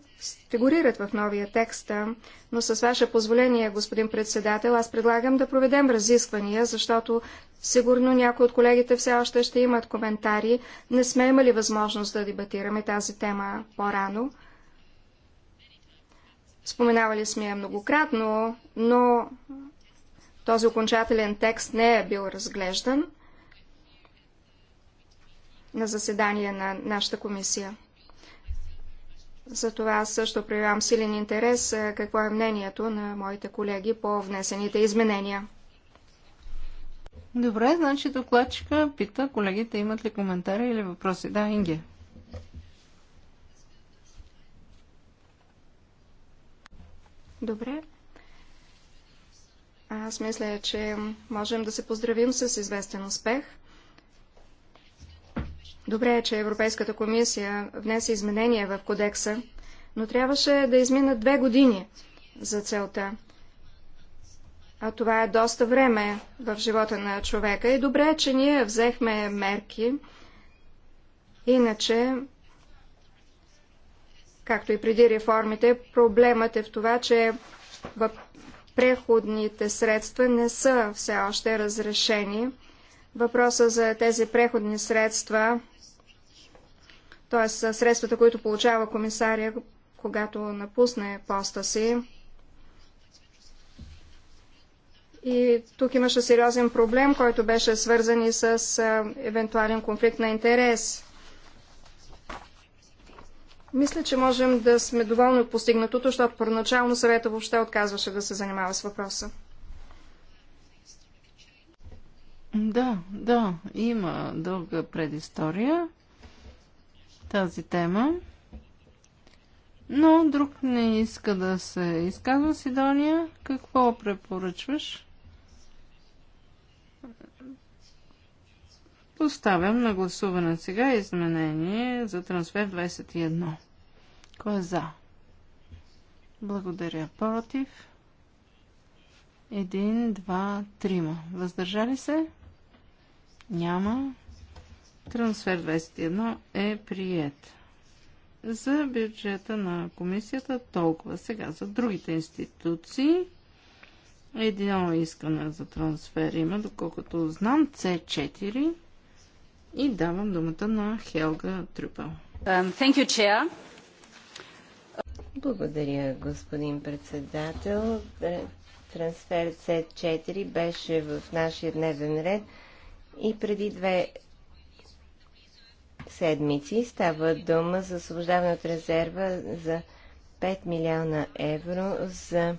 фигурират в новия текст, но с ваше позволение, господин председател, аз предлагам да проведем разисквания, защото сигурно някои от колегите все още ще имат коментари. Не сме имали възможност да дебатираме тази тема по-рано. Споменавали сме я многократно, но този окончателен текст не е бил разглеждан на заседание на нашата комисия. Затова аз също проявявам силен интерес какво е мнението на моите колеги по внесените изменения. Добре, значи докладчика пита колегите имат ли коментари или въпроси. Да, Инге. Добре. Аз мисля, че можем да се поздравим с известен успех. Добре е, че Европейската комисия внесе изменения в кодекса, но трябваше да изминат две години за целта. А това е доста време в живота на човека и добре е, че ние взехме мерки, иначе както и преди реформите. Проблемът е в това, че в преходните средства не са все още разрешени. Въпросът за тези преходни средства, т.е. средствата, които получава комисария, когато напусне поста си, и тук имаше сериозен проблем, който беше свързан и с евентуален конфликт на интерес. Мисля, че можем да сме доволни от постигнатото, защото първоначално съвета въобще отказваше да се занимава с въпроса. Да, да, има дълга предистория тази тема. Но друг не иска да се изказва. Сидония, какво препоръчваш? Поставям на гласуване сега изменение за трансфер 21. Кой е за? Благодаря. Против? Един, два, трима. Въздържали се? Няма. Трансфер 21 е прият. За бюджета на комисията толкова. Сега за другите институции. Едно искане за трансфер има, доколкото знам, C4. И давам думата на Хелга Трюпел. Um, thank you, Chair. Благодаря, господин председател. Трансфер С 4 беше в нашия дневен ред и преди две седмици става дума за освобождаване от резерва за 5 милиона евро за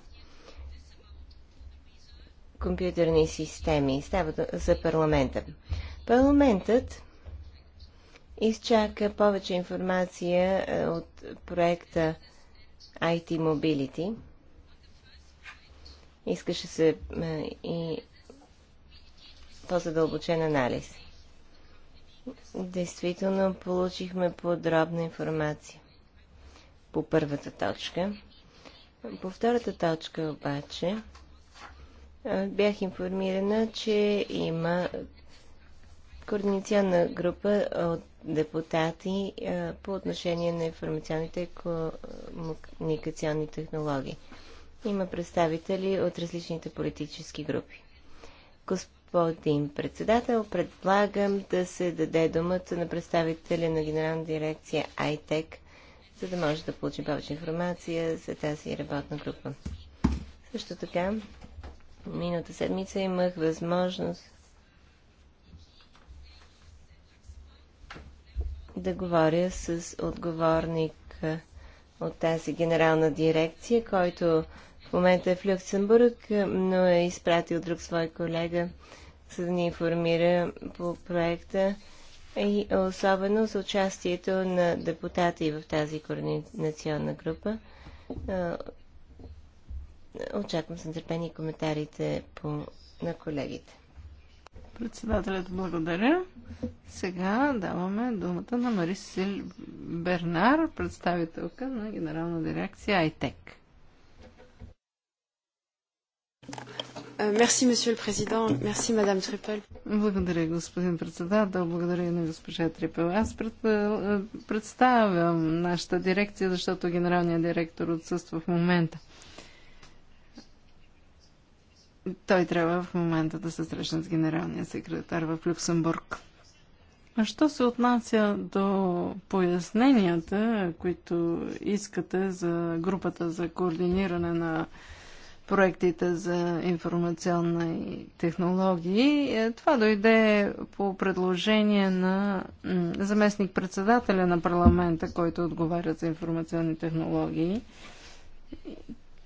компютърни системи. Става за парламента. Парламентът изчака повече информация е, от проекта IT Mobility. Искаше се и по-задълбочен анализ. Действително получихме подробна информация по първата точка. По втората точка обаче бях информирана, че има координационна група от депутати по отношение на информационните и комуникационни технологии. Има представители от различните политически групи. Господин председател, предлагам да се даде думата на представителя на генерална дирекция ITEC, за да може да получи повече информация за тази работна група. Също така, миналата седмица имах възможност да говоря с отговорник от тази генерална дирекция, който в момента е в Люксембург, но е изпратил друг свой колега, за да ни информира по проекта и особено с участието на депутати в тази координационна група. Очаквам с нетърпение коментарите по, на колегите. Председателят благодаря. Сега даваме думата на Марисил Бернар, представителка на Генерална дирекция АйТЕК. Е, мерси, месье президент. Мерси, мадам Трипел. Благодаря, господин председател. Благодаря и на госпожа Трипел. Аз е, представям нашата дирекция, защото генералният директор отсъства в момента той трябва в момента да се срещне с генералния секретар в Люксембург. А що се отнася до поясненията, които искате за групата за координиране на проектите за информационна и технологии. Е, това дойде по предложение на заместник-председателя на парламента, който отговаря за информационни технологии.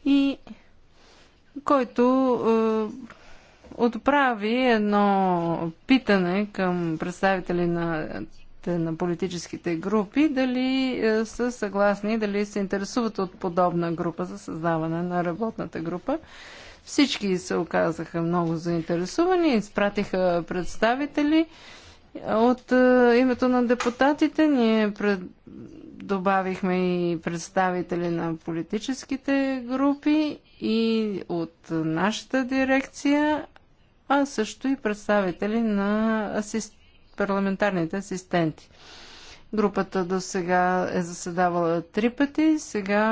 И който е, отправи едно питане към представители на, на политическите групи, дали е, са съгласни, дали се интересуват от подобна група за създаване на работната група. Всички се оказаха много заинтересувани, изпратиха представители. От е, името на депутатите ние пред... Добавихме и представители на политическите групи и от нашата дирекция, а също и представители на асист... парламентарните асистенти. Групата до сега е заседавала три пъти. Сега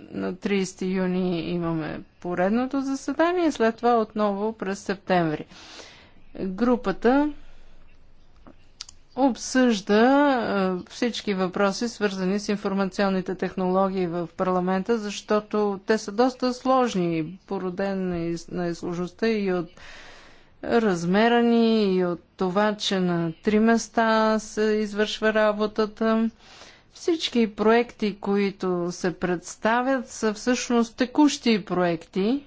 на 30 юни имаме поредното заседание, след това отново през септември. Групата обсъжда всички въпроси, свързани с информационните технологии в парламента, защото те са доста сложни, породен на сложността и от размера ни, и от това, че на три места се извършва работата. Всички проекти, които се представят, са всъщност текущи проекти,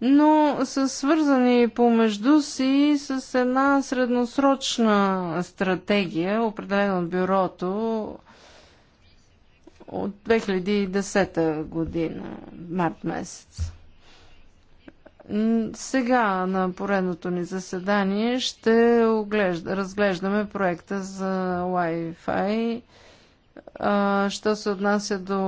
но са свързани помежду си с една средносрочна стратегия, определена от бюрото от 2010 година, март месец. Сега на поредното ни заседание ще оглежда, разглеждаме проекта за Wi-Fi Що се отнася до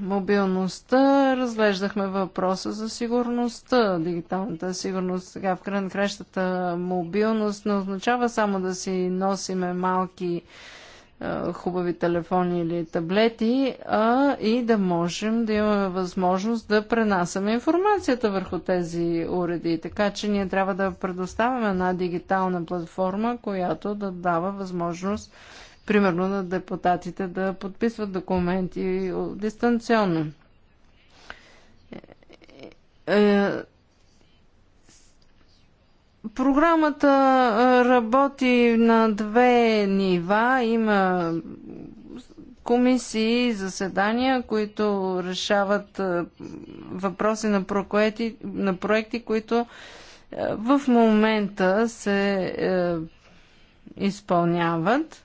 мобилността, разглеждахме въпроса за сигурността, дигиталната сигурност. Сега в край на кращата мобилност не означава само да си носиме малки хубави телефони или таблети, а и да можем да имаме възможност да пренасяме информацията върху тези уреди. Така че ние трябва да предоставяме една дигитална платформа, която да дава възможност примерно на депутатите да подписват документи дистанционно. Е, е, програмата работи на две нива. Има комисии, и заседания, които решават въпроси на проекти, на проекти които в момента се е, изпълняват.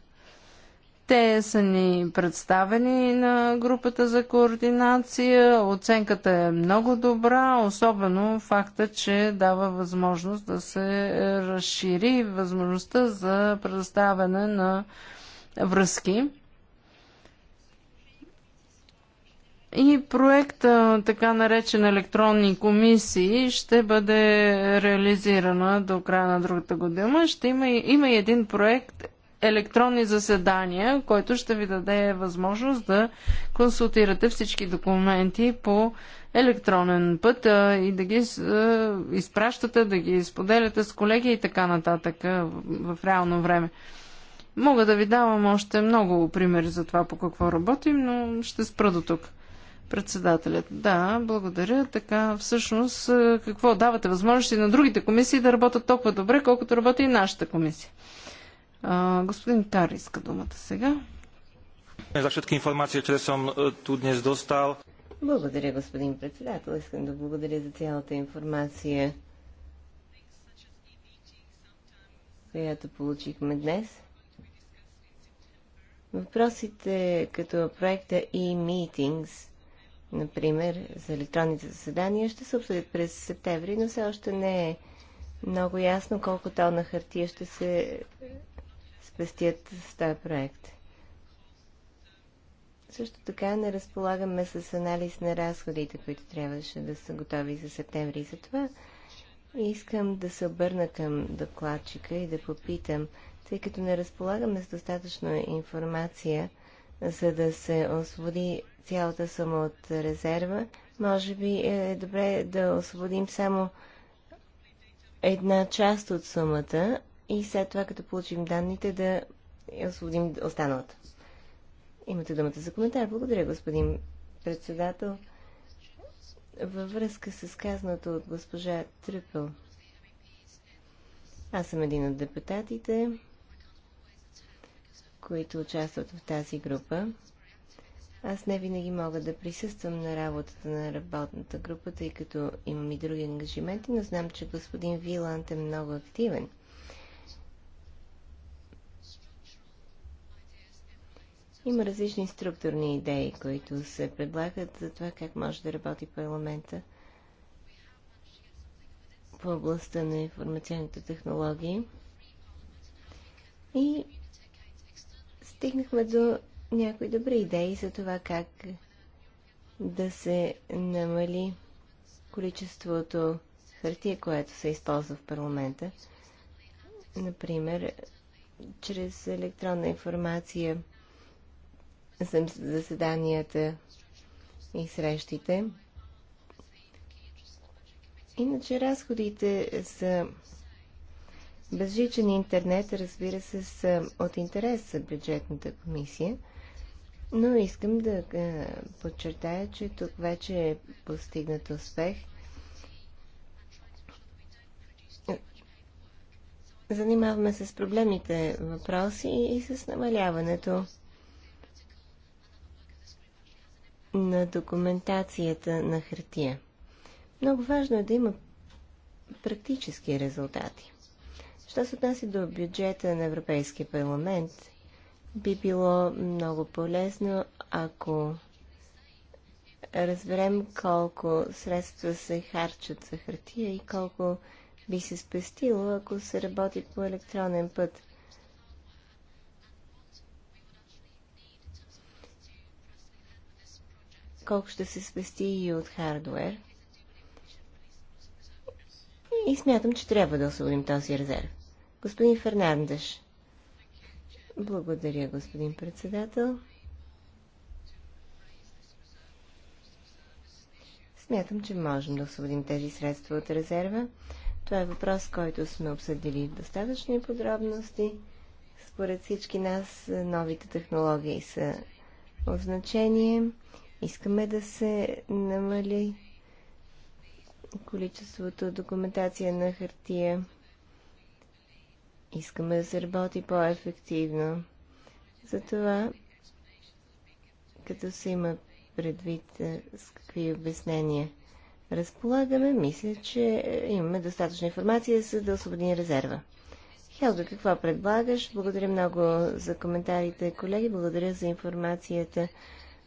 Те са ни представени на групата за координация. Оценката е много добра, особено факта, че дава възможност да се разшири възможността за предоставяне на връзки. И проекта, така наречен електронни комисии, ще бъде реализирана до края на другата година. Ще има, има и един проект електронни заседания, който ще ви даде възможност да консултирате всички документи по електронен път а, и да ги а, изпращате, да ги споделяте с колеги и така нататък а, в, в реално време. Мога да ви давам още много примери за това по какво работим, но ще спра до тук. Председателят. Да, благодаря. Така, всъщност, какво давате възможности на другите комисии да работят толкова добре, колкото работи и нашата комисия господин Тар иска думата сега. За всички информации, че съм е, тук днес достал. Благодаря, господин председател. Искам да благодаря за цялата информация, която получихме днес. Въпросите като проекта e-meetings, например, за електронните заседания, ще се обсъдят през септември, но все още не е много ясно колко тона хартия ще се спестят този проект. Също така не разполагаме с анализ на разходите, които трябваше да са готови за септември. И затова искам да се обърна към докладчика и да попитам, тъй като не разполагаме с достатъчно информация, за да се освободи цялата сума от резерва, може би е добре да освободим само една част от сумата, и след това, като получим данните, да освободим останалата. Имате думата за коментар. Благодаря, господин председател. Във връзка с казаното от госпожа Трюпел, аз съм един от депутатите, които участват в тази група. Аз не винаги мога да присъствам на работата на работната група, тъй като имам и други ангажименти, но знам, че господин Виланд е много активен – Има различни структурни идеи, които се предлагат за това как може да работи парламента в областта на информационните технологии. И стигнахме до някои добри идеи за това как да се намали количеството хартия, което се използва в парламента. Например, чрез електронна информация – заседанията и срещите. Иначе разходите за безжичен интернет, разбира се, са от интерес за бюджетната комисия, но искам да подчертая, че тук вече е постигнат успех. Занимаваме се с проблемните въпроси и с намаляването на документацията на хартия. Много важно е да има практически резултати. Що се отнася до бюджета на Европейския парламент, би било много полезно, ако разберем колко средства се харчат за хартия и колко би се спестило, ако се работи по електронен път. колко ще се спести и от хардвер. И смятам, че трябва да освободим този резерв. Господин Фернандеш. Благодаря, господин председател. Смятам, че можем да освободим тези средства от резерва. Това е въпрос, който сме обсъдили в достатъчни подробности. Според всички нас новите технологии са от значение Искаме да се намали количеството документация на хартия. Искаме да се работи по-ефективно. Затова, като се има предвид е, с какви обяснения разполагаме, мисля, че е, имаме достатъчно информация, за да освободим резерва. Хелга, какво предлагаш? Благодаря много за коментарите, колеги. Благодаря за информацията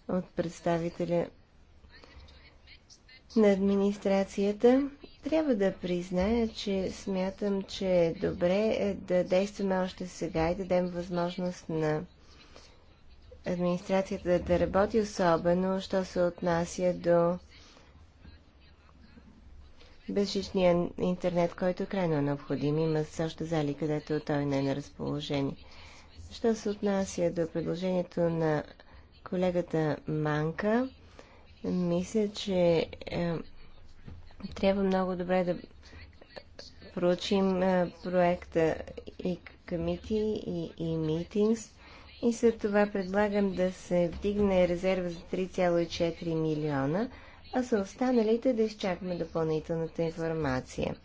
от представителя на администрацията. Трябва да призная, че смятам, че е добре е, да действаме още сега и да дадем възможност на администрацията да работи особено, що се отнася до безжичния интернет, който е крайно необходим. Има също зали, където той не е на разположение. Що се отнася до предложението на колегата Манка, мисля, че е, трябва много добре да проучим е, проекта и Committee и, и Meetings и след това предлагам да се вдигне резерва за 3,4 милиона, а са останалите да изчакаме допълнителната информация,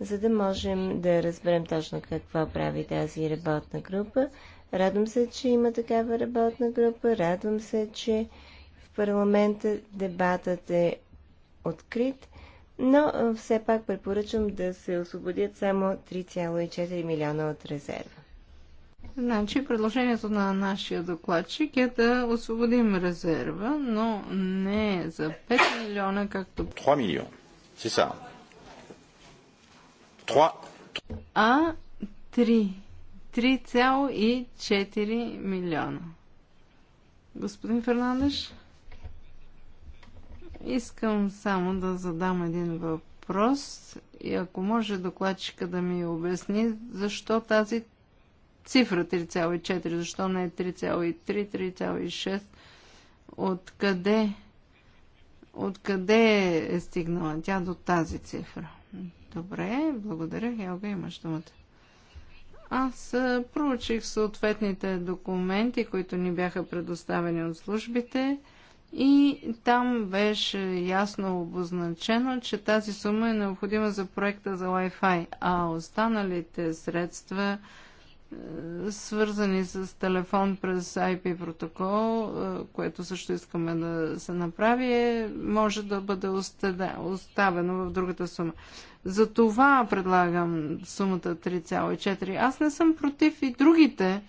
за да можем да разберем точно какво прави тази работна група Радвам се, че има такава работна група. Радвам се, че в парламента дебатът е открит. Но все пак препоръчвам да се освободят само 3,4 милиона от резерва. Значи предложението на нашия докладчик е да освободим резерва, но не за 5 милиона, както... 3 милиона. Си са. 3. А 3 3,4 милиона. Господин Фернандеш, искам само да задам един въпрос и ако може докладчика да ми обясни защо тази цифра 3,4, защо не е 3,3, 3,6, откъде, откъде е стигнала тя до тази цифра? Добре, благодаря. Хелга, имаш думата. Аз проучих съответните документи, които ни бяха предоставени от службите и там беше ясно обозначено, че тази сума е необходима за проекта за Wi-Fi, а останалите средства – свързани с телефон през IP протокол, е, което също искаме да се направи, е, може да бъде оставено в другата сума. За това предлагам сумата 3,4. Аз не съм против и другите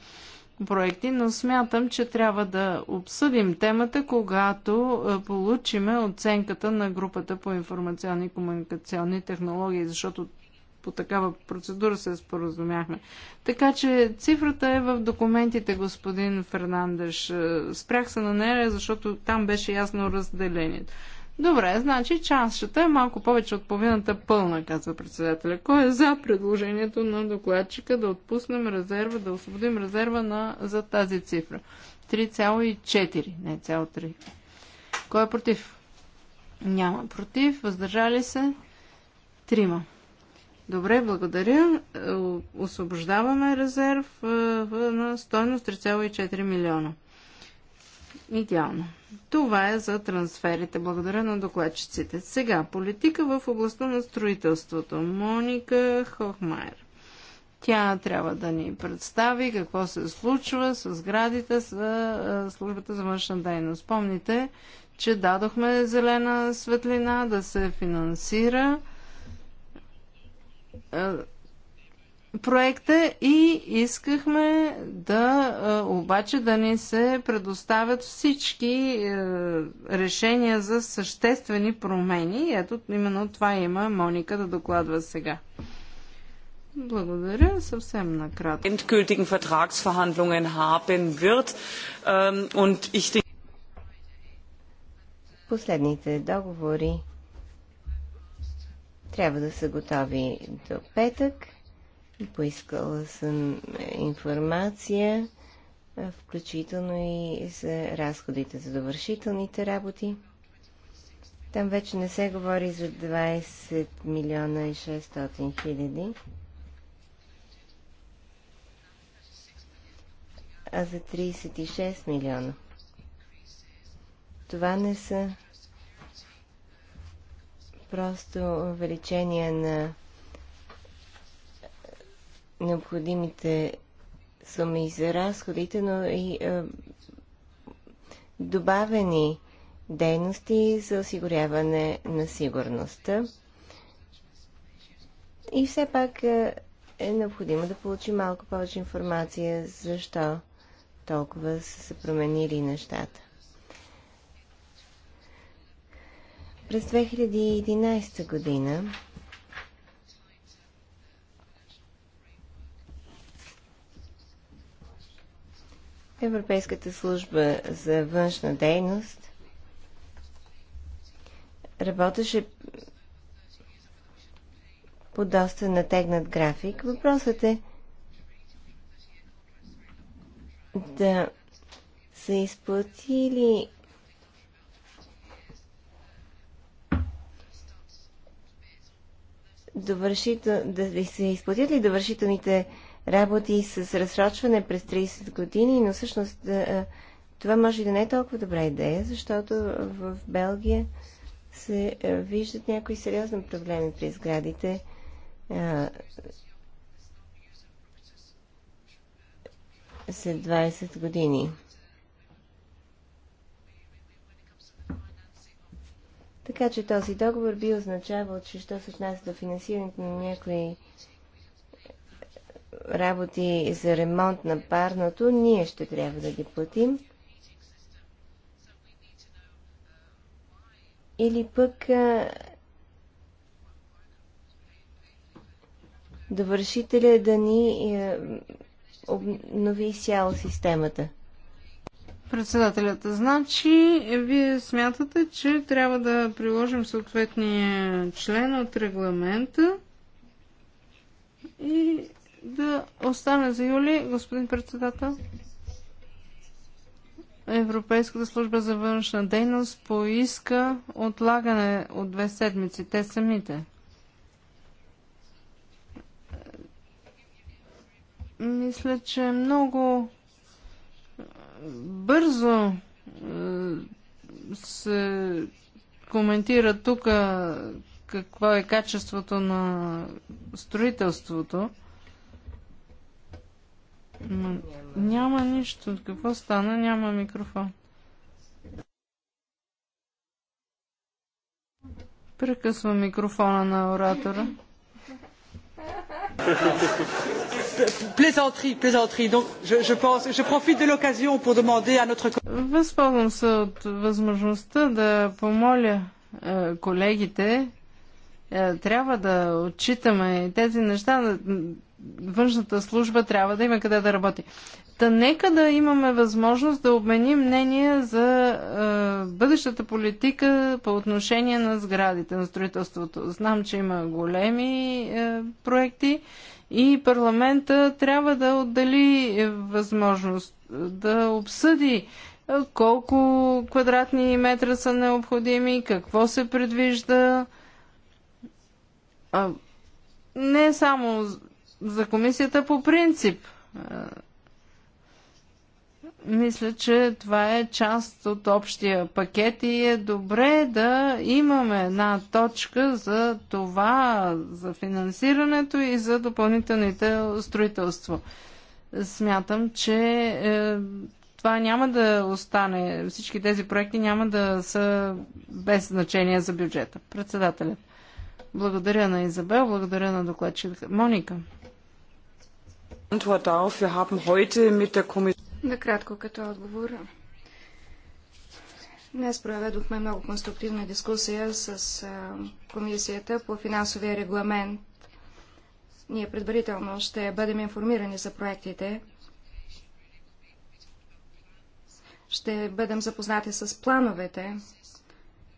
проекти, но смятам, че трябва да обсъдим темата, когато е, получиме оценката на групата по информационни и комуникационни технологии, защото по такава процедура се споразумяхме. Така че цифрата е в документите, господин Фернандеш. Е, спрях се на нея, защото там беше ясно разделението. Добре, значи чашата е малко повече от половината пълна, казва председателя. Кой е за предложението на докладчика да отпуснем резерва, да освободим резерва на, за тази цифра? 3,4, не цяло 3. Кой е против? Няма против, въздържали се? Трима. Добре, благодаря. Е, освобождаваме резерв е, на стойност 3,4 милиона. Идеално. Това е за трансферите. Благодаря на докладчиците. Сега, политика в областта на строителството. Моника Хохмайер. Тя трябва да ни представи какво се случва с градите с е, службата за външна дейност. Помните, че дадохме зелена светлина да се финансира е, проекта и искахме да е, обаче да ни се предоставят всички е, решения за съществени промени. Ето именно това има Моника да докладва сега. Благодаря. Съвсем накратко. Endgültigen Vertragsverhandlungen haben wird. Ähm, Последните договори трябва да са готови до петък. Поискала съм информация, включително и за разходите за довършителните работи. Там вече не се говори за 20 милиона и 600 хиляди, а за 36 милиона. Това не са просто увеличение на необходимите суми за разходите, но и е, добавени дейности за осигуряване на сигурността. И все пак е, е необходимо да получим малко повече информация защо толкова са се променили нещата. През 2011 година Европейската служба за външна дейност работеше по доста натегнат график. Въпросът е да са изплатили довършител... да ви се изплатят ли довършителните работи с разсрочване през 30 години, но всъщност това може и да не е толкова добра идея, защото в Белгия се виждат някои сериозни проблеми при сградите. след 20 години. Така че този договор би означавал, че що се отнася до финансирането на някои работи за ремонт на парното, ние ще трябва да ги платим. Или пък довършителя да ни обнови изцяло системата. Председателят, значи, вие смятате, че трябва да приложим съответния член от регламента и да остане за юли, господин председател. Европейската служба за външна дейност поиска отлагане от две седмици, те самите. Мисля, че е много бързо е, се коментира тук е, какво е качеството на строителството. М няма нищо. какво стана? Няма микрофон. Прекъсва микрофона на оратора. Plaisanterie, plaisanterie. Donc, je, je, pense, je profite de l'occasion pour demander à notre... Възползвам се от възможността да помоля е, колегите. Е, трябва да отчитаме тези неща. Външната служба трябва да има къде да работи. Та нека да имаме възможност да обменим мнение за е, бъдещата политика по отношение на сградите, на строителството. Знам, че има големи е, проекти и парламента трябва да отдели възможност да обсъди е, колко квадратни метра са необходими, какво се предвижда. не само за комисията по принцип. Е, мисля, че това е част от общия пакет и е добре да имаме една точка за това, за финансирането и за допълнителните строителство. Смятам, че е, това няма да остане, всички тези проекти няма да са без значение за бюджета. Председателят. Благодаря на Изабел, благодаря на докладчика. Моника. Antwort darauf, wir Накратко като отговор. Днес проведохме много конструктивна дискусия с Комисията по финансовия регламент. Ние предварително ще бъдем информирани за проектите. Ще бъдем запознати с плановете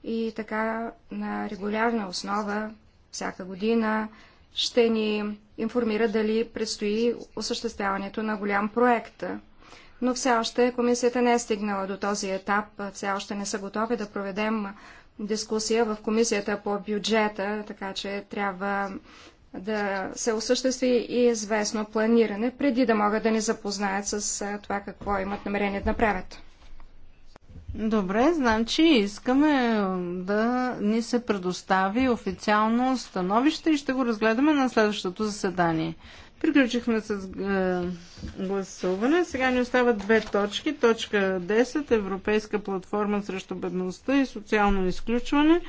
и така на регулярна основа всяка година ще ни информира дали предстои осъществяването на голям проект но все още комисията не е стигнала до този етап. Все още не са готови да проведем дискусия в комисията по бюджета, така че трябва да се осъществи и известно планиране, преди да могат да ни запознаят с това какво имат намерение да направят. Добре, значи искаме да ни се предостави официално становище и ще го разгледаме на следващото заседание. Приключихме с гласуване. Сега ни остават две точки. Точка 10 Европейска платформа срещу бедността и социално изключване.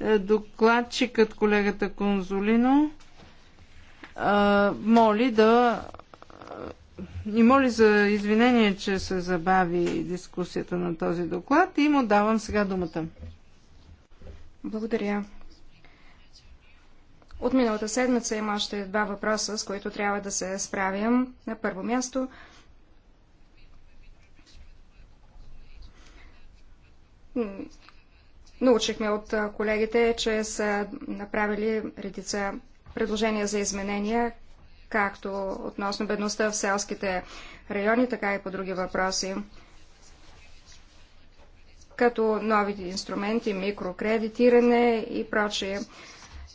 Е, докладчикът колегата Конзолино моли да и моли за извинение, че се забави дискусията на този доклад и му давам сега думата. Благодаря. От миналата седмица има още два въпроса, с които трябва да се справям. На първо място научихме от колегите, че са направили редица предложения за изменения, както относно бедността в селските райони, така и по други въпроси като нови инструменти, микрокредитиране и прочие.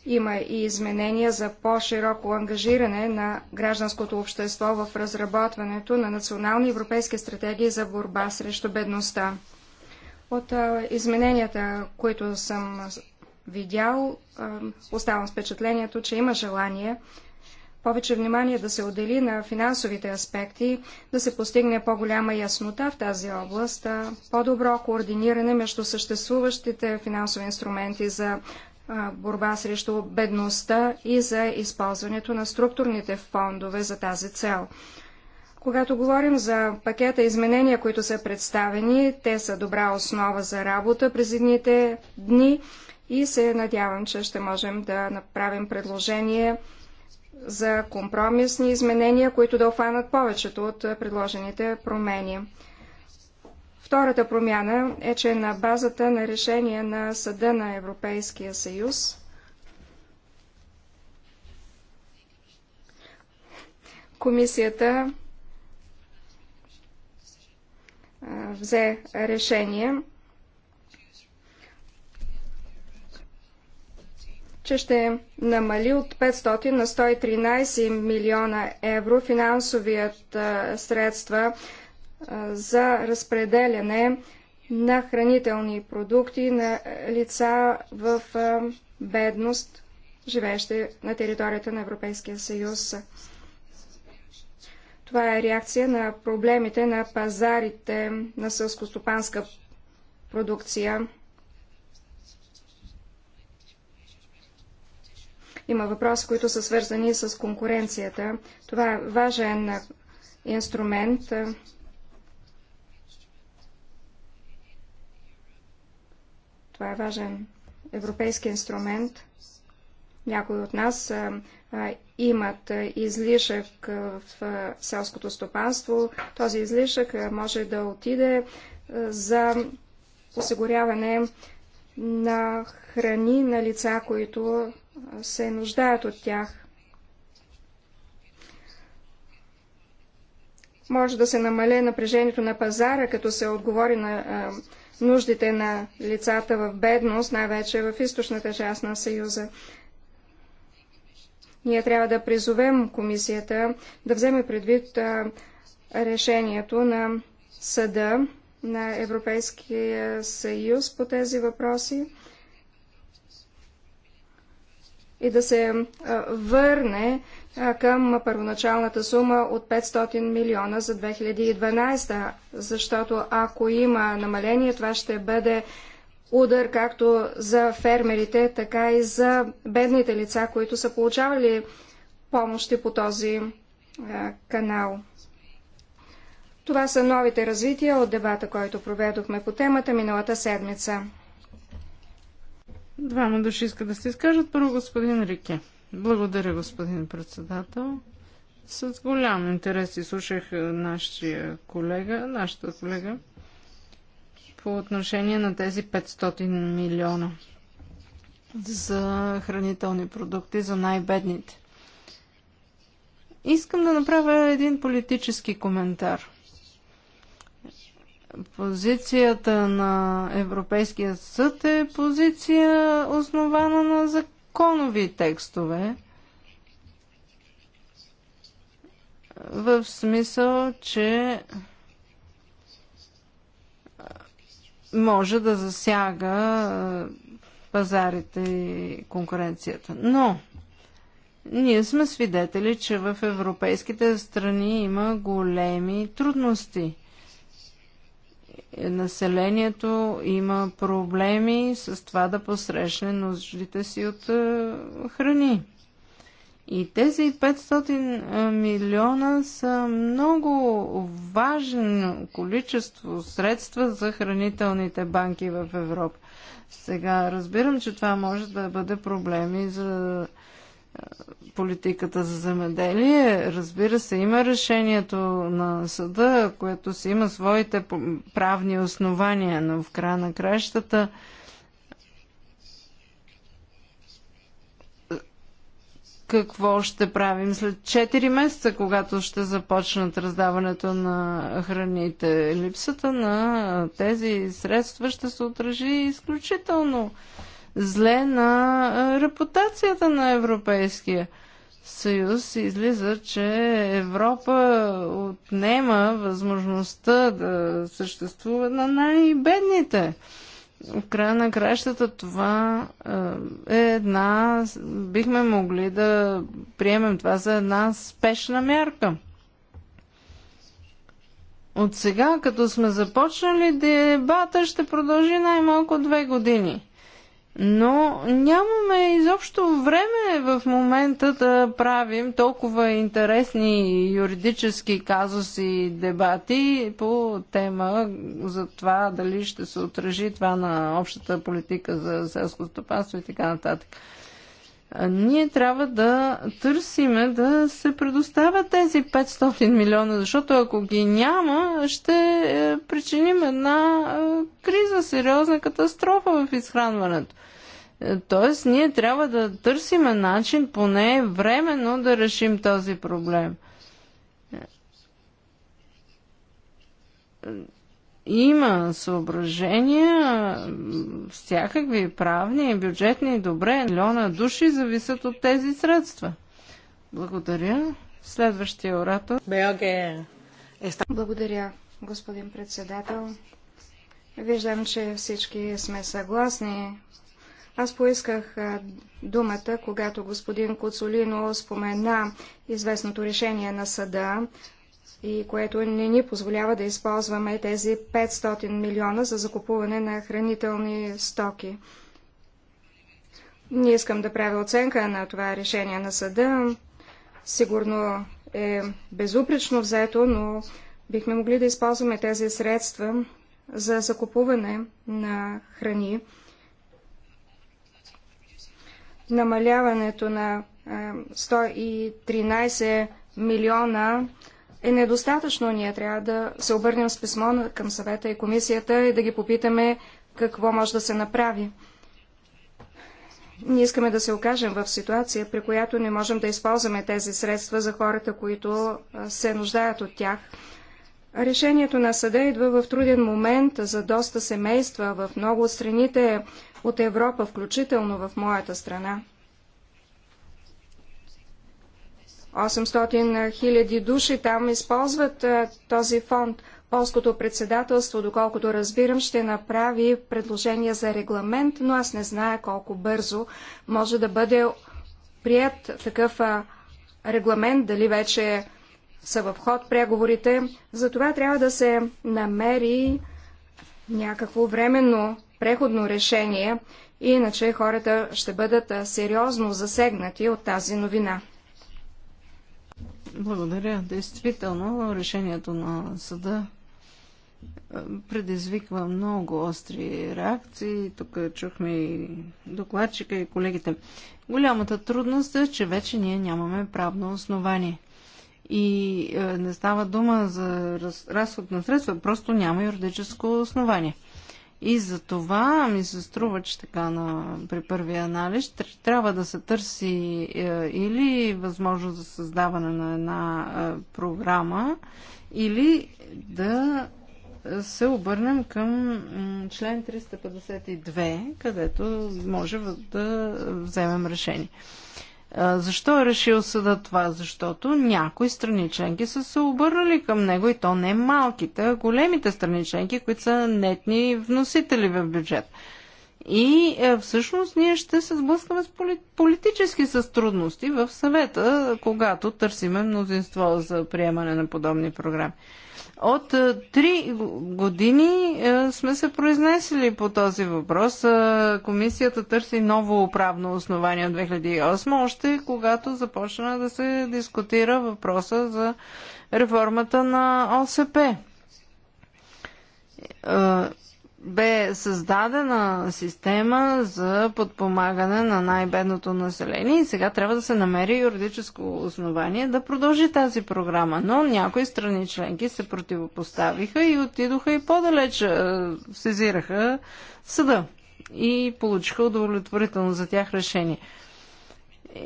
Има и изменения за по-широко ангажиране на гражданското общество в разработването на национални европейски стратегии за борба срещу бедността. От измененията, които съм видял, оставам с впечатлението, че има желание повече внимание да се отдели на финансовите аспекти, да се постигне по-голяма яснота в тази област, по-добро координиране между съществуващите финансови инструменти за борба срещу бедността и за използването на структурните фондове за тази цел. Когато говорим за пакета изменения, които са представени, те са добра основа за работа през едните дни и се надявам, че ще можем да направим предложение за компромисни изменения, които да обхванат повечето от предложените промени. Втората промяна е, че на базата на решение на Съда на Европейския съюз комисията взе решение, че ще намали от 500 на 113 милиона евро финансовият средства за разпределяне на хранителни продукти на лица в бедност, живеещи на територията на Европейския съюз. Това е реакция на проблемите на пазарите на сълскостопанска продукция. Има въпроси, които са свързани с конкуренцията. Това е важен инструмент, Това е важен европейски инструмент. Някои от нас а, а, имат излишък в а, селското стопанство. Този излишък а, може да отиде а, за осигуряване на храни на лица, които се нуждаят от тях. Може да се намале напрежението на пазара, като се отговори на а, нуждите на лицата в бедност, най-вече в източната част на Съюза. Ние трябва да призовем комисията да вземе предвид решението на съда на Европейския съюз по тези въпроси и да се върне към първоначалната сума от 500 милиона за 2012, защото ако има намаление, това ще бъде удар както за фермерите, така и за бедните лица, които са получавали помощи по този канал. Това са новите развития от дебата, който проведохме по темата миналата седмица. Двама души искат да се изкажат. Първо господин Рике. Благодаря, господин председател. С голям интерес изслушах нашия колега, нашата колега по отношение на тези 500 милиона за хранителни продукти за най-бедните. Искам да направя един политически коментар. Позицията на Европейския съд е позиция основана на, законови текстове, в смисъл, че може да засяга пазарите и конкуренцията. Но ние сме свидетели, че в европейските страни има големи трудности – населението има проблеми с това да посрещне нуждите си от е, храни. И тези 500 е, милиона са много важно количество средства за хранителните банки в Европа. Сега разбирам, че това може да бъде проблеми за политиката за земеделие. Разбира се, има решението на съда, което си има своите правни основания, но в края на кращата какво ще правим след 4 месеца, когато ще започнат раздаването на храните. Липсата на тези средства ще се отражи изключително зле на репутацията на Европейския съюз. Излиза, че Европа отнема възможността да съществува на най-бедните. В края на кращата това е една, бихме могли да приемем това за една спешна мярка. От сега, като сме започнали, дебата ще продължи най-малко две години. Но нямаме изобщо време в момента да правим толкова интересни юридически казуси и дебати по тема за това дали ще се отражи това на общата политика за селско стопанство и така нататък. Ние трябва да търсиме да се предоставят тези 500 милиона, защото ако ги няма, ще е, причиним една е, криза, сериозна катастрофа в изхранването. Е, тоест, ние трябва да търсим начин, поне временно, да решим този проблем. Е, има съображения, всякакви правни и бюджетни, добре, милиона души зависят от тези средства. Благодаря. Следващия оратор. Благодаря, господин председател. Виждам, че всички сме съгласни аз поисках думата, когато господин Коцолино спомена известното решение на съда и което не ни позволява да използваме тези 500 милиона за закупуване на хранителни стоки. Не искам да правя оценка на това решение на съда. Сигурно е безупречно взето, но бихме могли да използваме тези средства за закупуване на храни, намаляването на 113 милиона е недостатъчно. Ние трябва да се обърнем с писмо към съвета и комисията и да ги попитаме какво може да се направи. Ние искаме да се окажем в ситуация, при която не можем да използваме тези средства за хората, които се нуждаят от тях. Решението на съда идва в труден момент за доста семейства. В много от страните от Европа, включително в моята страна. 800 хиляди души там използват а, този фонд. Полското председателство, доколкото разбирам, ще направи предложение за регламент, но аз не зная колко бързо може да бъде прият такъв а, регламент, дали вече са в ход преговорите. това трябва да се намери някакво временно преходно решение, иначе хората ще бъдат сериозно засегнати от тази новина. Благодаря. Действително, решението на съда предизвиква много остри реакции. Тук чухме и докладчика и колегите. Голямата трудност е, че вече ние нямаме правно основание. И не става дума за разход на средства, просто няма юридическо основание. И за това ми се струва, че така на, при първия анализ трябва да се търси е, или възможност за създаване на една е, програма, или да се обърнем към член 352, където може да вземем решение. Защо е решил съда това? Защото някои страни членки са се обърнали към него и то не малките, а големите страни членки, които са нетни вносители в бюджет. И е, всъщност ние ще се сблъскаме с политически с трудности в съвета, когато търсиме мнозинство за приемане на подобни програми. От е, три години е, сме се произнесли по този въпрос. Е, комисията търси ново правно основание от 2008, още когато започна да се дискутира въпроса за реформата на ОСП бе създадена система за подпомагане на най-бедното население и сега трябва да се намери юридическо основание да продължи тази програма. Но някои страни членки се противопоставиха и отидоха и по-далеч, сезираха съда и получиха удовлетворително за тях решение.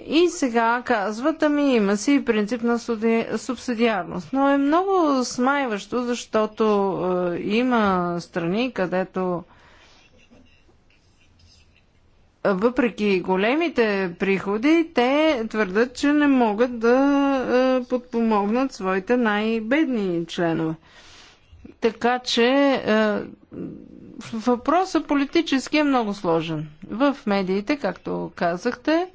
И сега казват, ами има си принцип на субсидиарност. Но е много смайващо, защото е, има страни, където е, въпреки големите приходи, те твърдат, че не могат да е, подпомогнат своите най-бедни членове. Така че е, въпросът политически е много сложен. В медиите, както казахте,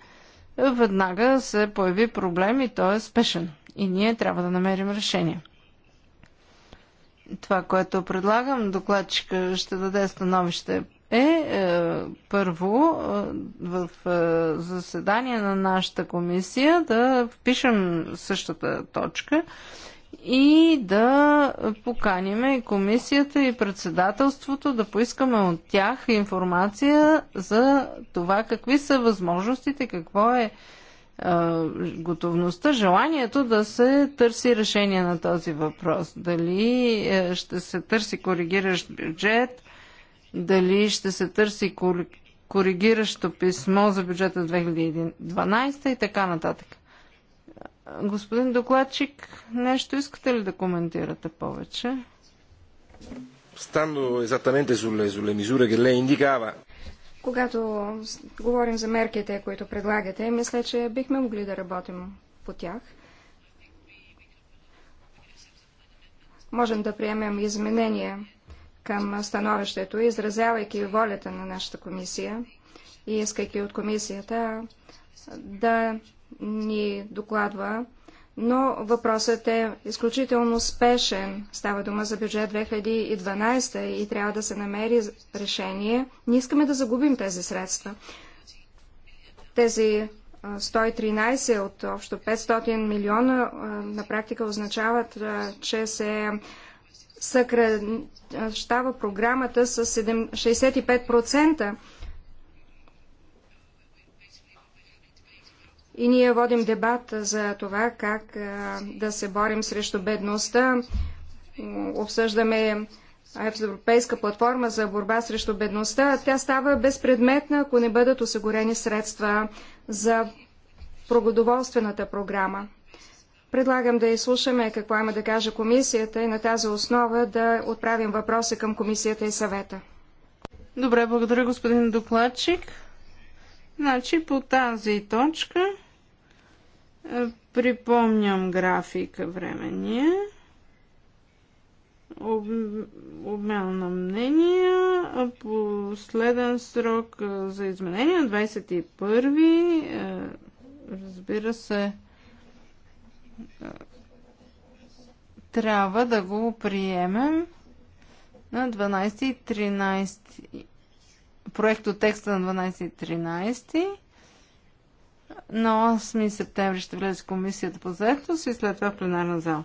веднага се появи проблем и той е спешен. И ние трябва да намерим решение. Това, което предлагам, докладчика ще даде становище е, е първо е, в е, заседание на нашата комисия да впишем същата точка и да поканиме и комисията и председателството да поискаме от тях информация за това какви са възможностите, какво е, е готовността, желанието да се търси решение на този въпрос. Дали е, ще се търси коригиращ бюджет, дали ще се търси коригиращо писмо за бюджета 2012 и така нататък. Господин докладчик, нещо искате ли да коментирате повече? Stando esattamente sulle, sulle misure che lei indicava. Когато говорим за мерките, които предлагате, мисля, че бихме могли да работим по тях. Можем да приемем изменения към становището, изразявайки волята на нашата комисия и искайки от комисията да ни докладва, но въпросът е изключително спешен. Става дума за бюджет 2012 и трябва да се намери решение. Не искаме да загубим тези средства. Тези 113 от общо 500 милиона на практика означават, че се съкращава програмата с 65%. И ние водим дебат за това как да се борим срещу бедността. Обсъждаме Европейска платформа за борба срещу бедността. Тя става безпредметна, ако не бъдат осигурени средства за прогодоволствената програма. Предлагам да изслушаме какво има да каже комисията и на тази основа да отправим въпроси към комисията и съвета. Добре, благодаря господин докладчик. Значи по тази точка е, припомням графика времения. Об, Обмяна на мнения. Последен срок е, за изменение 21. и е, Разбира се, трябва да го приемем на 12 и 13. Проекто текста на 12 и 13 на 8 септември ще влезе комисията по заедност и след това в пленарна зала.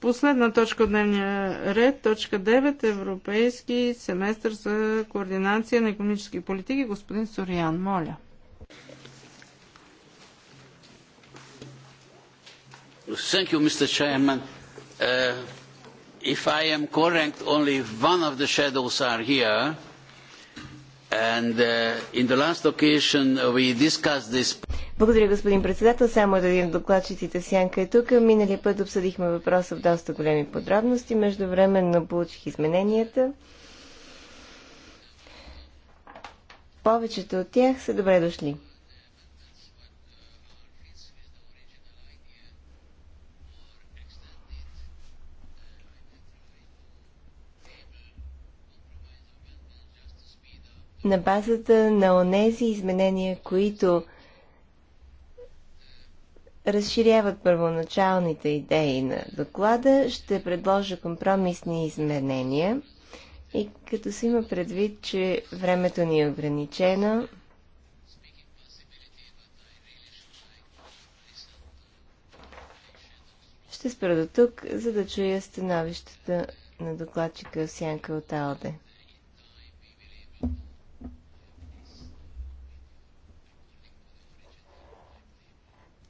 Последна точка от дневния ред, точка 9, Европейски семестър за координация на економически политики. Господин Сориан, моля. Thank you, Mr. Chairman. Uh, if I am correct, only one of the shadows are here. Uh, uh, Благодаря, господин председател. Само да видим докладчиците Сянка е тук. Миналия път обсъдихме въпроса в доста големи подробности. Междувременно получих измененията. Повечето от тях са добре дошли. на базата на онези изменения, които разширяват първоначалните идеи на доклада, ще предложа компромисни изменения. И като си има предвид, че времето ни е ограничено, ще спра до тук, за да чуя становищата на докладчика Сянка от Алде.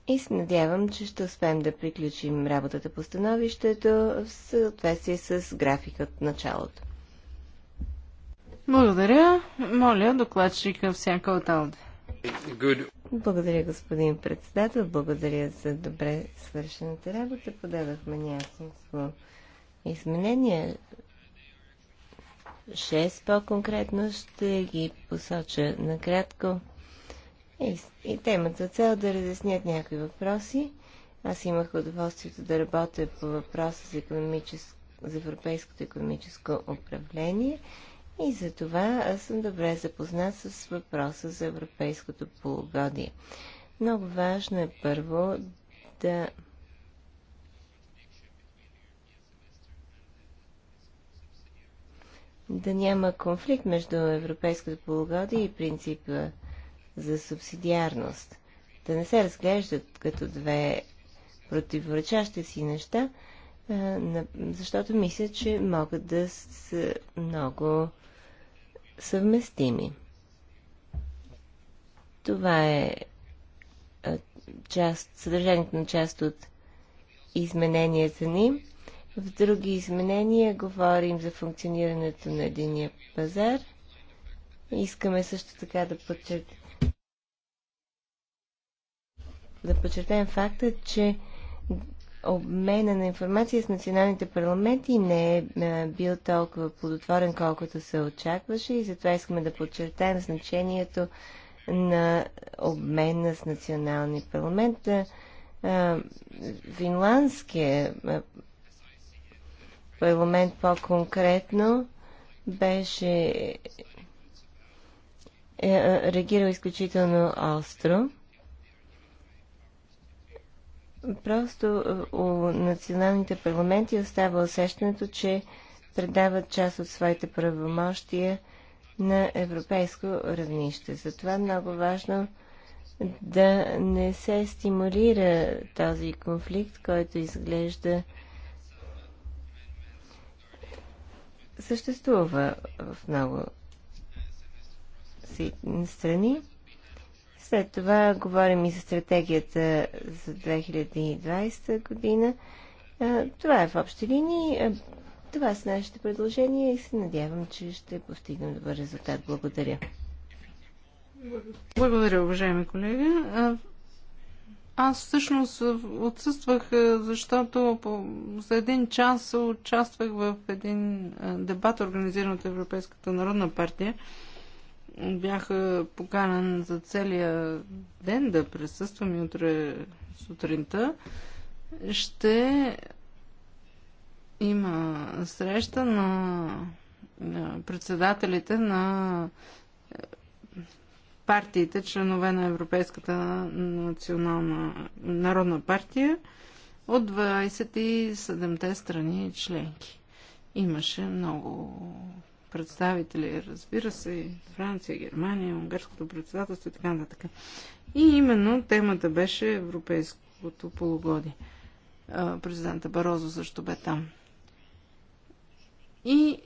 И се надявам, че ще успеем да приключим работата по становището в съответствие с графикът от началото. Благодаря. Моля докладчика всяка от Алде. Благодаря, господин председател. Благодаря за добре свършената работа. Подадахме няколко изменения. Шест по-конкретно ще ги посоча накратко. Е, и, и те имат за цел да разяснят някои въпроси. Аз имах удоволствието да работя по въпроса за, за европейското економическо управление и за това аз съм добре запознат с въпроса за европейското полугодие. Много важно е първо да да няма конфликт между европейското полугодие и принципа за субсидиарност. Да не се разглеждат като две противоречащи си неща, защото мисля, че могат да са много съвместими. Това е част, съдържанието на част от измененията ни. В други изменения говорим за функционирането на единия пазар. Искаме също така да подчертаем да подчертаем факта, че обмена на информация с националните парламенти не е, е бил толкова плодотворен, колкото се очакваше и затова искаме да подчертаем значението на обмена с национални парламент. Е, финландския е, парламент по-конкретно беше реагирал изключително остро Просто е, у националните парламенти остава усещането, че предават част от своите правомощия на европейско равнище. Затова е много важно да не се стимулира този конфликт, който изглежда съществува в много страни. След това говорим и за стратегията за 2020 година. Това е в общи линии. Това са нашите предложения и се надявам, че ще постигнем добър резултат. Благодаря. Благодаря, уважаеми колега. Аз всъщност отсъствах, защото за един час участвах в един дебат, организиран от Европейската народна партия бяха поканен за целия ден да присъствам и утре сутринта. Ще има среща на председателите на е, партиите, членове на Европейската национална народна партия от 27-те страни членки. Имаше много представители, разбира се, Франция, Германия, Унгарското председателство и така нататък. И именно темата беше Европейското полугодие. Президента Барозо също бе там. И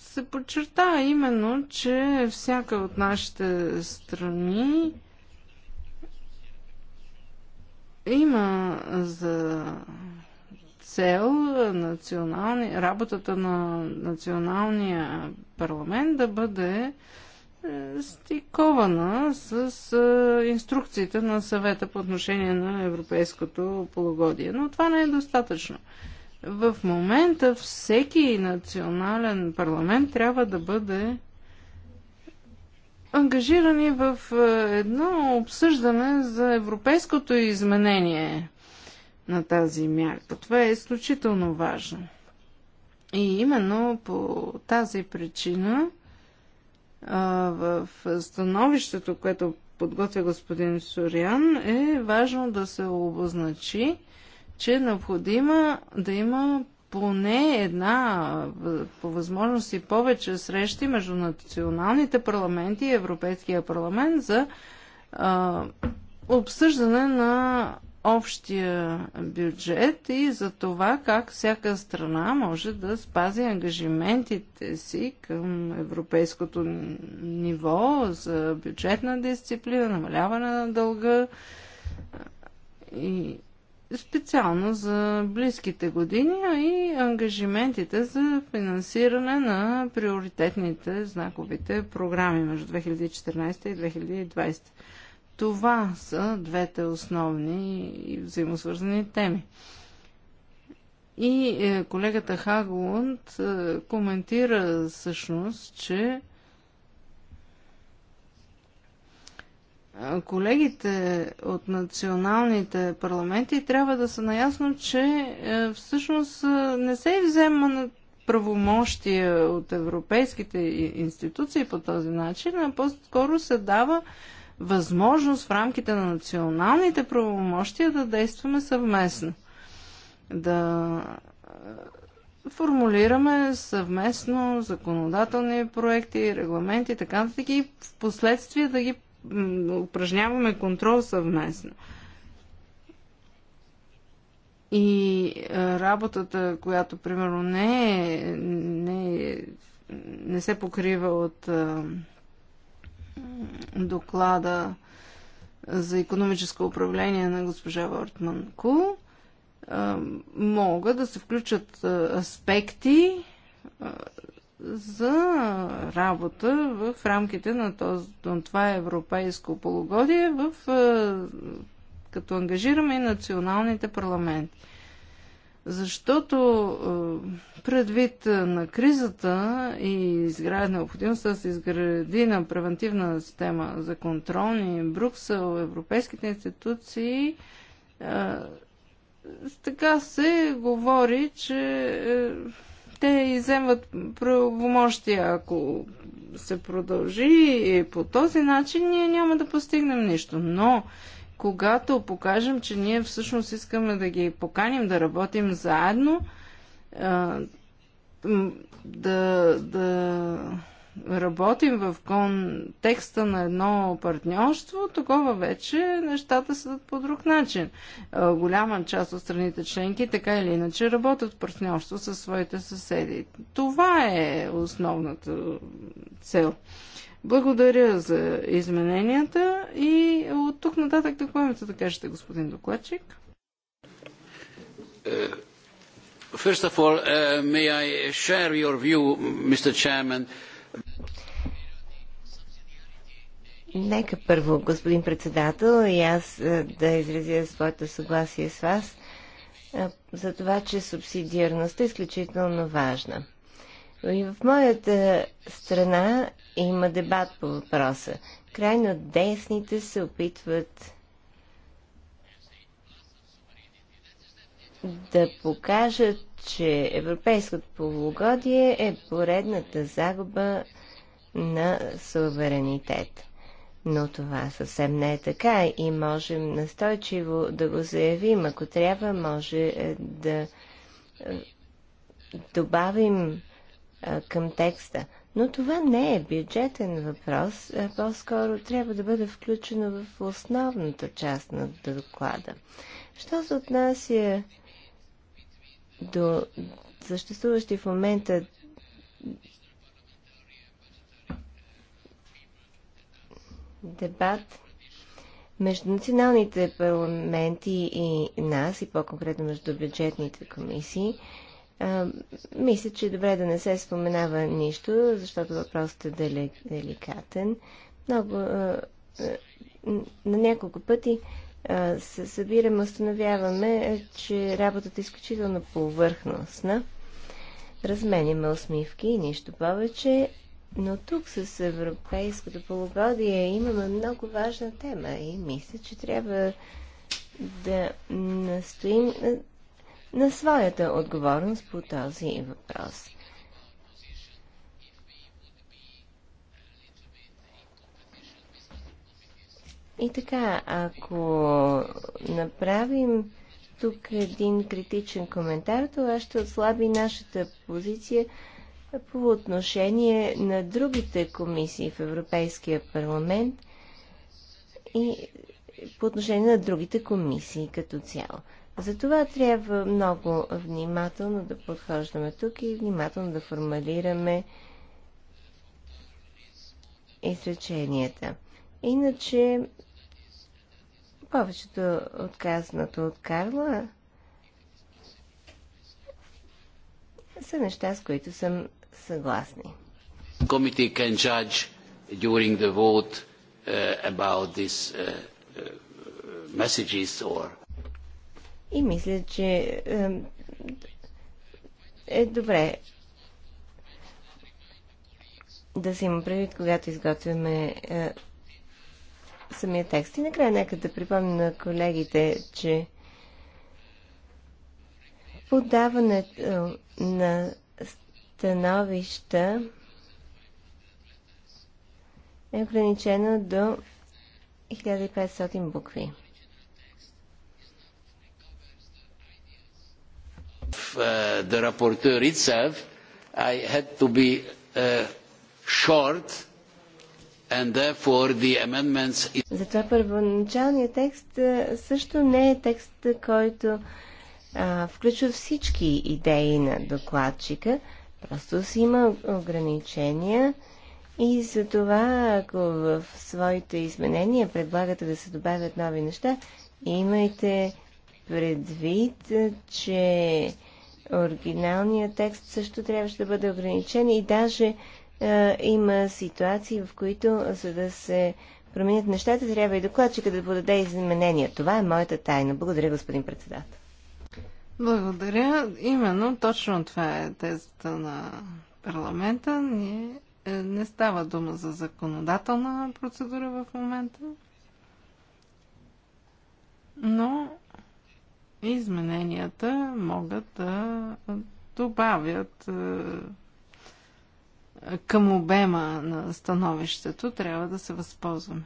се подчерта именно, че всяка от нашите страни има за цел национални, работата на националния парламент да бъде е, стикована с инструкциите на съвета по отношение на европейското полугодие. Но това не е достатъчно. В момента всеки национален парламент трябва да бъде ангажирани в едно обсъждане за европейското изменение на тази мярка. Това е изключително важно. И именно по тази причина в становището, което подготвя господин Сориан, е важно да се обозначи, че е необходимо да има поне една, по възможност и повече срещи между националните парламенти и Европейския парламент за а, обсъждане на общия бюджет и за това как всяка страна може да спази ангажиментите си към европейското ниво за бюджетна дисциплина, намаляване на дълга и специално за близките години, а и ангажиментите за финансиране на приоритетните знаковите програми между 2014 и 2020. Това са двете основни и взаимосвързани теми. И е, колегата Хаглунд е, коментира всъщност, че е, колегите от националните парламенти трябва да са наясно, че всъщност не се взема на правомощия от европейските институции по този начин, а по-скоро се дава възможност в рамките на националните правомощия да действаме съвместно. Да е, формулираме съвместно законодателни проекти, регламенти така нататък и в последствие да ги упражняваме контрол съвместно. И е, работата, която примерно не, е, не, е, не се покрива от е, доклада за економическо управление на госпожа Вортман Кул, могат да се включат аспекти за работа в рамките на, този, на това европейско полугодие, в, като ангажираме и националните парламенти. Защото предвид на кризата и изграда необходимостта да се изгради на превентивна система за контролни Брюксел, европейските институции, така се говори, че е, те иземват правомощия, ако се продължи и по този начин, ние няма да постигнем нищо. Но когато покажем, че ние всъщност искаме да ги поканим да работим заедно, да, да работим в контекста на едно партньорство, такова вече нещата са по друг начин. Голяма част от страните членки така или иначе работят в партньорство със своите съседи. Това е основната цел. Благодаря за измененията и от тук нататък какво имате да кажете, господин докладчик? Е, first of all, е, may I share your view, Mr. Chairman? Нека първо, господин председател, и аз е, да изразя своето съгласие с вас за това, че субсидиарността е изключително важна. И в моята страна има дебат по въпроса. Крайно десните се опитват да покажат, че европейското полугодие е поредната загуба на суверенитет. Но това съвсем не е така и можем настойчиво да го заявим. Ако трябва, може е, да е, добавим към текста. Но това не е бюджетен въпрос, по-скоро трябва да бъде включено в основната част на доклада. Що се отнася до съществуващи в момента дебат между националните парламенти и нас, и по-конкретно между бюджетните комисии, а, мисля, че е добре да не се споменава нищо, защото въпросът е деликатен. Много, а, на няколко пъти а, се събираме, установяваме, че работата е изключително повърхностна. Разменяме усмивки и нищо повече. Но тук с европейското полугодие имаме много важна тема и мисля, че трябва да настоим на своята отговорност по този въпрос. И така, ако направим тук един критичен коментар, това ще отслаби нашата позиция по отношение на другите комисии в Европейския парламент и по отношение на другите комисии като цяло. Затова трябва много внимателно да подхождаме тук и внимателно да формулираме изреченията. Иначе повечето отказаното от Карла са неща, с които съм съгласни. Committee can judge during the vote uh, about these uh, uh messages or и мисля, че е добре да се има предвид, когато изготвяме е, самия текст. И накрая нека да припомня на колегите, че подаването е, на становища е ограничено до 1500 букви. Uh, the rapporteur itself, I had to be uh, short and therefore the amendments... Затова първоначалният текст също не е текст, който а, включва всички идеи на докладчика. Просто си има ограничения и за това, ако в своите изменения предлагате да се добавят нови неща, имайте предвид, че оригиналният текст също трябваше да бъде ограничен и даже е, има ситуации, в които, за да се променят нещата, трябва и докладчика да подаде изменения. Това е моята тайна. Благодаря, господин председател. Благодаря. Именно точно това е тезата на парламента. Ние е, не става дума за законодателна процедура в момента, но измененията могат да добавят е, към обема на становището, трябва да се възползваме.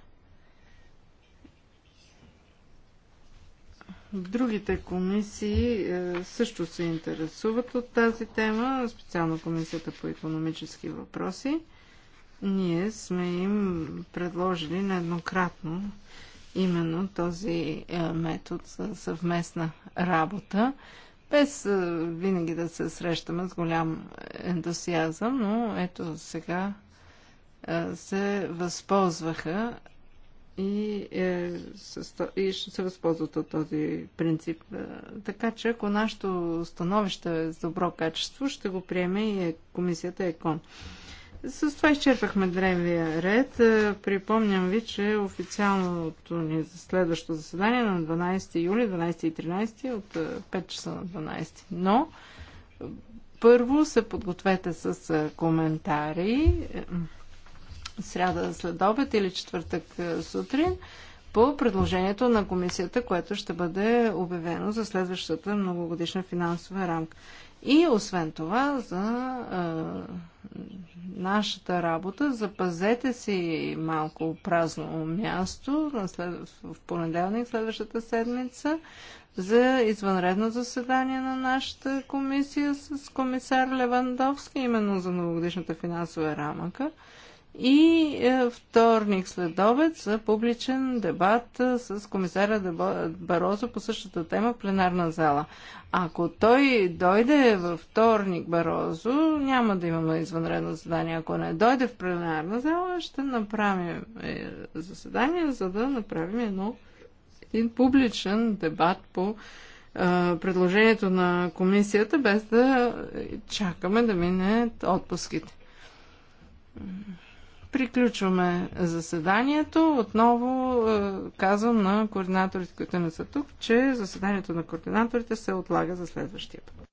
Другите комисии е, също се интересуват от тази тема, специално Комисията по економически въпроси. Ние сме им предложили нееднократно именно този е, метод за съвместна работа, без е, винаги да се срещаме с голям ентусиазъм, но ето сега е, се възползваха и, е, и ще се възползват от този принцип. Така че, ако нашето становище е с добро качество, ще го приеме и комисията ЕКОН. С това изчерпахме древния ред. Е, припомням ви, че официалното ни за следващо заседание на 12 юли, 12 и 13 от 5 е, часа на 12. Но е, първо се подгответе с коментари сряда след обед или четвъртък сутрин по предложението на комисията, което ще бъде обявено за следващата многогодишна финансова рамка. И освен това, за а, нашата работа, запазете си малко празно място на след... в понеделник, следващата седмица, за извънредно заседание на нашата комисия с комисар Левандовски, именно за новогодишната финансова рамка и е, вторник след обед за публичен дебат е, с комисаря Барозо по същата тема в пленарна зала. Ако той дойде във вторник Барозо, няма да имаме извънредно заседание. Ако не дойде в пленарна зала, ще направим е, заседание, за да направим едно, един публичен дебат по предложението на комисията, без да чакаме да мине отпуските. Приключваме заседанието. Отново е, казвам на координаторите, които не са тук, че заседанието на координаторите се отлага за следващия път.